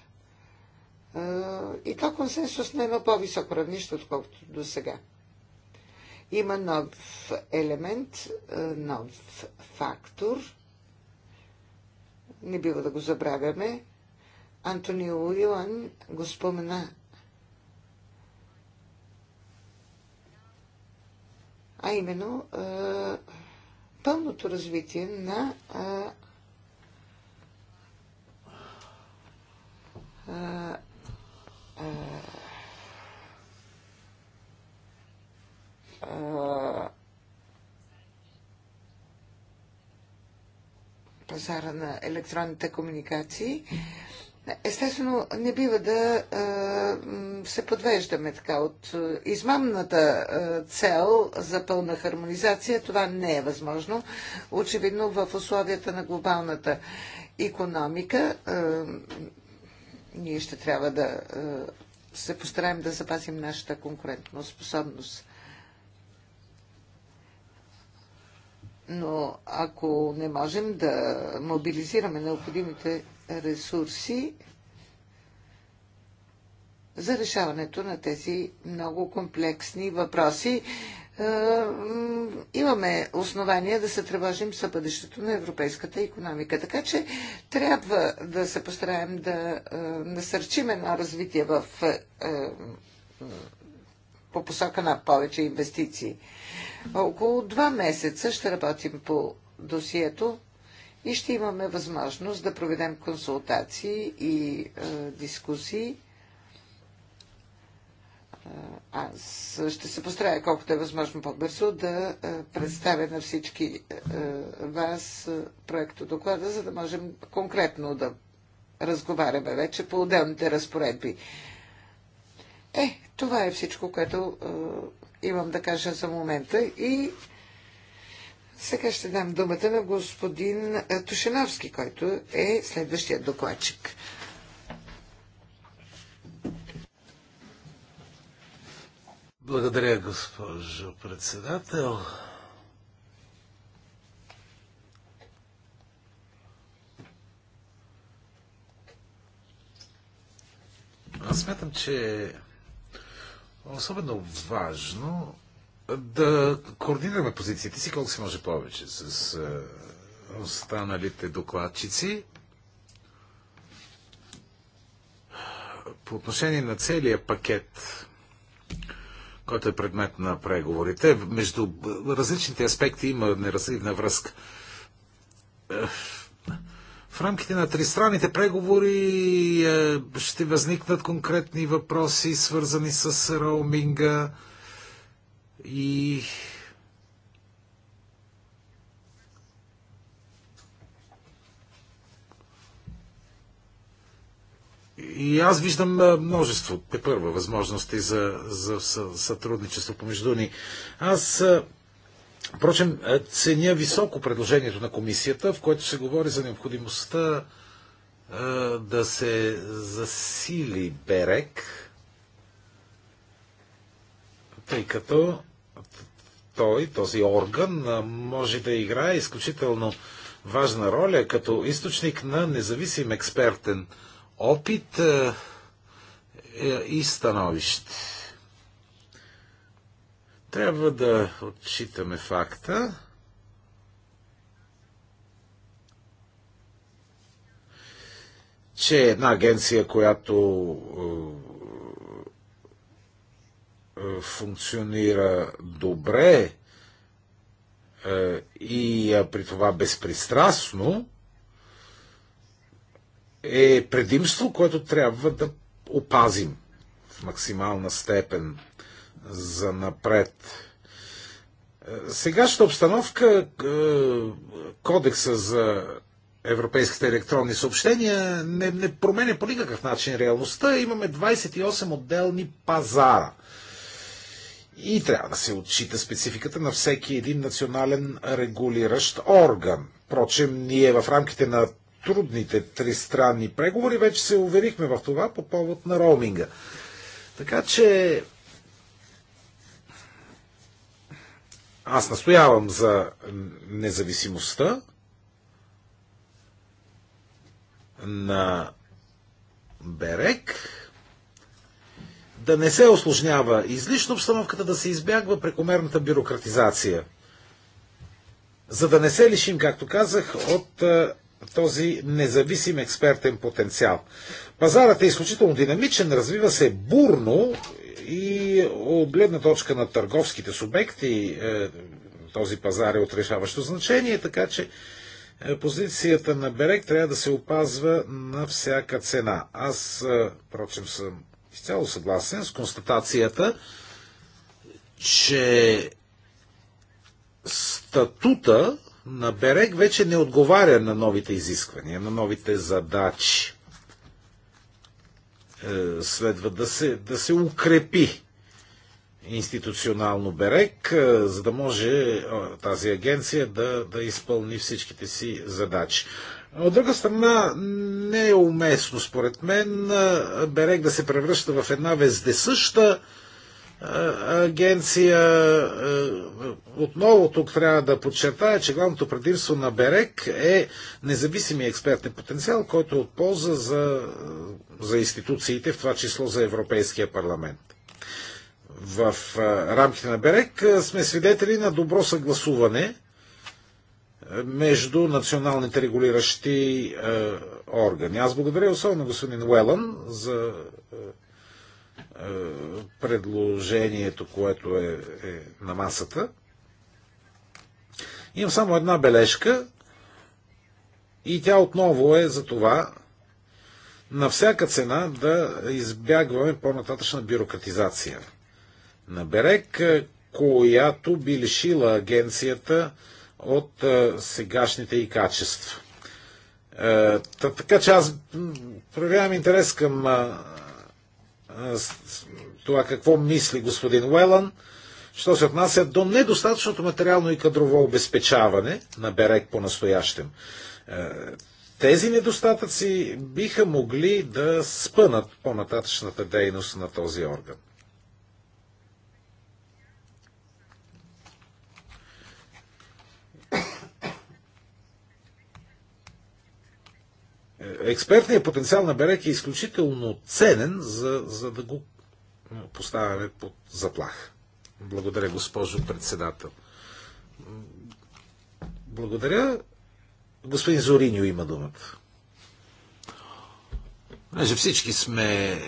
и то консенсус на едно по-високо равнище, отколкото до сега. Има нов елемент, е, нов фактор. Не бива да го забравяме. Антони Уилан го спомена. А именно пълното развитие на пазара на електронните комуникации. Естествено, не бива да а, се подвеждаме така от измамната а, цел за пълна хармонизация. Това не е възможно. Очевидно, в условията на глобалната економика ние ще трябва да е, се постараем да запазим нашата конкурентна способност. Но ако не можем да мобилизираме необходимите ресурси за решаването на тези много комплексни въпроси, е, имаме основания да се тревожим за бъдещето на европейската економика. Така че трябва да се постараем да е, насърчим едно развитие в, е, по посока на повече инвестиции. Около два месеца ще работим по досието и ще имаме възможност да проведем консултации и дискусии аз ще се постарая колкото е възможно по-бързо да е, представя на всички е, е, вас проекто доклада, за да можем конкретно да разговаряме вече по отделните разпоредби. Е, това е всичко, което имам да кажа за момента и сега ще дам думата на господин Тушеновски, който е следващия докладчик. Благодаря, госпожо председател. Аз смятам, че е особено важно да координираме позициите си колко се може повече с е, останалите докладчици. По отношение на целия пакет който е предмет на преговорите. Между различните аспекти има неразривна връзка. Е, в рамките на тристранните преговори е, ще възникнат конкретни въпроси, свързани с роуминга и И аз виждам множество, те първа, възможности за, за сътрудничество помежду ни. Аз, впрочем, ценя високо предложението на комисията, в което се говори за необходимостта да се засили Берек, тъй като той, този орган, може да играе изключително важна роля като източник на независим експертен опит е, е, и становище. Трябва да отчитаме факта, че една агенция, която е, функционира добре и при това безпристрастно, е предимство, което трябва да опазим в максимална степен за напред. Сегашната обстановка, е, кодекса за европейските електронни съобщения не, не променя по никакъв начин реалността. Имаме 28 отделни пазара. И трябва да се отчита спецификата на всеки един национален регулиращ орган. Впрочем, ние в рамките на трудните тристранни преговори. Вече се уверихме в това по повод на роуминга. Така че аз настоявам за независимостта на Берек, да не се осложнява излишно обстановката, да се избягва прекомерната бюрократизация, за да не се лишим, както казах, от е, този независим експертен потенциал. Пазарът е изключително динамичен, развива се бурно и от гледна точка на търговските субекти е, този пазар е отрешаващо значение, така че е, позицията на Берек трябва да се опазва на всяка цена. Аз, е, впрочем, съм изцяло съгласен с констатацията, че статута на Берег вече не отговаря на новите изисквания, на новите задачи. Е, следва да се, да се укрепи институционално Берег, е, за да може е, тази агенция да, да изпълни всичките си задачи. От друга страна, не е уместно, според мен, Берег да се превръща в една вездесъща съща агенция. Е, отново тук трябва да подчертая, че главното предимство на БЕРЕК е независимия експертен потенциал, който е от полза за, за институциите, в това число за Европейския парламент. В е, рамките на БЕРЕК е, сме свидетели на добро съгласуване между националните регулиращи органи. Аз благодаря особено господин Уелън за е, предложението, което е, е на масата. Имам само една бележка и тя отново е за това на всяка цена да избягваме по-нататъчна бюрократизация на Берек, е, която би лишила агенцията от е, сегашните и качества. така че аз проявявам интерес към това какво мисли господин Уелан, що се отнася до недостатъчното материално и кадрово обезпечаване на Берек по-настоящем. Е, тези недостатъци биха могли да спънат по-нататъчната дейност на този орган. експертният потенциал на Берек е изключително ценен, за, за да го поставяме под заплаха. Благодаря, госпожо председател. Благодаря. Господин Зориньо има думата. Понеже всички сме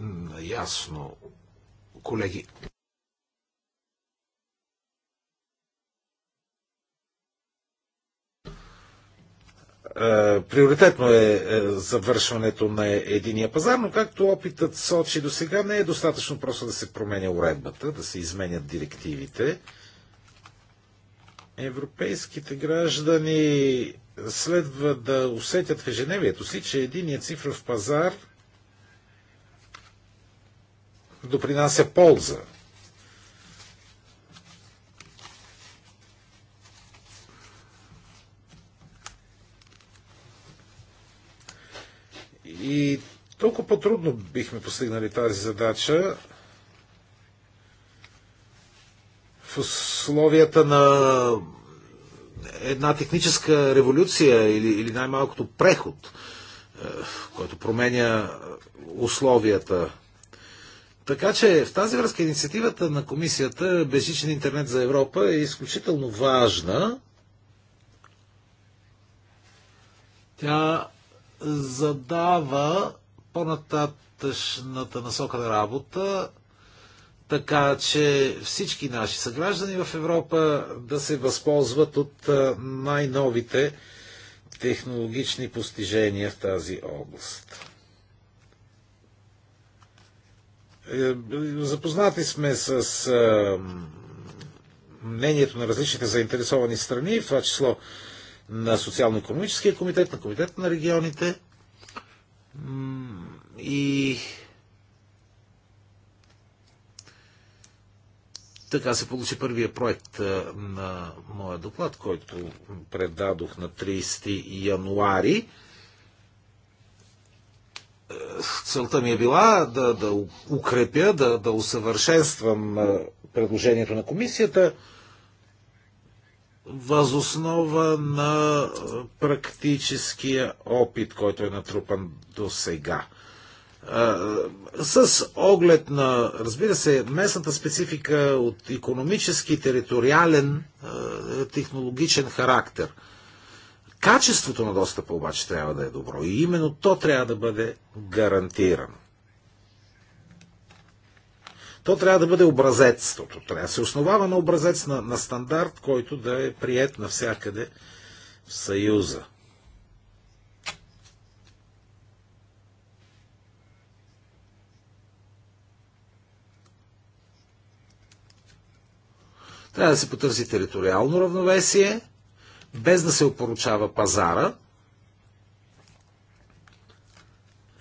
наясно, е, колеги, Е, приоритетно е, е завършването на единия пазар, но както опитът сочи до сега, не е достатъчно просто да се променя уредбата, да се изменят директивите. Европейските граждани следва да усетят в ежедневието си, че единият цифров пазар допринася полза И толкова по-трудно бихме постигнали тази задача в условията на една техническа революция или, или най-малкото преход, е, който променя условията. Така че в тази връзка инициативата на комисията Безличен интернет за Европа е изключително важна. Тя задава по-нататъчната насока на работа, така че всички наши съграждани в Европа да се възползват от най-новите технологични постижения в тази област. Е, запознати сме с мнението на различните заинтересовани страни, в това число на Социално-економическия комитет, на комитет на регионите и така се получи първия проект на моя доклад, който предадох на 30 януари целта ми е била да, да укрепя, да, да усъвършенствам предложението на комисията възоснова на практическия опит, който е натрупан до сега. С оглед на, разбира се, местната специфика от економически, териториален, технологичен характер. Качеството на достъпа обаче трябва да е добро и именно то трябва да бъде гарантирано то трябва да бъде образец. трябва да се основава на образец, на, на стандарт, който да е прият навсякъде в Съюза. Трябва да се потърси териториално равновесие, без да се опоручава пазара.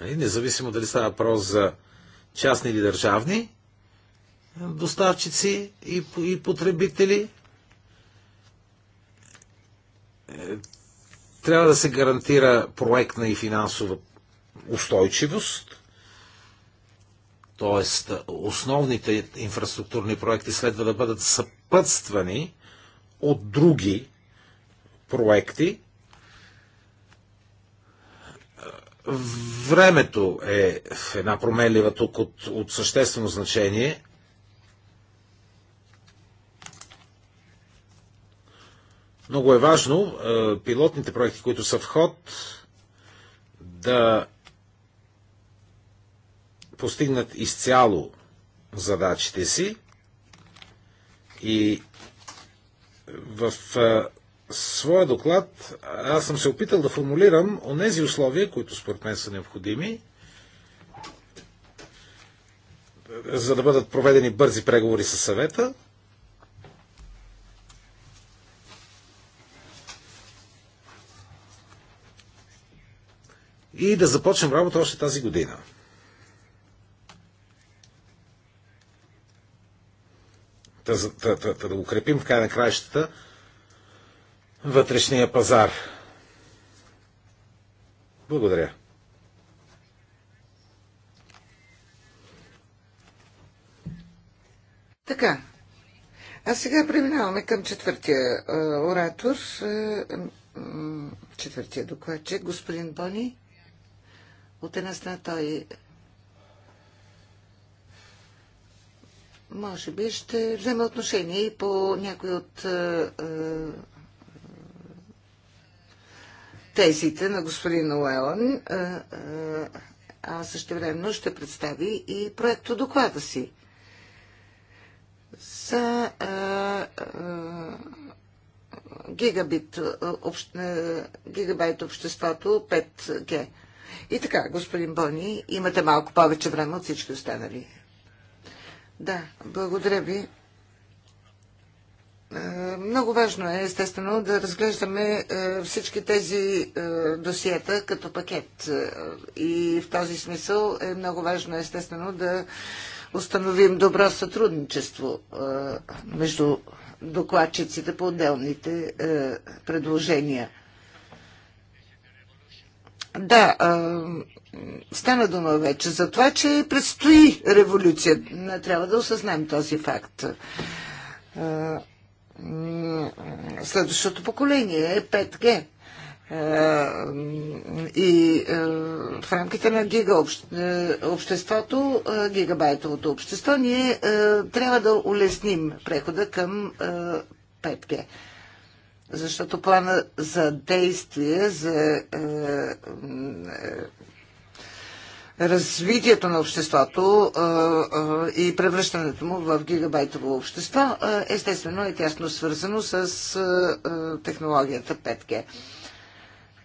Нали, независимо дали става въпрос за частни или държавни доставчици и, и потребители. Трябва да се гарантира проектна и финансова устойчивост. т.е. основните инфраструктурни проекти следва да бъдат съпътствани от други проекти. Времето е в една променлива тук от, от съществено значение – Много е важно е, пилотните проекти, които са в ход, да постигнат изцяло задачите си и в е, своя доклад аз съм се опитал да формулирам онези условия, които според мен са необходими, за да бъдат проведени бързи преговори с съвета – и да започнем работа още тази година. Та, та, та, та да укрепим в край на краищата вътрешния пазар. Благодаря. Така. А сега преминаваме към четвъртия оратор, е, четвъртия докладчик, господин Бони. От една страна той може би ще вземе отношение и по някои от е, е, тезите на господин Уелън, е, а също а ще представи и проекто доклада си за гигабит, общ, гигабайт обществото 5G. И така, господин Бони, имате малко повече време от всички останали. Да, благодаря ви. Е, много важно е, естествено, да разглеждаме е, всички тези е, досиета като пакет. И в този смисъл е много важно, естествено, да установим добро сътрудничество между докладчиците по отделните предложения. Да, а, стана дума вече за това, че предстои революция. Трябва да осъзнаем този факт. А, следващото поколение е 5G. И в рамките на гига обществото, гигабайтовото общество, ние трябва да улесним прехода към 5G защото плана за действие за е, е, е, развитието на обществото и превръщането му в гигабайтово общество, естествено е тясно свързано с технологията 5G.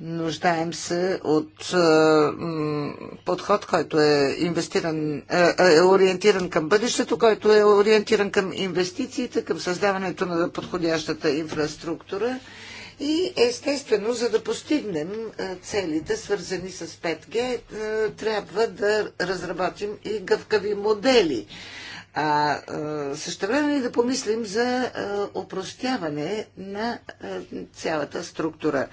Нуждаем се от е, подход, който е, инвестиран, е, е, е ориентиран към бъдещето, който е ориентиран към инвестициите, към създаването на подходящата инфраструктура и естествено, за да постигнем целите, свързани с 5G, трябва да разработим и гъвкави модели. А също време и да помислим за опростяване на цялата структура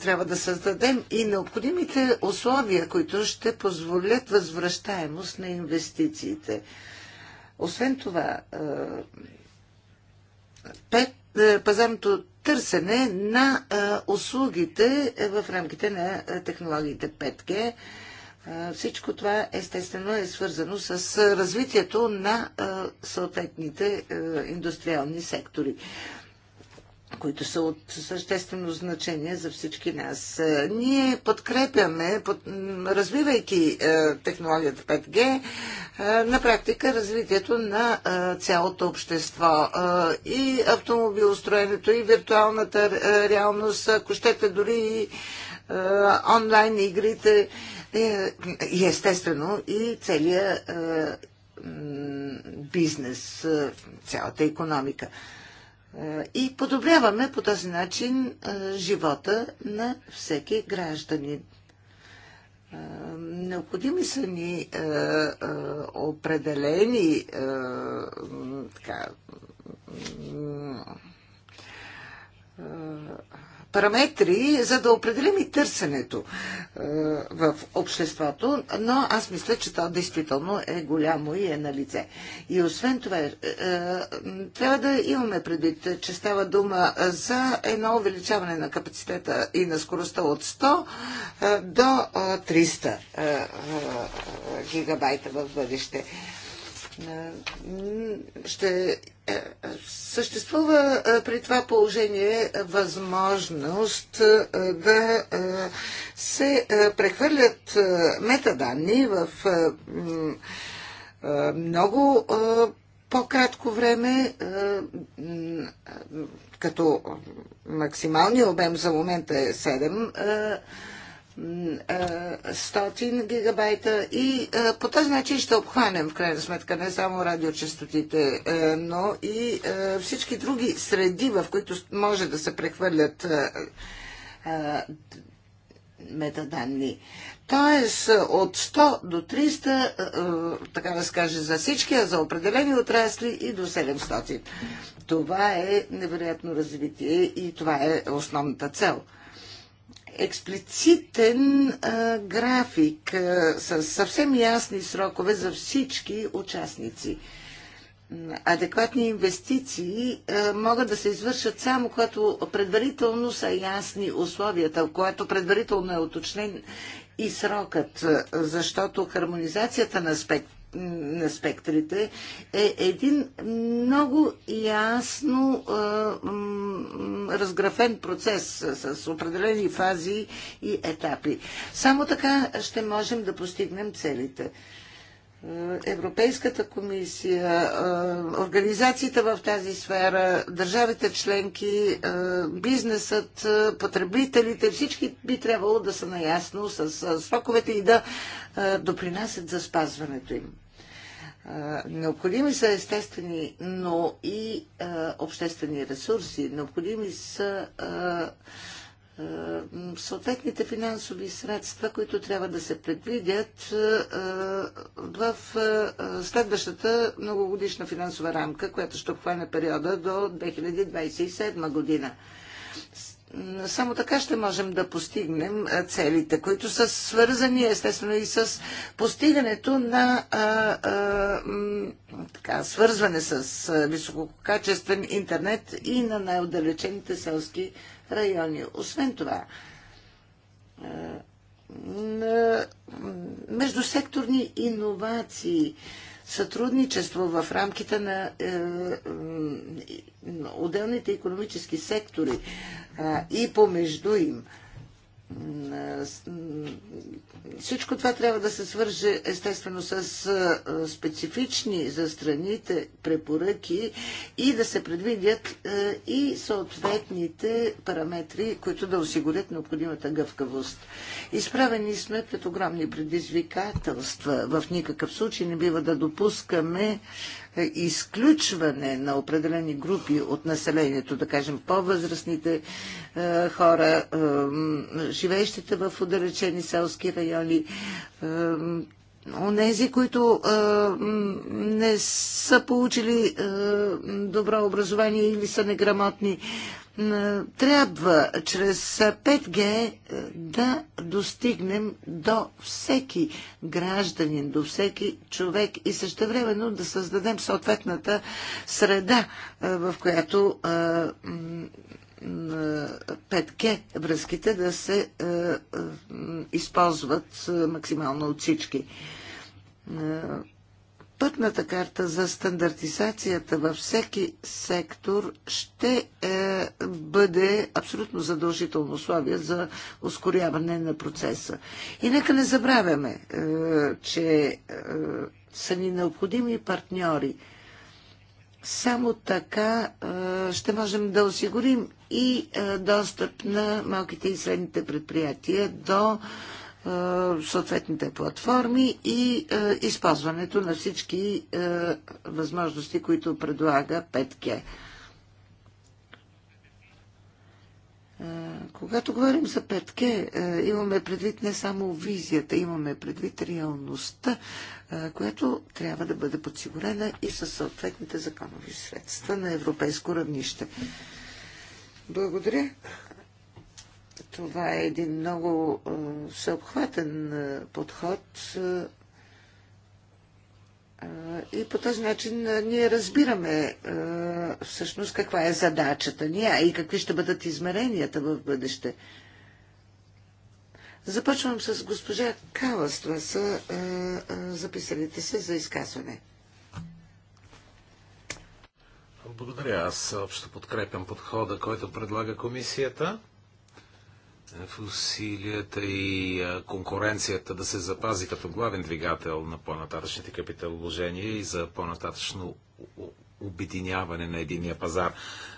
трябва да създадем и необходимите условия, които ще позволят възвръщаемост на инвестициите. Освен това, е, е, пазарното търсене на е, услугите в рамките на технологиите 5G. Всичко това естествено е свързано с развитието на съответните индустриални сектори които са от съществено значение за всички нас. Е, ние подкрепяме, под, развивайки е, технологията 5G, е, на практика развитието на е, цялото общество. Е, и автомобилостроенето, и виртуалната е, реалност, ако щете дори и е, онлайн игрите, е, и естествено и целият е, бизнес, е, цялата економика. Е, и подобряваме по този начин е, живота на всеки гражданин. Е, необходими са ни определени така, параметри, за да определим и търсенето е, в обществото, но аз мисля, че това действително е голямо и е на лице. И освен това, е, е, трябва да имаме предвид, че става дума за едно увеличаване на капацитета и на скоростта от 100 до 300 гигабайта в бъдеще ще е, е, съществува е, при това положение възможност да се прехвърлят метаданни в много по-кратко време, като максималният обем за момента е 7 100 гигабайта и по този начин ще обхванем в крайна сметка не само радиочастотите, но и всички други среди, в които може да се прехвърлят метаданни. Тоест от 100 до 300, така да се каже, за всички, а за определени отрасли и до 700. Това е невероятно развитие и това е основната цел – експлицитен а, график а, с съвсем ясни срокове за всички участници. Адекватни инвестиции а, могат да се извършат само когато предварително са ясни условията, когато предварително е уточнен и срокът, защото хармонизацията на аспект на спектрите е един много ясно а, разграфен процес с, с определени фази и етапи. Само така ще можем да постигнем целите. Европейската комисия, организацията в тази сфера, държавите членки, бизнесът, потребителите, всички би трябвало да са наясно с сроковете и да допринасят за спазването им. Необходими са естествени, но и а, обществени ресурси. Необходими са а, а, съответните финансови средства, които трябва да се предвидят а, в а, следващата многогодишна финансова рамка, която ще обхване периода до 2027 година. Само така ще можем да постигнем целите, които са свързани естествено и с постигането на а, а, така, свързване с висококачествен интернет и на най-отдалечените селски райони. Освен това, а, междусекторни иновации. А, сътрудничество в рамките на е, отделните економически сектори и помежду им. Е, всичко това трябва да се свърже естествено с е, специфични за страните препоръки и да се предвидят е, и съответните параметри, които да осигурят необходимата гъвкавост. Изправени сме пред огромни предизвикателства. В никакъв случай не бива да допускаме изключване на определени групи от населението, да кажем по-възрастните е, хора, е, живеещите в отдалечени селски райони, е, онези, които а, не са получили а, добро образование или са неграмотни, трябва чрез 5G е, да достигнем до всеки гражданин, до всеки човек и същевременно да създадем съответната среда, е, в която 5G е, връзките да се използват максимално от всички пътната карта за стандартизацията във всеки сектор ще е, бъде абсолютно задължително условие за ускоряване на процеса. И нека не забравяме, е, че е, са ни необходими партньори. Само така е, ще можем да осигурим и е, достъп на малките и средните предприятия до е, е, съответните платформи и е, използването на всички е, възможности, които предлага 5G. Когато говорим за 5G, имаме предвид не само визията, имаме предвид реалността, която трябва да бъде подсигурена и със съответните законови средства на европейско равнище. Благодаря. Това е един много съобхватен подход и по този начин ние разбираме всъщност каква е задачата ни, а и какви ще бъдат измеренията в бъдеще. Започвам с госпожа Калас. са записалите се за изказване. Благодаря. Аз общо подкрепям подхода, който предлага комисията в усилията и конкуренцията да се запази като главен двигател на по-нататъчните капиталовложения и за по-нататъчно обединяване на единия пазар.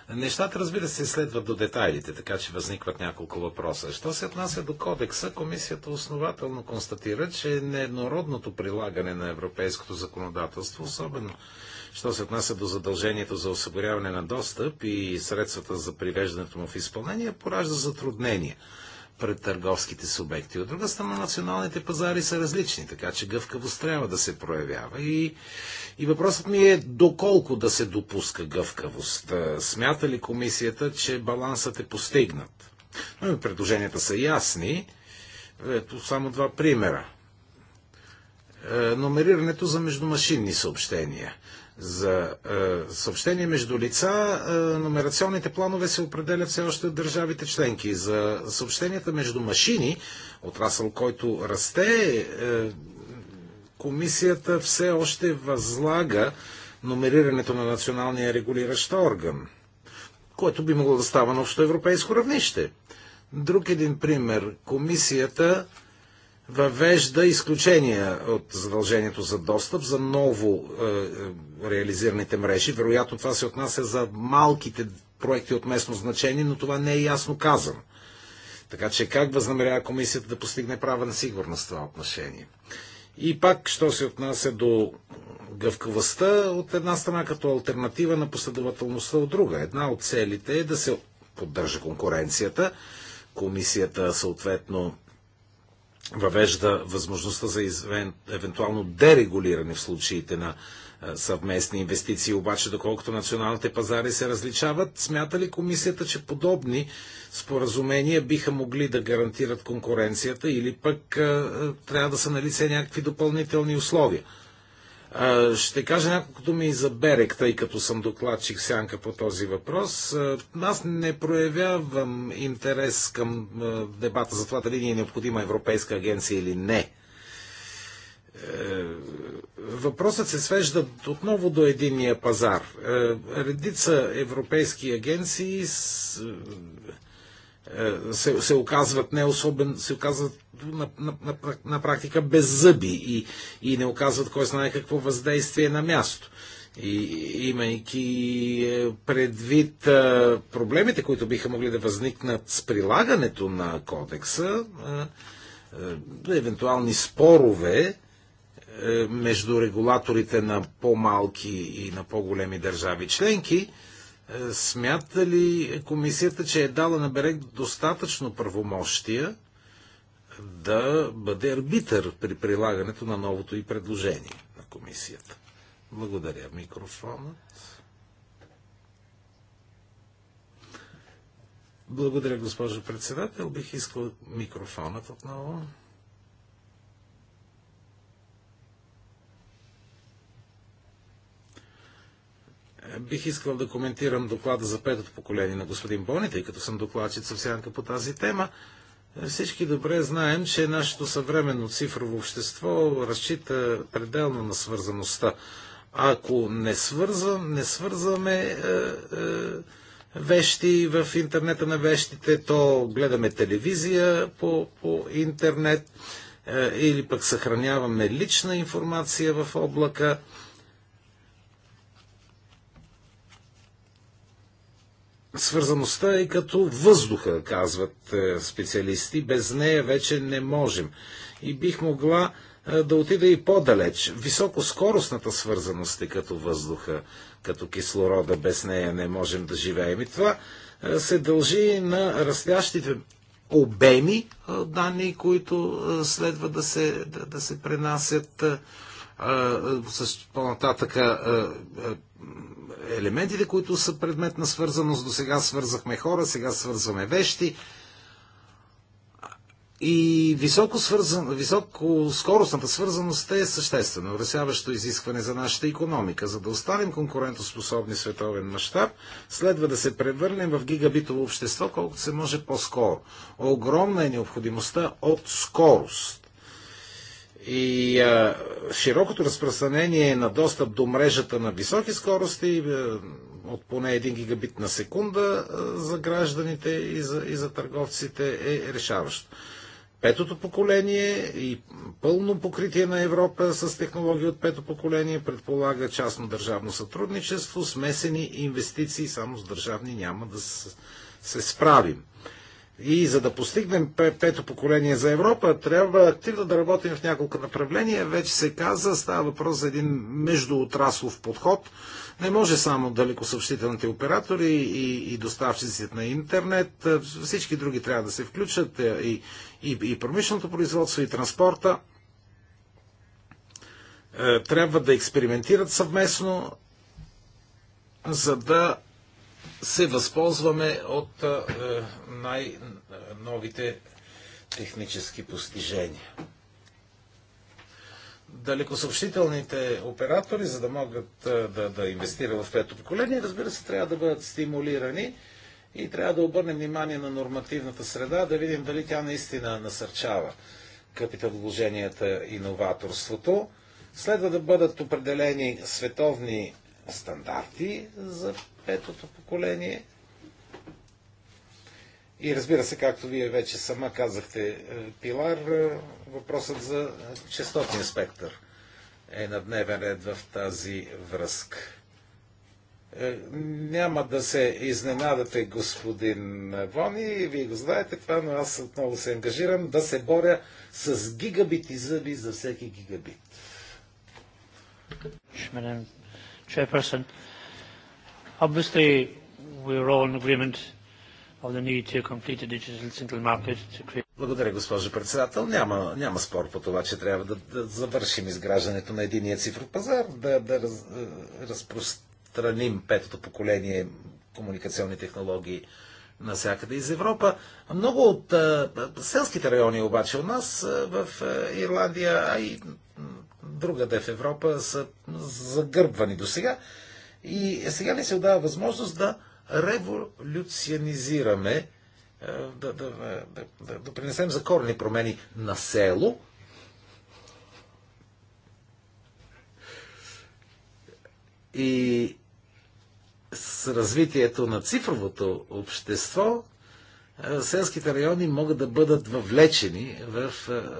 Нещата, разбира се, следват до детайлите, така че възникват няколко въпроса. Що се отнася до кодекса, комисията основателно констатира, че нееднородното прилагане на европейското законодателство, особено що се отнася до задължението за осигуряване на достъп и средствата за привеждането му в изпълнение, поражда затруднения пред търговските субекти. От друга страна, националните пазари са различни, така че гъвкавост трябва да се проявява. И, и въпросът ми е доколко да се допуска гъвкавост. Е, смята ли комисията, че балансът е постигнат? Но предложенията са ясни. Ето само два примера е, номерирането за междумашинни съобщения за е, съобщение между лица, е, номерационните планове се определят все още от държавите членки. За съобщенията между машини, отрасъл, който расте, е, комисията все още възлага номерирането на националния регулиращ орган, което би могло да става на общоевропейско равнище. Друг един пример. Комисията въвежда изключения от задължението за достъп за ново е, е, реализираните мрежи. Вероятно това се отнася за малките проекти от местно значение, но това не е ясно казано. Така че как възнамерява комисията да постигне права на сигурност в това отношение? И пак, що се отнася до гъвкавостта от една страна като альтернатива на последователността от друга. Една от целите е да се поддържа конкуренцията. Комисията съответно въвежда възможността за извен, евентуално дерегулиране в случаите на съвместни инвестиции, обаче доколкото националните пазари се различават, смята ли комисията, че подобни споразумения биха могли да гарантират конкуренцията или пък трябва да са налице някакви допълнителни условия? Ще кажа няколко думи и за Берек, тъй като съм докладчик сянка по този въпрос. Аз не проявявам интерес към дебата за това дали ни е необходима Европейска агенция или не. Е, въпросът се свежда отново до единия пазар. Е, редица европейски агенции е, се, се оказват не особен, се оказват на, на, на, на практика без зъби и, и не оказват кой знае какво въздействие на място. И, имайки е, предвид е, проблемите, които биха могли да възникнат с прилагането на кодекса, евентуални спорове между регулаторите на по-малки и на по-големи държави членки, е, смята ли комисията, че е дала на Берег достатъчно правомощия да бъде арбитър при прилагането на новото и предложение на комисията? Благодаря. Микрофонът. Благодаря, госпожо председател. Бих искал микрофонът отново. Бих искал да коментирам доклада за петото поколение на господин Бони, тъй като съм докладчица в сянка по тази тема. Всички добре знаем, че нашето съвременно цифрово общество разчита пределно на свързаността. Ако не, свързвам, не свързваме е, е, вещи в интернета на вещите, то гледаме телевизия по, по интернет е, или пък съхраняваме лична информация в облака. Е, свързаността е като въздуха, казват е, специалисти. Без нея вече не можем. И бих могла е, да отида и по-далеч. Високоскоростната свързаност е като въздуха, като кислорода. Без нея не можем да живеем. И това е, се дължи на растящите обеми данни, които следва да се, да, да се пренасят с по-нататъка елементите, които са предмет на свързаност. До сега свързахме хора, сега свързваме вещи. И високо, свързан, високо скоростната свързаност е съществено, разяващо изискване за нашата економика. За да останем конкурентоспособни световен мащаб, следва да се превърнем в гигабитово общество, колкото се може по-скоро. Огромна е необходимостта от скорост. И а, широкото разпространение на достъп до мрежата на високи скорости от поне 1 гигабит на секунда за гражданите и за, и за търговците е решаващо. Петото поколение и пълно покритие на Европа с технологии от пето поколение предполага частно държавно сътрудничество, смесени инвестиции, само с държавни няма да се справим. И за да постигнем пето поколение за Европа, трябва активно да работим в няколко направления. Вече се каза, става въпрос за един междуотраслов подход. Не може само далекосъобщителните оператори и, и доставчиците на интернет. Всички други трябва да се включат е, и, и, и промишленото производство, и транспорта. Е, трябва да експериментират съвместно, за да се възползваме от е, най-новите технически постижения. Далекосъобщителните оператори, за да могат да, да инвестират в пето поколение, разбира се, трябва да бъдат стимулирани и трябва да обърнем внимание на нормативната среда, да видим дали тя наистина насърчава капиталовложенията и новаторството. Следва да бъдат определени световни стандарти за петото поколение. И разбира се, както вие вече сама казахте, е, Пилар, е, въпросът за частотния спектър е на дневен ред в тази връзка. Е, няма да се изненадате, господин Вони, вие го знаете това, но аз отново се ангажирам да се боря с гигабит и зъби за всеки гигабит. Chairperson, Obviously, are all in agreement of the need to complete the digital single market to create благодаря, госпожо председател. Няма, няма спор по това, че трябва да, да завършим изграждането на единия цифров пазар, да, да раз, е, разпространим петото поколение комуникационни технологии навсякъде из Европа. Много от а, е, селските райони обаче у нас а, е, в а, Ирландия, а и другаде в Европа са загърбвани до сега. И сега ни се дава възможност да революционизираме, е, да, да, да, да, да принесем за корни промени на село, И с развитието на цифровото общество, е, селските райони могат да бъдат въвлечени в, е,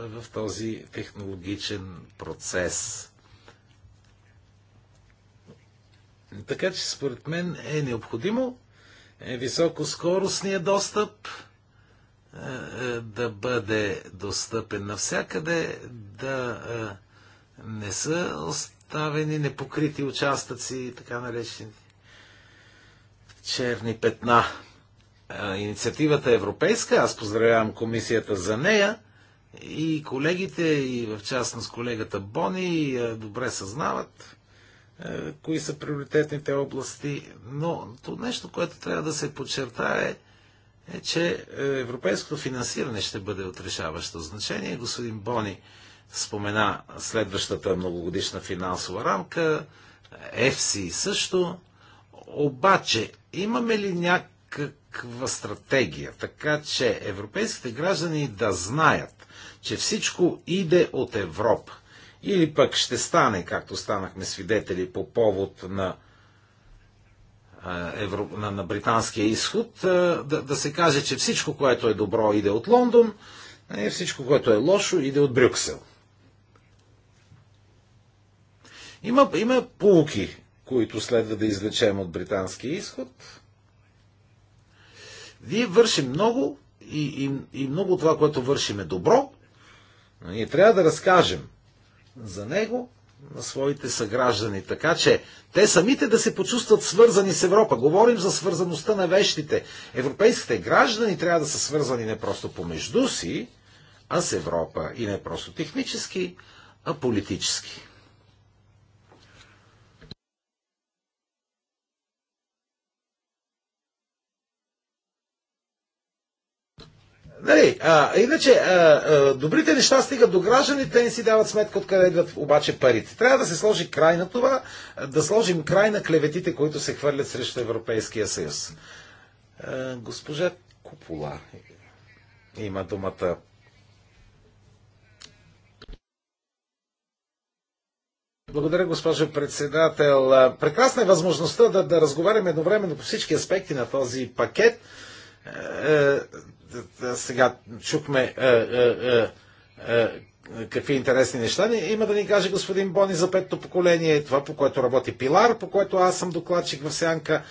в този технологичен процес. Така че според мен е необходимо е високоскоростния достъп е, е, да бъде достъпен навсякъде, да е, не са оставени непокрити участъци, така наречени черни петна. Инициативата е европейска, аз поздравявам комисията за нея и колегите, и в частност колегата Бони, добре съзнават е, кои са приоритетните области, но то нещо, което трябва да се подчертае, е, че е, европейското финансиране ще бъде от решаващо значение. Господин Бони спомена следващата многогодишна финансова рамка, ЕФСИ също, обаче имаме ли някаква стратегия, така че европейските граждани да знаят, че всичко иде от Европа? Или пък ще стане, както станахме свидетели по повод на, евро, на, на британския изход, да, да се каже, че всичко, което е добро, иде от Лондон, а всичко, което е лошо, иде от Брюксел. Има, има полуки, които следва да извлечем от британския изход. Вие вършим много и, и, и много това, което вършим е добро, но ние трябва да разкажем за него на своите съграждани. Така че те самите да се почувстват свързани с Европа. Говорим за свързаността на вещите. Европейските граждани трябва да са свързани не просто помежду си, а с Европа. И не просто технически, а политически. Нали, а, иначе, а, а, добрите неща стигат до гражданите, не си дават сметка откъде идват обаче парите. Трябва да се сложи край на това, да сложим край на клеветите, които се хвърлят срещу Европейския съюз. А, госпожа Купола има думата. Благодаря, госпожо председател. Прекрасна е възможността да, да разговаряме едновременно по всички аспекти на този пакет е, сега чухме е, е, какви интересни неща има да ни каже господин Бони за пето поколение, това по което работи Пилар, по което аз съм докладчик в Сянка,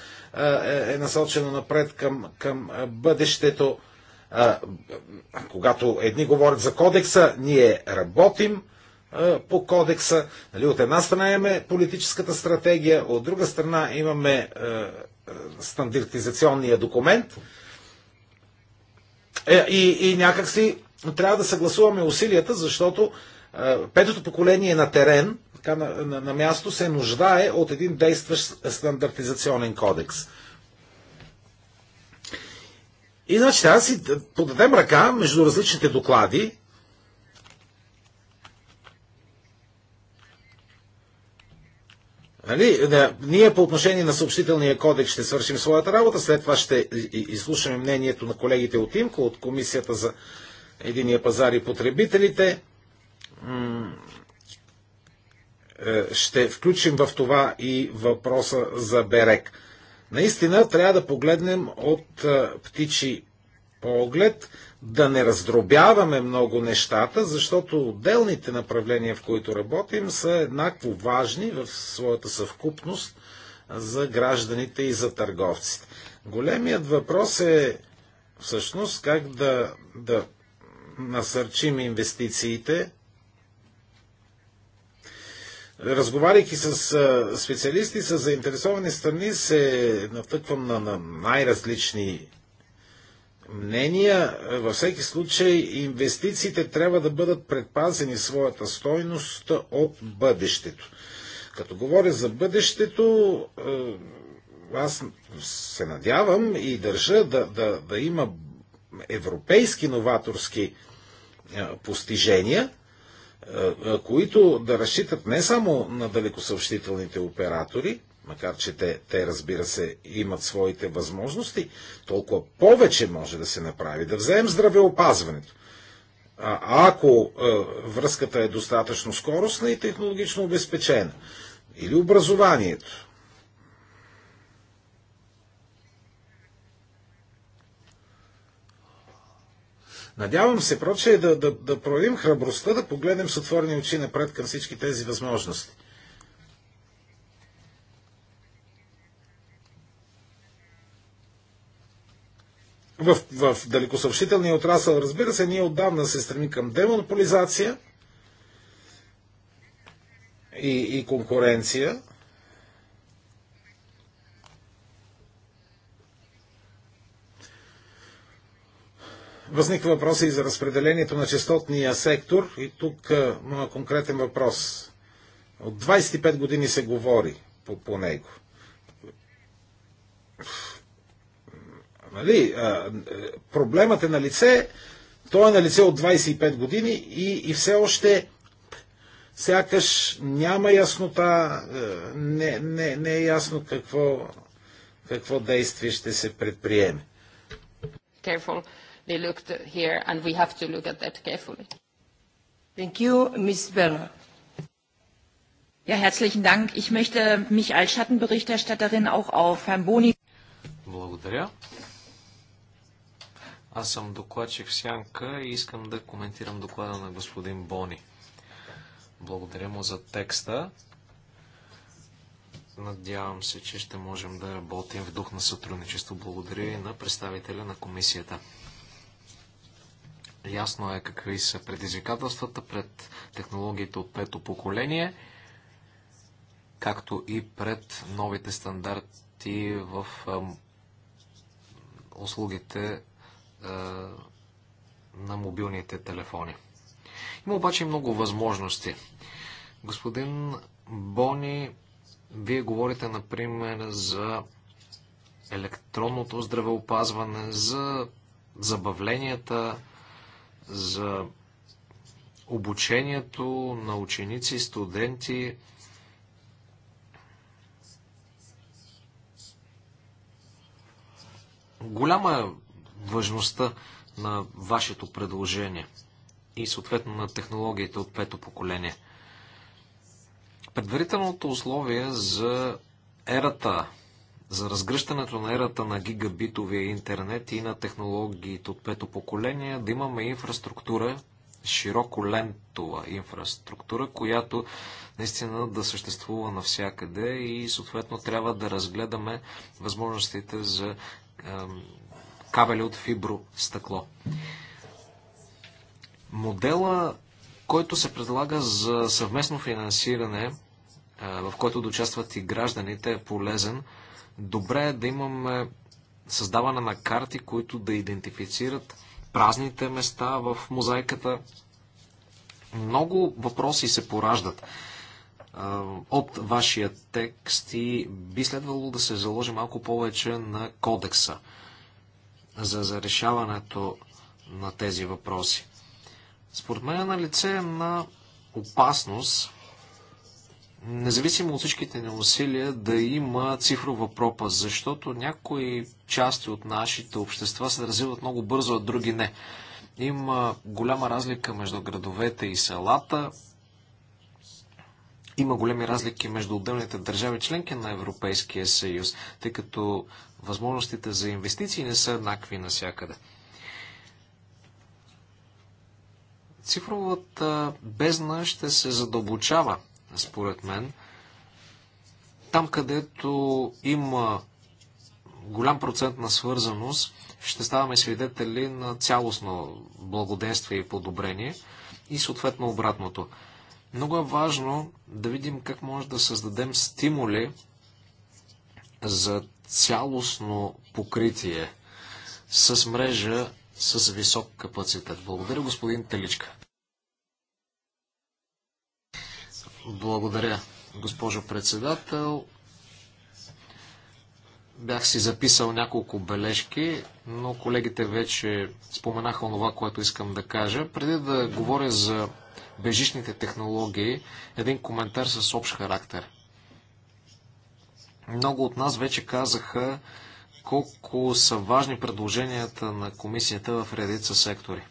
е насочено напред към, към бъдещето. Когато едни говорят за кодекса, ние работим по кодекса. Нали, от една страна имаме политическата стратегия, от друга страна имаме стандартизационния документ, е, и, и някакси трябва да съгласуваме усилията, защото е, петото поколение на терен, така, на, на, на място, се нуждае от един действащ стандартизационен кодекс. И значи трябва да си подадем ръка между различните доклади, Нали? Ние по отношение на съобщителния кодекс ще свършим своята работа, след това ще изслушаме мнението на колегите от ИМКО, от Комисията за единия пазар и потребителите. Е, ще включим в това и въпроса за Берек. Наистина трябва да погледнем от е, птичи поглед да не раздробяваме много нещата, защото отделните направления, в които работим, са еднакво важни в своята съвкупност за гражданите и за търговците. Големият въпрос е всъщност как да, да насърчим инвестициите. Разговаряйки с специалисти, с заинтересовани страни, се натъквам на, на най-различни мнения. Е, във всеки случай инвестициите трябва да бъдат предпазени своята стойност от бъдещето. Като говоря за бъдещето, е, аз се надявам и държа да, да, да има европейски новаторски е, постижения, които да разчитат не само на далекосъобщителните оператори, макар че те, те, разбира се, имат своите възможности, толкова повече може да се направи. Да вземем здравеопазването. А ако а, е, връзката е достатъчно скоростна и технологично обезпечена, или образованието, Надявам се, проче, да, да, да проявим храбростта, да погледнем с отворени очи напред към всички тези възможности. В, в далекосъобщителния отрасъл, разбира се, ние отдавна се стремим към демонополизация и, и конкуренция. Възниква въпроса и за разпределението на частотния сектор. И тук моят конкретен въпрос. От 25 години се говори по, по него. Нали? Е, проблемът е на лице, той е на лице от 25 години и, и все още сякаш няма яснота, е, не, не, не е ясно какво, какво действие ще се предприеме. Thank you, Ms. Berner. Ja, herzlichen Dank. Ich möchte mich als Schattenberichterstatterin auch auf Herrn Boni. Благодаря. Аз съм докладчик в Сянка и искам да коментирам доклада на господин Бони. Благодаря му за текста. Надявам се, че ще можем да работим в дух на сътрудничество. Благодаря и на представителя на комисията. Ясно е какви са предизвикателствата пред технологиите от пето поколение, както и пред новите стандарти в услугите е, на мобилните телефони. Има обаче много възможности. Господин Бони, вие говорите, например, за електронното здравеопазване, за забавленията, за обучението на ученици, студенти. Голяма важността на вашето предложение и съответно на технологиите от пето поколение. Предварителното условие за ерата, за разгръщането на ерата на гигабитовия интернет и на технологиите от пето поколение, да имаме инфраструктура, широко лентова инфраструктура, която наистина да съществува навсякъде и съответно трябва да разгледаме възможностите за кабели от фибро стъкло. Модела, който се предлага за съвместно финансиране, в който да участват и гражданите, е полезен. Добре е да имаме създаване на карти, които да идентифицират празните места в мозайката. Много въпроси се пораждат от вашия текст и би следвало да се заложи малко повече на кодекса за, за решаването на тези въпроси. Според мен е на лице на опасност, независимо от всичките ни усилия, да има цифрова пропаст, защото някои части от нашите общества се развиват много бързо, а други не. Има голяма разлика между градовете и селата. Има големи разлики между отделните държави членки на Европейския съюз, тъй като Възможностите за инвестиции не са еднакви навсякъде. Цифровата бездна ще се задълбочава, според мен. Там, където има голям процент на свързаност, ще ставаме свидетели на цялостно благоденствие и подобрение и съответно обратното. Много е важно да видим как може да създадем стимули за цялостно покритие с мрежа с висок капацитет. Благодаря, господин Теличка. Благодаря, госпожо председател. Бях си записал няколко бележки, но колегите вече споменаха онова, което искам да кажа. Преди да говоря за бежичните технологии, един коментар с общ характер – много от нас вече казаха колко са важни предложенията на комисията в редица сектори.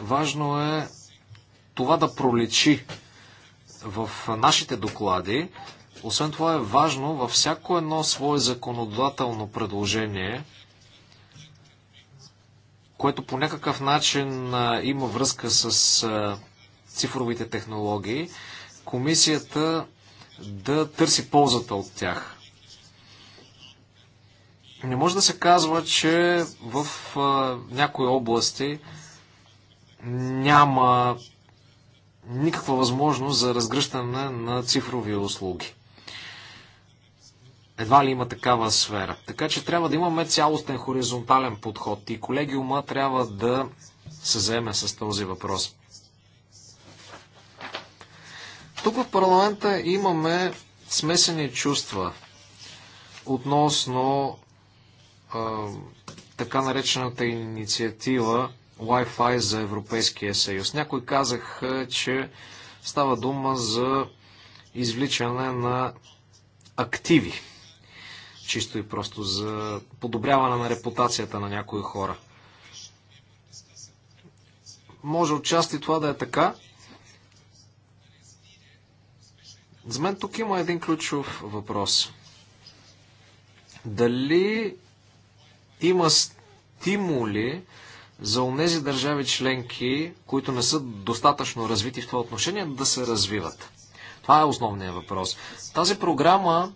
Важно е това да проличи в нашите доклади. Освен това е важно във всяко едно свое законодателно предложение, което по някакъв начин има връзка с цифровите технологии, комисията да търси ползата от тях. Не може да се казва, че в а, някои области няма никаква възможност за разгръщане на цифрови услуги. Едва ли има такава сфера. Така че трябва да имаме цялостен хоризонтален подход и колегиума трябва да се заеме с този въпрос. Тук в парламента имаме смесени чувства относно а, така наречената инициатива Wi-Fi за Европейския съюз. Някой казах, че става дума за извличане на активи. Чисто и просто за подобряване на репутацията на някои хора. Може отчасти това да е така, За мен тук има един ключов въпрос. Дали има стимули за онези държави членки, които не са достатъчно развити в това отношение, да се развиват? Това е основният въпрос. Тази програма,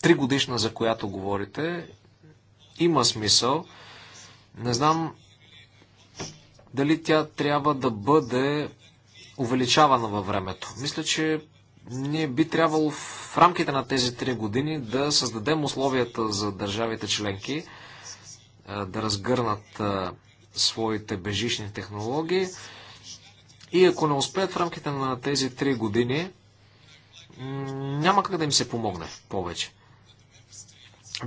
три годишна, за която говорите, има смисъл. Не знам дали тя трябва да бъде увеличавана във времето. Мисля, че ние би трябвало в рамките на тези три години да създадем условията за държавите членки е, да разгърнат е, своите бежични технологии. И ако не успеят в рамките на тези три години, няма как да им се помогне повече.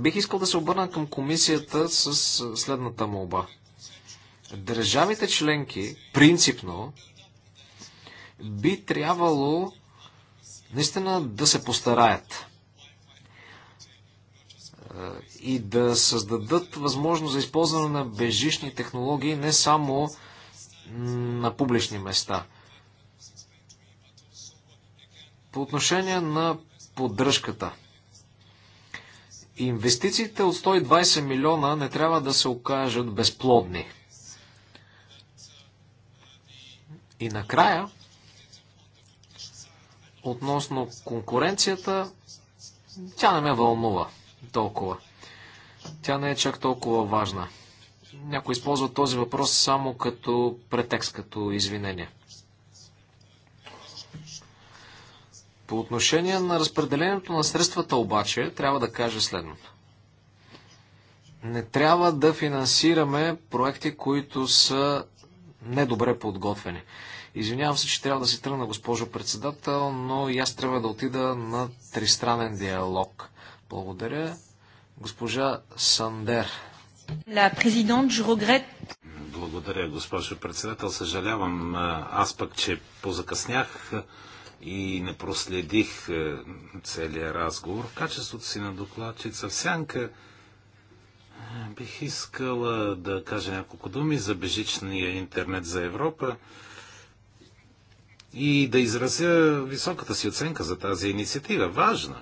Бих искал да се обърна към комисията с е, следната молба. Държавите членки принципно би трябвало наистина да се постараят е, и да създадат възможност за използване на бежишни технологии не само на публични места. По отношение на поддръжката. Инвестициите от 120 милиона не трябва да се окажат безплодни. И накрая, Относно конкуренцията, тя не ме вълнува толкова. Тя не е чак толкова важна. Някой използва този въпрос само като претекст, като извинение. По отношение на разпределението на средствата обаче, трябва да кажа следното. Не трябва да финансираме проекти, които са недобре подготвени. Извинявам се, че трябва да си тръгна, госпожо председател, но и аз трябва да отида на тристранен диалог. Благодаря. Госпожа Сандер. La je Благодаря, госпожо председател. Съжалявам аз пък, че позакъснях и не проследих целият разговор. В качеството си на докладчица в сянка бих искала да кажа няколко думи за бежичния интернет за Европа и да изразя високата си оценка за тази инициатива. Важна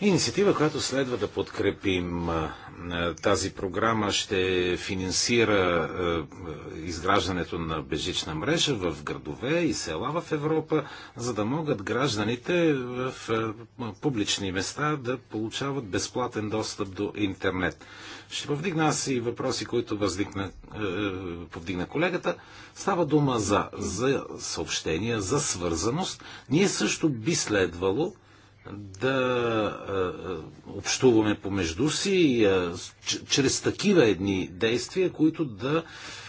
Инициатива, която следва да подкрепим тази програма, ще финансира изграждането на бежична мрежа в градове и села в Европа, за да могат гражданите в публични места да получават безплатен достъп до интернет. Ще повдигна аз и въпроси, които въздигна, повдигна колегата. Става дума за, за съобщения, за свързаност. Ние също би следвало да общуваме помежду си чрез такива едни действия, които да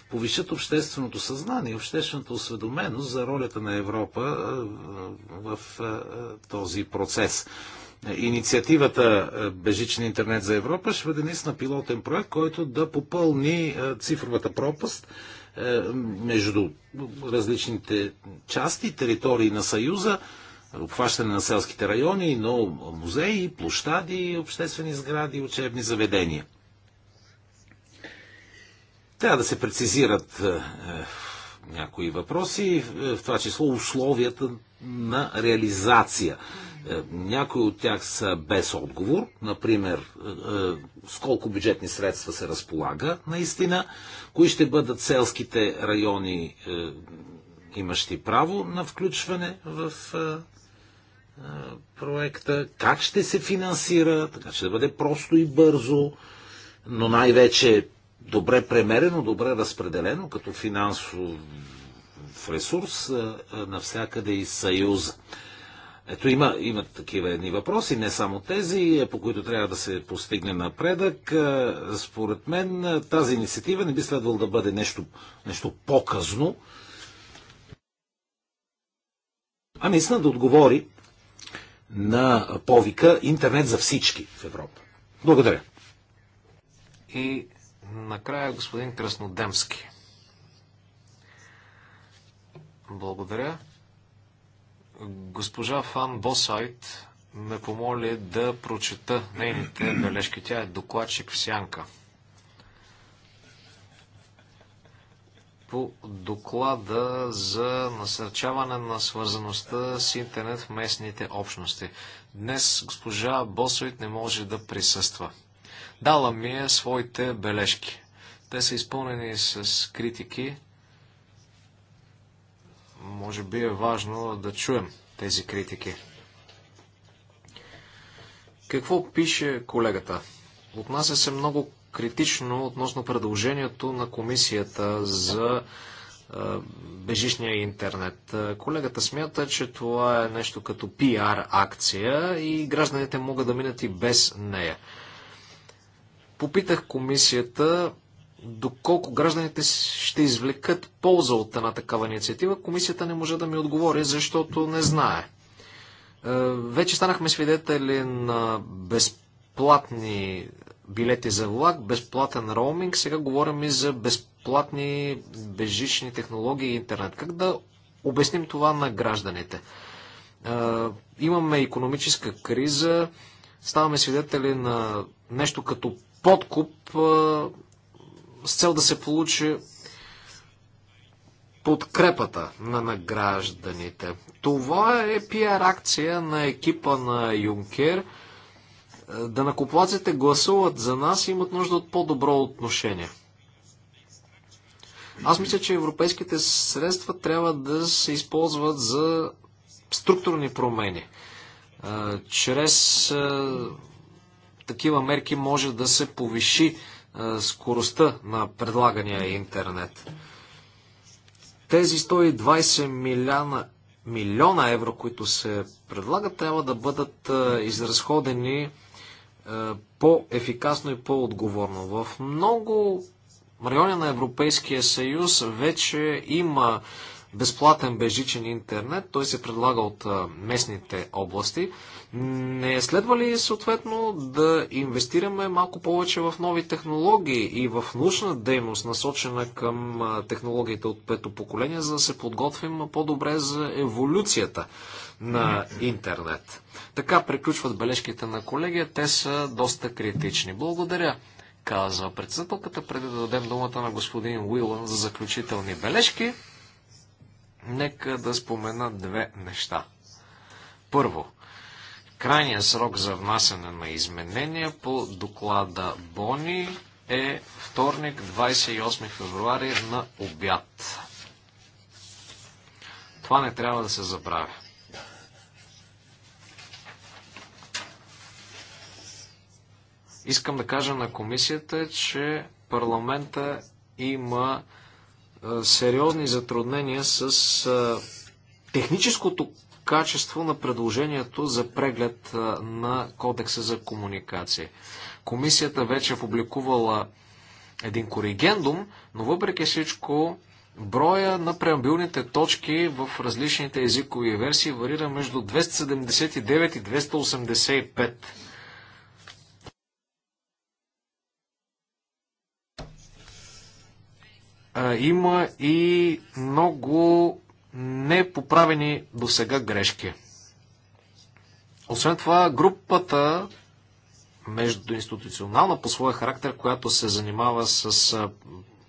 повишат общественото съзнание обществената осведоменост за ролята на Европа в този процес. Инициативата Бежичен интернет за Европа ще бъде наистина пилотен проект, който да попълни цифровата пропаст между различните части, територии на Съюза, обхващане на селските райони, но музеи, площади, обществени сгради, учебни заведения. Трябва да се прецизират е, е някои въпроси, е, в това число условията на реализация. Е, някои от тях са без отговор, например, е, е с колко бюджетни средства се разполага наистина, кои ще бъдат селските райони имащи право на включване в проекта, как ще се финансира, така че да бъде просто и бързо, но най-вече добре премерено, добре разпределено като финансов ресурс навсякъде и Съюза. Ето има, има такива едни въпроси, не само тези, е, по които трябва да се постигне напредък. Според мен тази инициатива не би следвало да бъде нещо, нещо по-късно, а ами, наистина да отговори на повика интернет за всички в Европа. Благодаря. И накрая господин Краснодемски. Благодаря. Госпожа Фан Босайт ме помоли да прочета нейните бележки. Тя е докладчик в Сянка по доклада за насърчаване на свързаността с интернет в местните общности. Днес госпожа Босовит не може да присъства. Дала ми е своите бележки. Те са изпълнени с критики. Може би е важно да чуем тези критики. Какво пише колегата? Отнася се много критично относно предложението на комисията за бежишния интернет. Колегата смята, че това е нещо като пиар акция и гражданите могат да минат и без нея. Попитах комисията доколко гражданите ще извлекат полза от една такава инициатива. Комисията не може да ми отговори, защото не знае. Вече станахме свидетели на безплатни билети за влак, безплатен роуминг, сега говорим и за безплатни бежични технологии и интернет. Как да обясним това на гражданите? Имаме економическа криза, ставаме свидетели на нещо като подкуп с цел да се получи подкрепата на награжданите. Това е пиар акция на екипа на Юнкер – да накоплаците гласуват за нас и имат нужда от по-добро отношение. Аз мисля, че европейските средства трябва да се използват за структурни промени. Чрез такива мерки може да се повиши скоростта на предлагания интернет. Тези 120 милиона, милиона евро, които се предлагат, трябва да бъдат изразходени е, по-ефикасно и по-отговорно. В много райони на Европейския съюз вече има безплатен бежичен интернет, той се предлага от е, местните области. Не следва ли съответно да инвестираме малко повече в нови технологии и в научна дейност, насочена към е, технологиите от пето поколение, за да се подготвим по-добре за еволюцията на интернет. Така приключват бележките на колегия. Те са доста критични. Благодаря, казва председателката, преди да дадем думата на господин Уилан за заключителни бележки. Нека да спомена две неща. Първо, крайният срок за внасяне на изменения по доклада Бони е вторник, 28 февруари на обяд. Това не трябва да се забравя. Искам да кажа на комисията, че парламента има сериозни затруднения с техническото качество на предложението за преглед на кодекса за комуникация. Комисията вече е публикувала един коригендум, но въпреки всичко броя на преамбилните точки в различните езикови версии варира между 279 и 285. има и много непоправени до сега грешки. Освен това, групата междуинституционална по своя характер, която се занимава с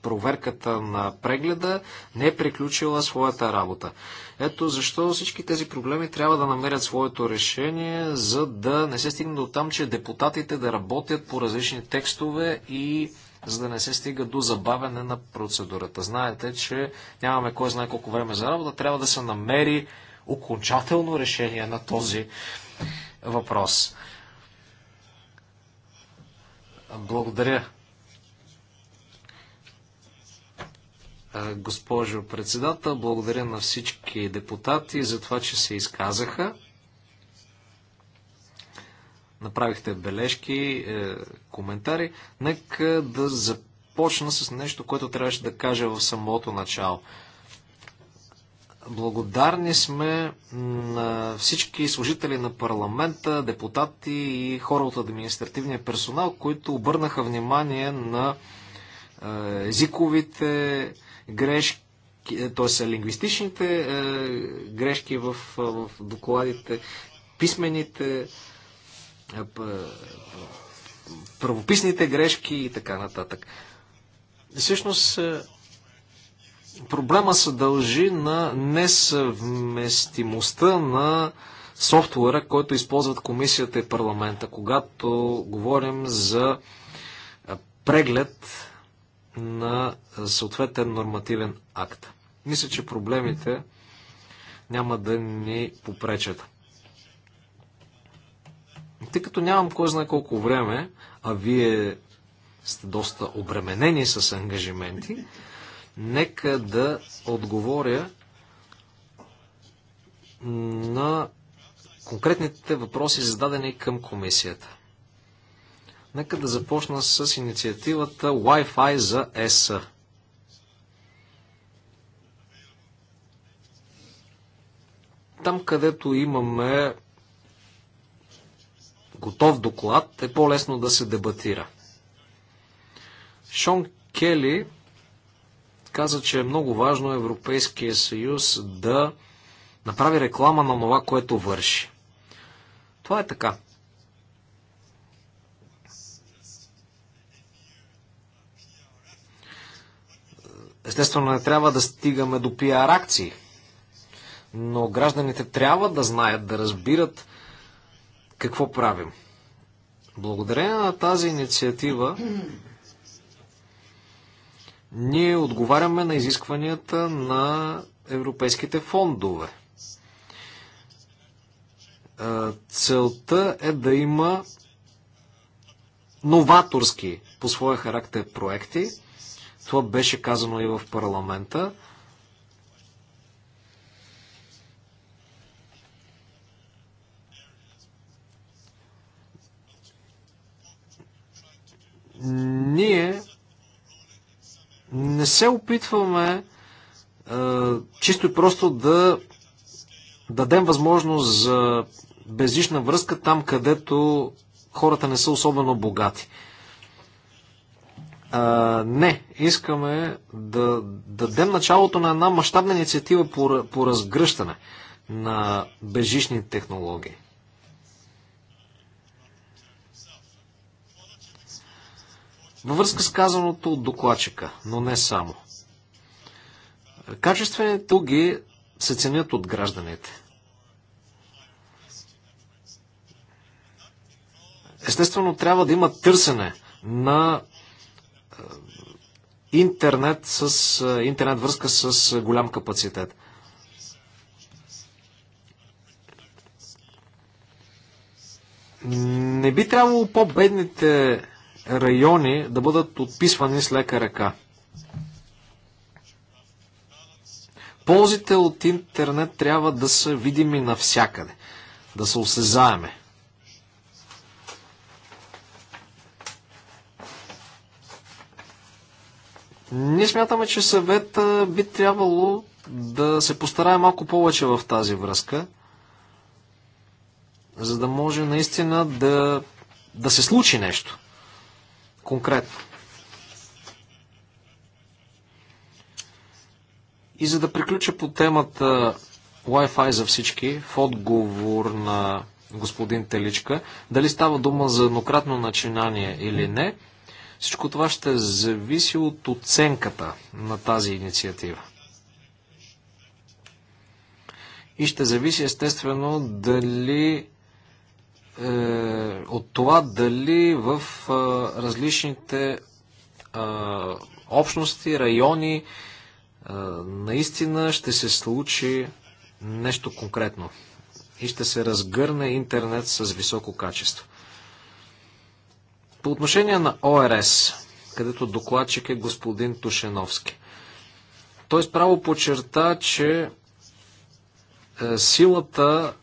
проверката на прегледа, не е приключила своята работа. Ето защо всички тези проблеми трябва да намерят своето решение, за да не се стигне до там, че депутатите да работят по различни текстове и за да не се стига до забавяне на процедурата. Знаете, че нямаме кой знае колко време за работа, трябва да се намери окончателно решение на този въпрос. Благодаря. Госпожо председател, благодаря на всички депутати за това, че се изказаха направихте бележки, е, коментари. Нека да започна с нещо, което трябваше да кажа в самото начало. Благодарни сме на всички служители на парламента, депутати и хора от административния персонал, които обърнаха внимание на е, езиковите грешки, е, т.е. лингвистичните е, грешки в, в докладите, писмените е, е, правописните грешки и така нататък. Всъщност, е, проблема се дължи на несъвместимостта на софтуера, който използват комисията и парламента, когато говорим за преглед на съответен нормативен акт. Мисля, че проблемите няма да ни попречат. Тъй като нямам кой знае колко време, а вие сте доста обременени с ангажименти, нека да отговоря на конкретните въпроси, зададени към комисията. Нека да започна с инициативата Wi-Fi за ЕС. Там, където имаме готов доклад, е по-лесно да се дебатира. Шон Кели каза, че е много важно Европейския съюз да направи реклама на това, което върши. Това е така. Естествено, не трябва да стигаме до пиар акции, но гражданите трябва да знаят, да разбират какво правим. Благодарение на тази инициатива ние отговаряме на изискванията на европейските фондове. Целта е да има новаторски по своя характер проекти. Това беше казано и в парламента. Ние не се опитваме а, е, чисто и просто да дадем възможност за безлична връзка там, където хората не са особено богати. А, е, не, искаме да дадем началото на една мащабна инициатива по, по разгръщане на безжични технологии. Във връзка с казаното от докладчика, но не само. Качествените услуги се ценят от гражданите. Естествено, трябва да има търсене на е, интернет с е, интернет връзка с голям капацитет. Не би трябвало по-бедните райони да бъдат отписвани с лека ръка. Ползите от интернет трябва да са видими навсякъде, да се осезаеме. Ние смятаме, че съвета би трябвало да се постарае малко повече в тази връзка, за да може наистина да, да се случи нещо конкретно. И за да приключа по темата Wi-Fi за всички, в отговор на господин Теличка, дали става дума за еднократно начинание или не, всичко това ще зависи от оценката на тази инициатива. И ще зависи естествено дали е, от това дали в е, различните е, общности, райони е, наистина ще се случи нещо конкретно и ще се разгърне интернет с високо качество. По отношение на ОРС, където докладчик е господин Тушеновски, той справо подчерта, че е, силата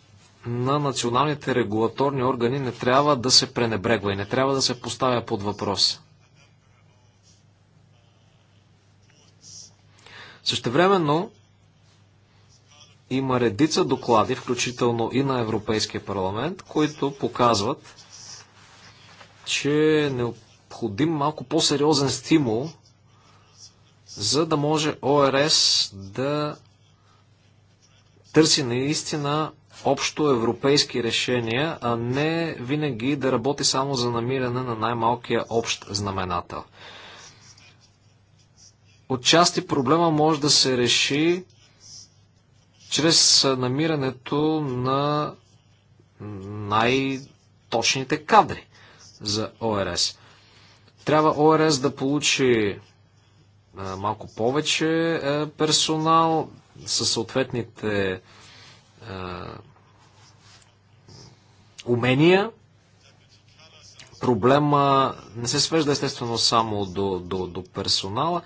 на националните регулаторни органи не трябва да се пренебрегва и не трябва да се поставя под въпрос. Същевременно има редица доклади, включително и на Европейския парламент, които показват, че е необходим малко по-сериозен стимул, за да може ОРС да търси наистина общо европейски решения, а не винаги да работи само за намиране на най-малкия общ знаменател. Отчасти проблема може да се реши чрез намирането на най-точните кадри за ОРС. Трябва ОРС да получи малко повече е, персонал със съответните умения. Проблема не се свежда естествено само до, до, до персонала.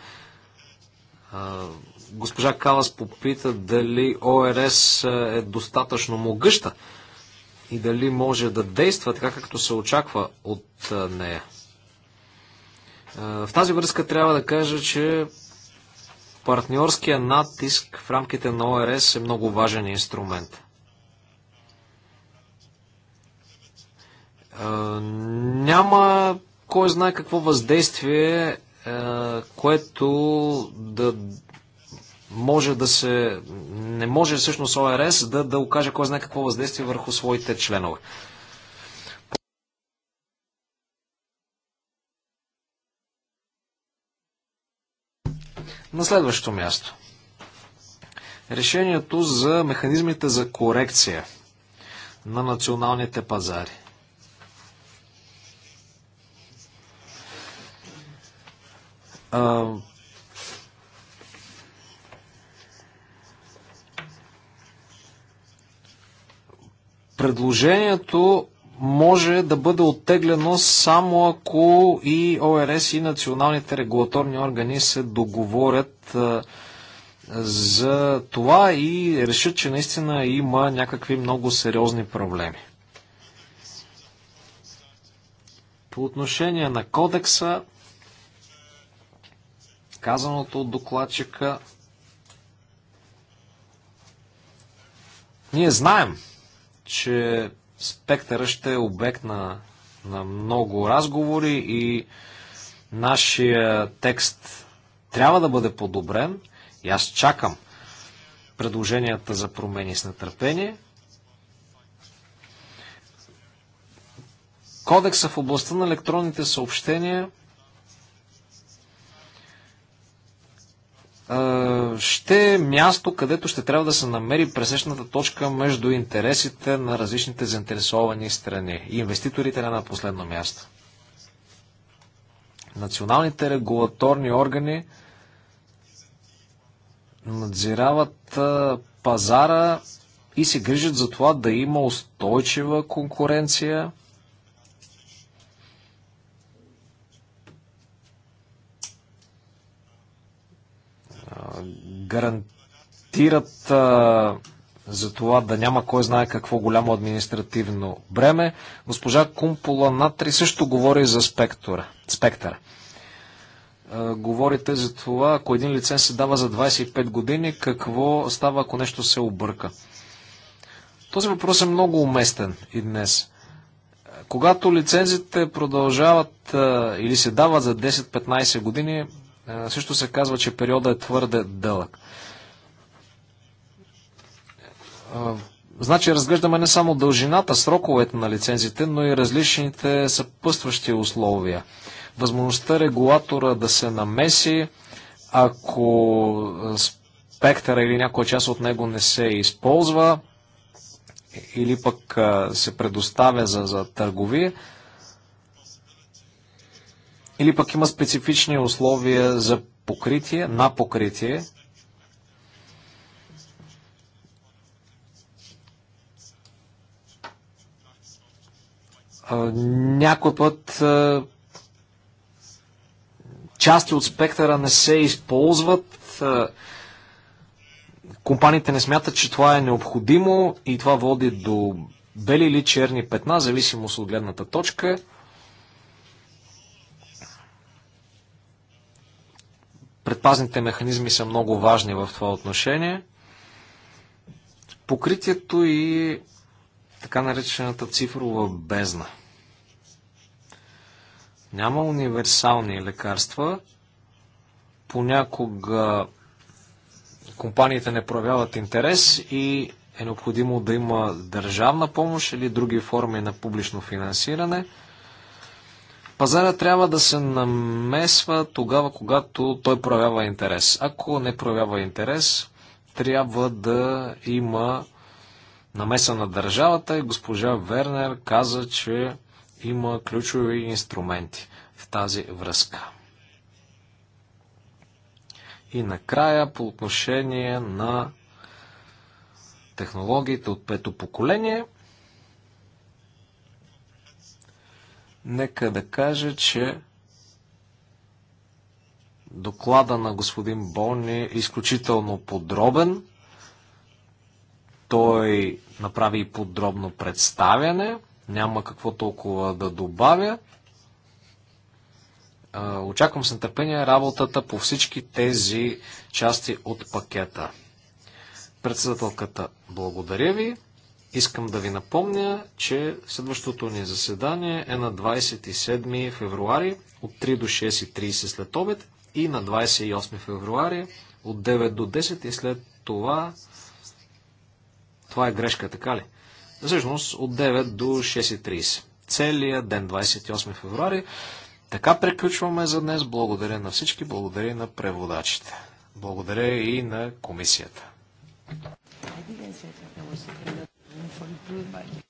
госпожа Калас попита дали ОРС е достатъчно могъща и дали може да действа така, както се очаква от нея. В тази връзка трябва да кажа, че Партньорския натиск в рамките на ОРС е много важен инструмент. Е, няма кой знае какво въздействие, е, което да може да се... Не може всъщност ОРС да, да окаже кой знае какво въздействие върху своите членове. На следващо място. Решението за механизмите за корекция на националните пазари. А, предложението може да бъде оттеглено само ако и ОРС и националните регулаторни органи се договорят за това и решат, че наистина има някакви много сериозни проблеми. По отношение на кодекса, казаното от докладчика, ние знаем, че Спектъра ще е обект на, на много разговори и нашия текст трябва да бъде подобрен и аз чакам предложенията за промени с нетърпение. Кодекса в областта на електронните съобщения – ще е място, където ще трябва да се намери пресечната точка между интересите на различните заинтересовани страни и инвеститорите на последно място. Националните регулаторни органи надзирават пазара и се грижат за това да има устойчива конкуренция – гарантират а, за това да няма кой знае какво голямо административно бреме. Госпожа Кумпола Натри също говори за спектъра. спектър. Говорите за това, ако един лиценз се дава за 25 години, какво става, ако нещо се обърка? Този въпрос е много уместен и днес. Когато лицензите продължават или се дават за 10-15 години, също се казва, че периода е твърде дълъг. Значи разглеждаме не само дължината, сроковете на лицензите, но и различните съпъстващи условия. Възможността регулатора да се намеси, ако спектъра или някоя част от него не се използва или пък се предоставя за, за търговия. Или пък има специфични условия за покритие, на покритие. Някой път части от спектъра не се използват, компаниите не смятат, че това е необходимо и това води до бели или черни петна, зависимост от гледната точка. Предпазните механизми са много важни в това отношение. Покритието и така наречената цифрова бездна. Няма универсални лекарства. Понякога компаниите не проявяват интерес и е необходимо да има държавна помощ или други форми на публично финансиране – Пазара трябва да се намесва тогава, когато той проявява интерес. Ако не проявява интерес, трябва да има намеса на държавата и госпожа Вернер каза, че има ключови инструменти в тази връзка. И накрая по отношение на технологиите от пето поколение – Нека да кажа, че доклада на господин Бон е изключително подробен. Той направи подробно представяне. Няма какво толкова да добавя. Очаквам с нетърпение работата по всички тези части от пакета. Председателката, благодаря ви. Искам да ви напомня, че следващото ни заседание е на 27 февруари от 3 до 6.30 след обед и на 28 февруари от 9 до 10 и след това... Това е грешка, така ли? Всъщност от 9 до 6.30. Целият ден, 28 февруари. Така приключваме за днес. Благодаря на всички, благодаря и на преводачите. Благодаря и на комисията. Bye.